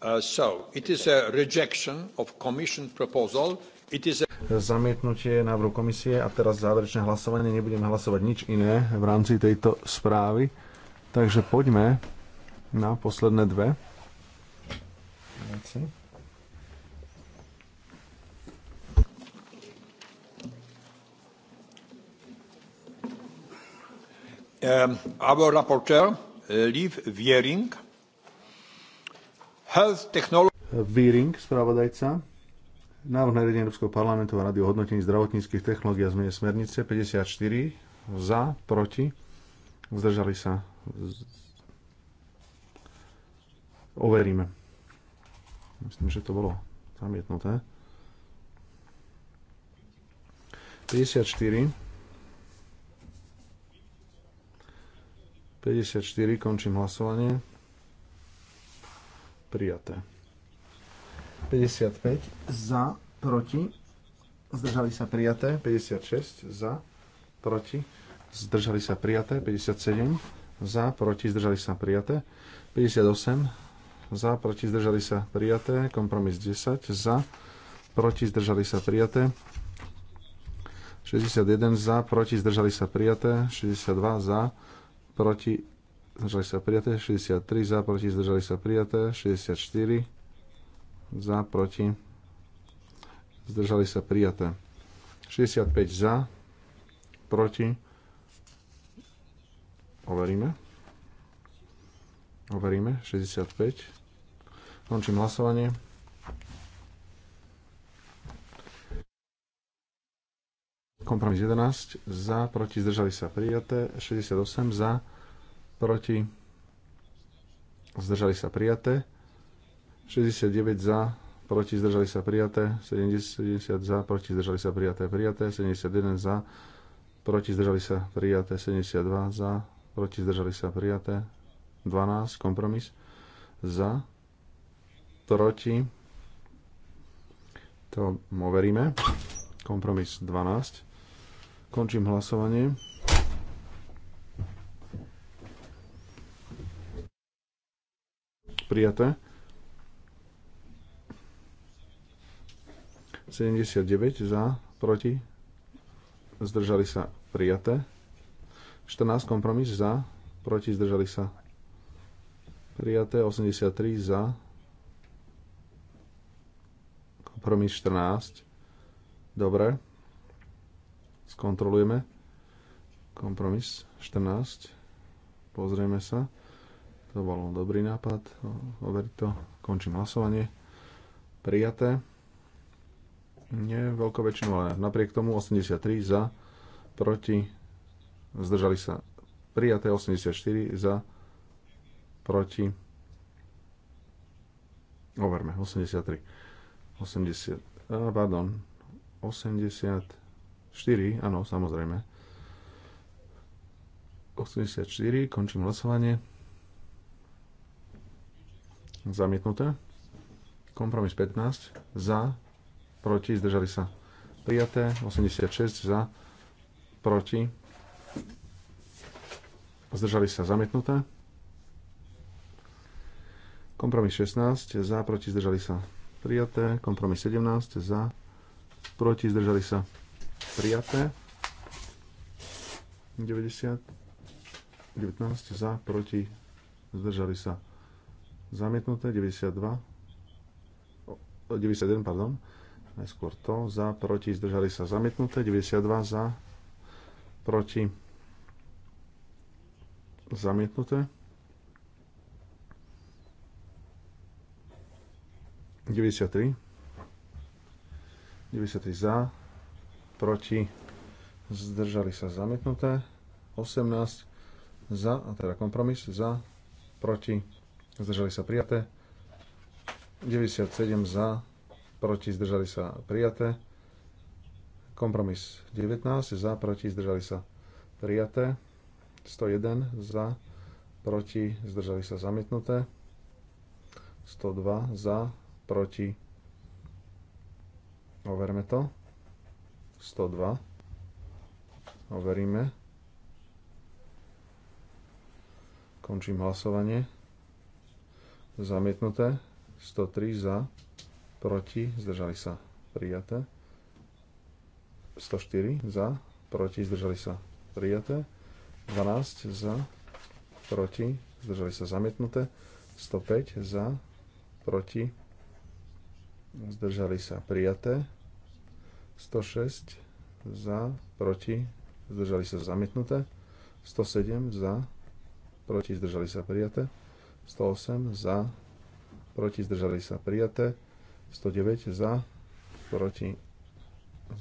Uh, so, it is a rejection of commission proposal Zamietnutie návrhu komisie a teraz záverečné hlasovanie. Nebudeme hlasovať nič iné v rámci tejto správy. Takže poďme na posledné dve. Ďakujem. Um, our rapporteur, uh, Liv Viering, health technology... Viering, spravodajca Návrh nariadenia Európskeho parlamentu a Rady o hodnotení zdravotníckých technológií a zmene smernice 54 za, proti, zdržali sa. Overíme. Myslím, že to bolo zamietnuté. 54. 54, končím hlasovanie. Prijaté. 55 za, proti, zdržali sa prijaté, 56 za, proti, zdržali sa prijaté, 57 za, proti, zdržali sa prijaté, 58 za, proti, zdržali sa prijaté, kompromis 10 za, proti, zdržali sa prijaté, 61 za, proti, zdržali sa prijaté, 62 za, proti, zdržali sa prijaté, 63 za, proti, zdržali sa prijaté, 64 za, proti, zdržali sa prijaté. 65 za, proti, overíme. Overíme, 65. Končím hlasovanie. Kompromis 11, za, proti, zdržali sa prijaté. 68 za, proti, zdržali sa prijaté. 69 za, proti zdržali sa prijaté, 70, za, proti zdržali sa prijaté, prijaté, 71 za, proti zdržali sa prijaté, 72 za, proti zdržali sa prijaté, 12, kompromis, za, proti, to overíme, kompromis 12, končím hlasovanie. Prijaté. 79 za, proti, zdržali sa prijaté. 14 kompromis za, proti, zdržali sa prijaté. 83 za, kompromis 14. Dobre, skontrolujeme. Kompromis 14. Pozrieme sa. To bol dobrý nápad. Overiť to. Končím hlasovanie. Prijaté. Nie, veľkou väčšinou, ale napriek tomu 83 za, proti, zdržali sa prijaté 84 za, proti, overme, 83, 80, pardon, 84, áno, samozrejme, 84, končím hlasovanie, zamietnuté, kompromis 15, za, proti, zdržali sa prijaté, 86 za, proti, zdržali sa zamietnuté. Kompromis 16 za, proti, zdržali sa prijaté. Kompromis 17 za, proti, zdržali sa prijaté. 90, 19 za, proti, zdržali sa zamietnuté. 92, 91, pardon Najskôr to, za, proti, zdržali sa zamietnuté, 92 za, proti, zamietnuté. 93. 93 za, proti, zdržali sa zamietnuté, 18 za, a teda kompromis, za, proti, zdržali sa prijaté, 97 za, proti, zdržali sa prijaté. Kompromis 19, za, proti, zdržali sa prijaté. 101, za, proti, zdržali sa zamietnuté. 102, za, proti, overme to. 102, overíme. Končím hlasovanie. Zamietnuté. 103 za, proti, zdržali sa prijaté. 104 za, proti, zdržali sa prijaté. 12 za, proti, zdržali sa zamietnuté. 105 za, proti, zdržali sa prijaté. 106 za, proti, zdržali sa zamietnuté. 107 za, proti, zdržali sa prijaté. 108 za, proti, zdržali sa prijaté. 109 za, proti,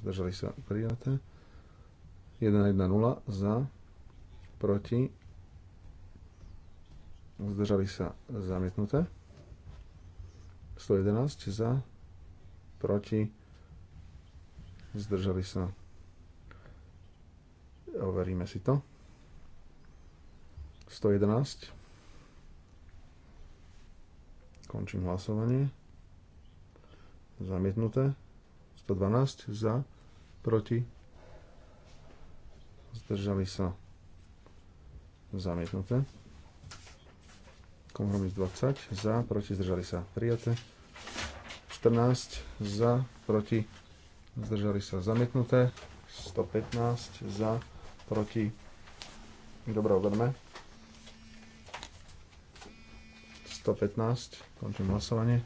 zdržali sa prijaté. 110 za, proti, zdržali sa zamietnuté. 111 za, proti, zdržali sa. Overíme si to. 111. Končím hlasovanie zamietnuté. 112 za, proti, zdržali sa zamietnuté. Kompromis 20 za, proti, zdržali sa prijaté. 14 za, proti, zdržali sa zamietnuté. 115 za, proti, dobre, overme. 115, končím hlasovanie.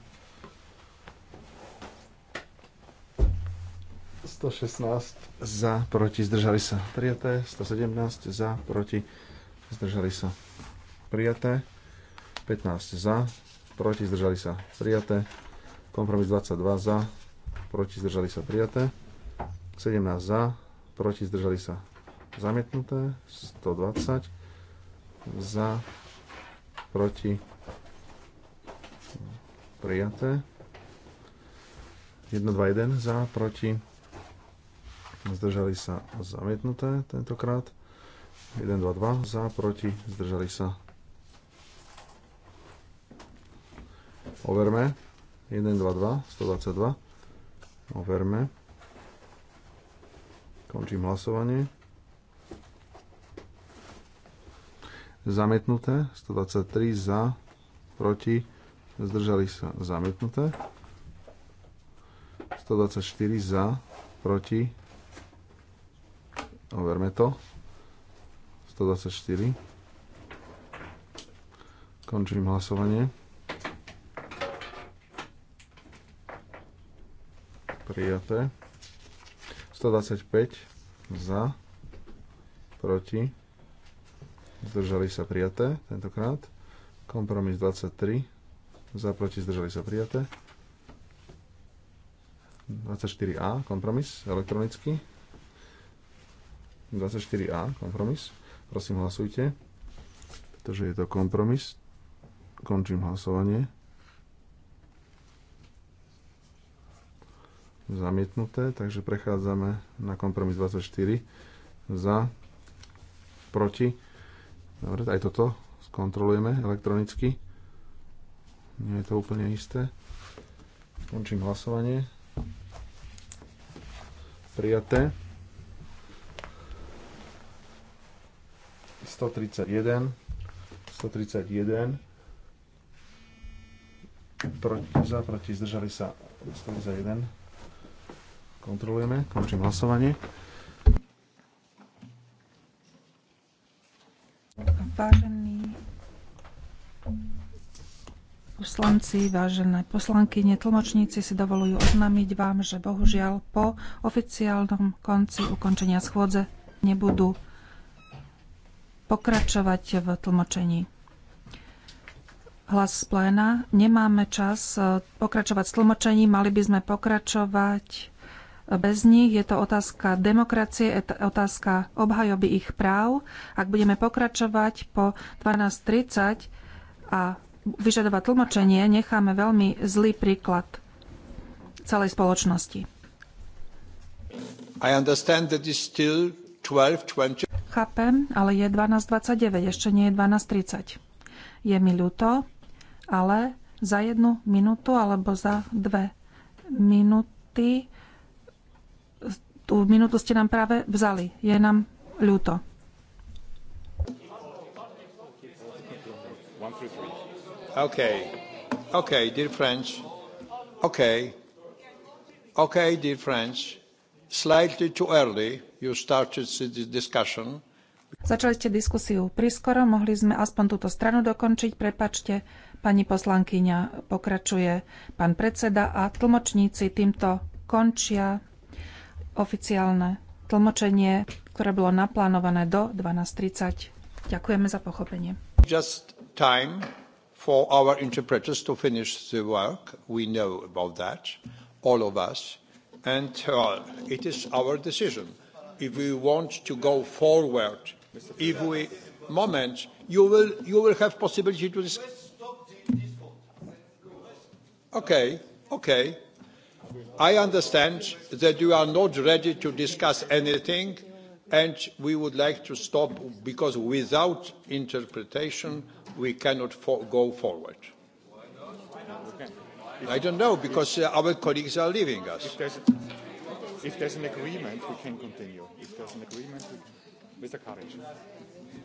116 za, proti, zdržali sa. Prijaté. 117 za, proti, zdržali sa. Prijaté. 15 za, proti, zdržali sa. Prijaté. Kompromis 22 za, proti, zdržali sa. Prijaté. 17 za, proti, zdržali sa. Zamietnuté. 120 za, proti, prijaté. 1, 2, 1 za, proti, zdržali sa zamietnuté tentokrát. 1, 2, 2 za, proti, zdržali sa. Overme. 1, 2, 2, 122. Overme. Končím hlasovanie. Zamietnuté. 123 za, proti, zdržali sa. Zamietnuté. 124 za, proti, overme to. 124. Končím hlasovanie. Prijaté. 125 za, proti, zdržali sa prijaté tentokrát. Kompromis 23 za, proti, zdržali sa prijaté. 24A, kompromis elektronicky. 24a, kompromis. Prosím, hlasujte. Pretože je to kompromis. Končím hlasovanie. Zamietnuté, takže prechádzame na kompromis 24. Za, proti. Dobre, aj toto skontrolujeme elektronicky. Nie je to úplne isté. Končím hlasovanie. Prijaté. 131, proti, za, proti, zdržali sa, 131. Kontrolujeme, končím hlasovanie. Vážení poslanci, vážené poslankyne, tlmočníci si dovolujú oznámiť vám, že bohužiaľ po oficiálnom konci ukončenia schôdze nebudú pokračovať v tlmočení. Hlas z pléna. Nemáme čas e, pokračovať s tlmočením, mali by sme pokračovať bez nich. Je to otázka demokracie, je to otázka obhajoby ich práv. Ak budeme pokračovať po 12.30 a vyžadovať tlmočenie, necháme veľmi zlý príklad celej spoločnosti. I understand that it's still Chápem, ale je 12.29, ešte nie je 12.30. Je mi ľúto, ale za jednu minútu alebo za dve minúty tú minútu ste nám práve vzali. Je nám ľúto. OK. OK, dear French. OK. OK, dear French slightly too early you started this discussion. Začali ste diskusiu priskoro, mohli sme aspoň túto stranu dokončiť. Prepačte, pani poslankyňa pokračuje pán predseda a tlmočníci týmto končia oficiálne tlmočenie, ktoré bolo naplánované do 12.30. Ďakujeme za pochopenie. Just time for our interpreters to finish the work. We know about that, all of us and uh, It is our decision. If we want to go forward, if we moment, you will you will have possibility to dis Okay, okay. I understand that you are not ready to discuss anything and we would like to stop because without interpretation we cannot for go forward. Why not? Why not? I don't know because uh, our colleagues are leaving us. If there's, if there's an agreement, we can continue. If there's an agreement, we... Mr. Courage.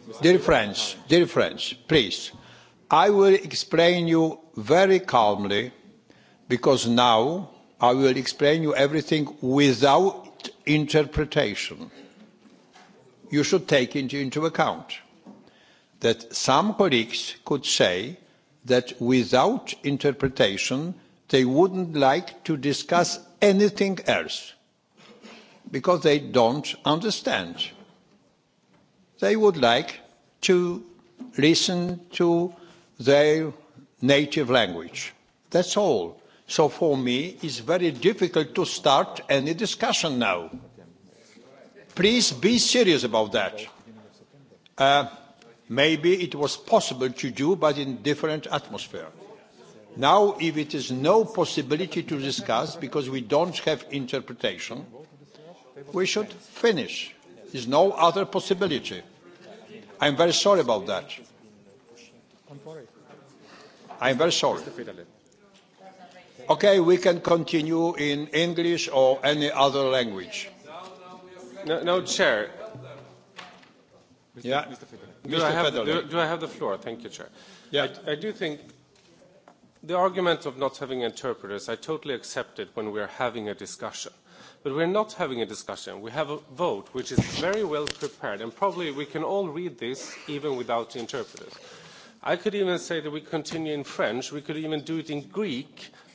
Mr. Dear friends, dear friends, please, I will explain you very calmly because now I will explain you everything without interpretation. You should take into, into account that some colleagues could say that without interpretation they wouldn't like to discuss anything else because they don't understand. They would like to listen to their native language. That's all. So for me, it's very difficult to start any discussion now. Please be serious about that. Uh, Maybe it was possible to do, but in different atmosphere. Now, if it is no possibility to discuss because we don't have interpretation, we should finish. There's no other possibility. I'm very sorry about that. I'm very sorry. Okay, we can continue in English or any other language. No, no chair. Yeah do, I have, do, do I have the floor? Thank you, Chair. Yeah. I, I do think the argument of not having interpreters, I totally accept it when we're having a discussion. But we're not having a discussion. We have a vote which is very well prepared, and probably we can all read this even without interpreters. I could even say that we continue in French. We could even do it in Greek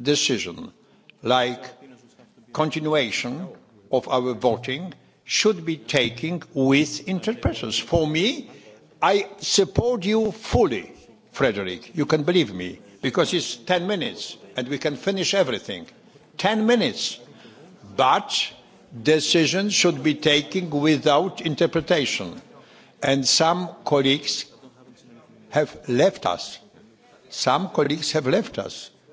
decision like continuation of our voting should be taken with interpreters. For me, I support you fully, Frederick. You can believe me, because it's ten minutes and we can finish everything. Ten minutes. But decisions should be taken without interpretation. And some colleagues have left us. Some colleagues have left us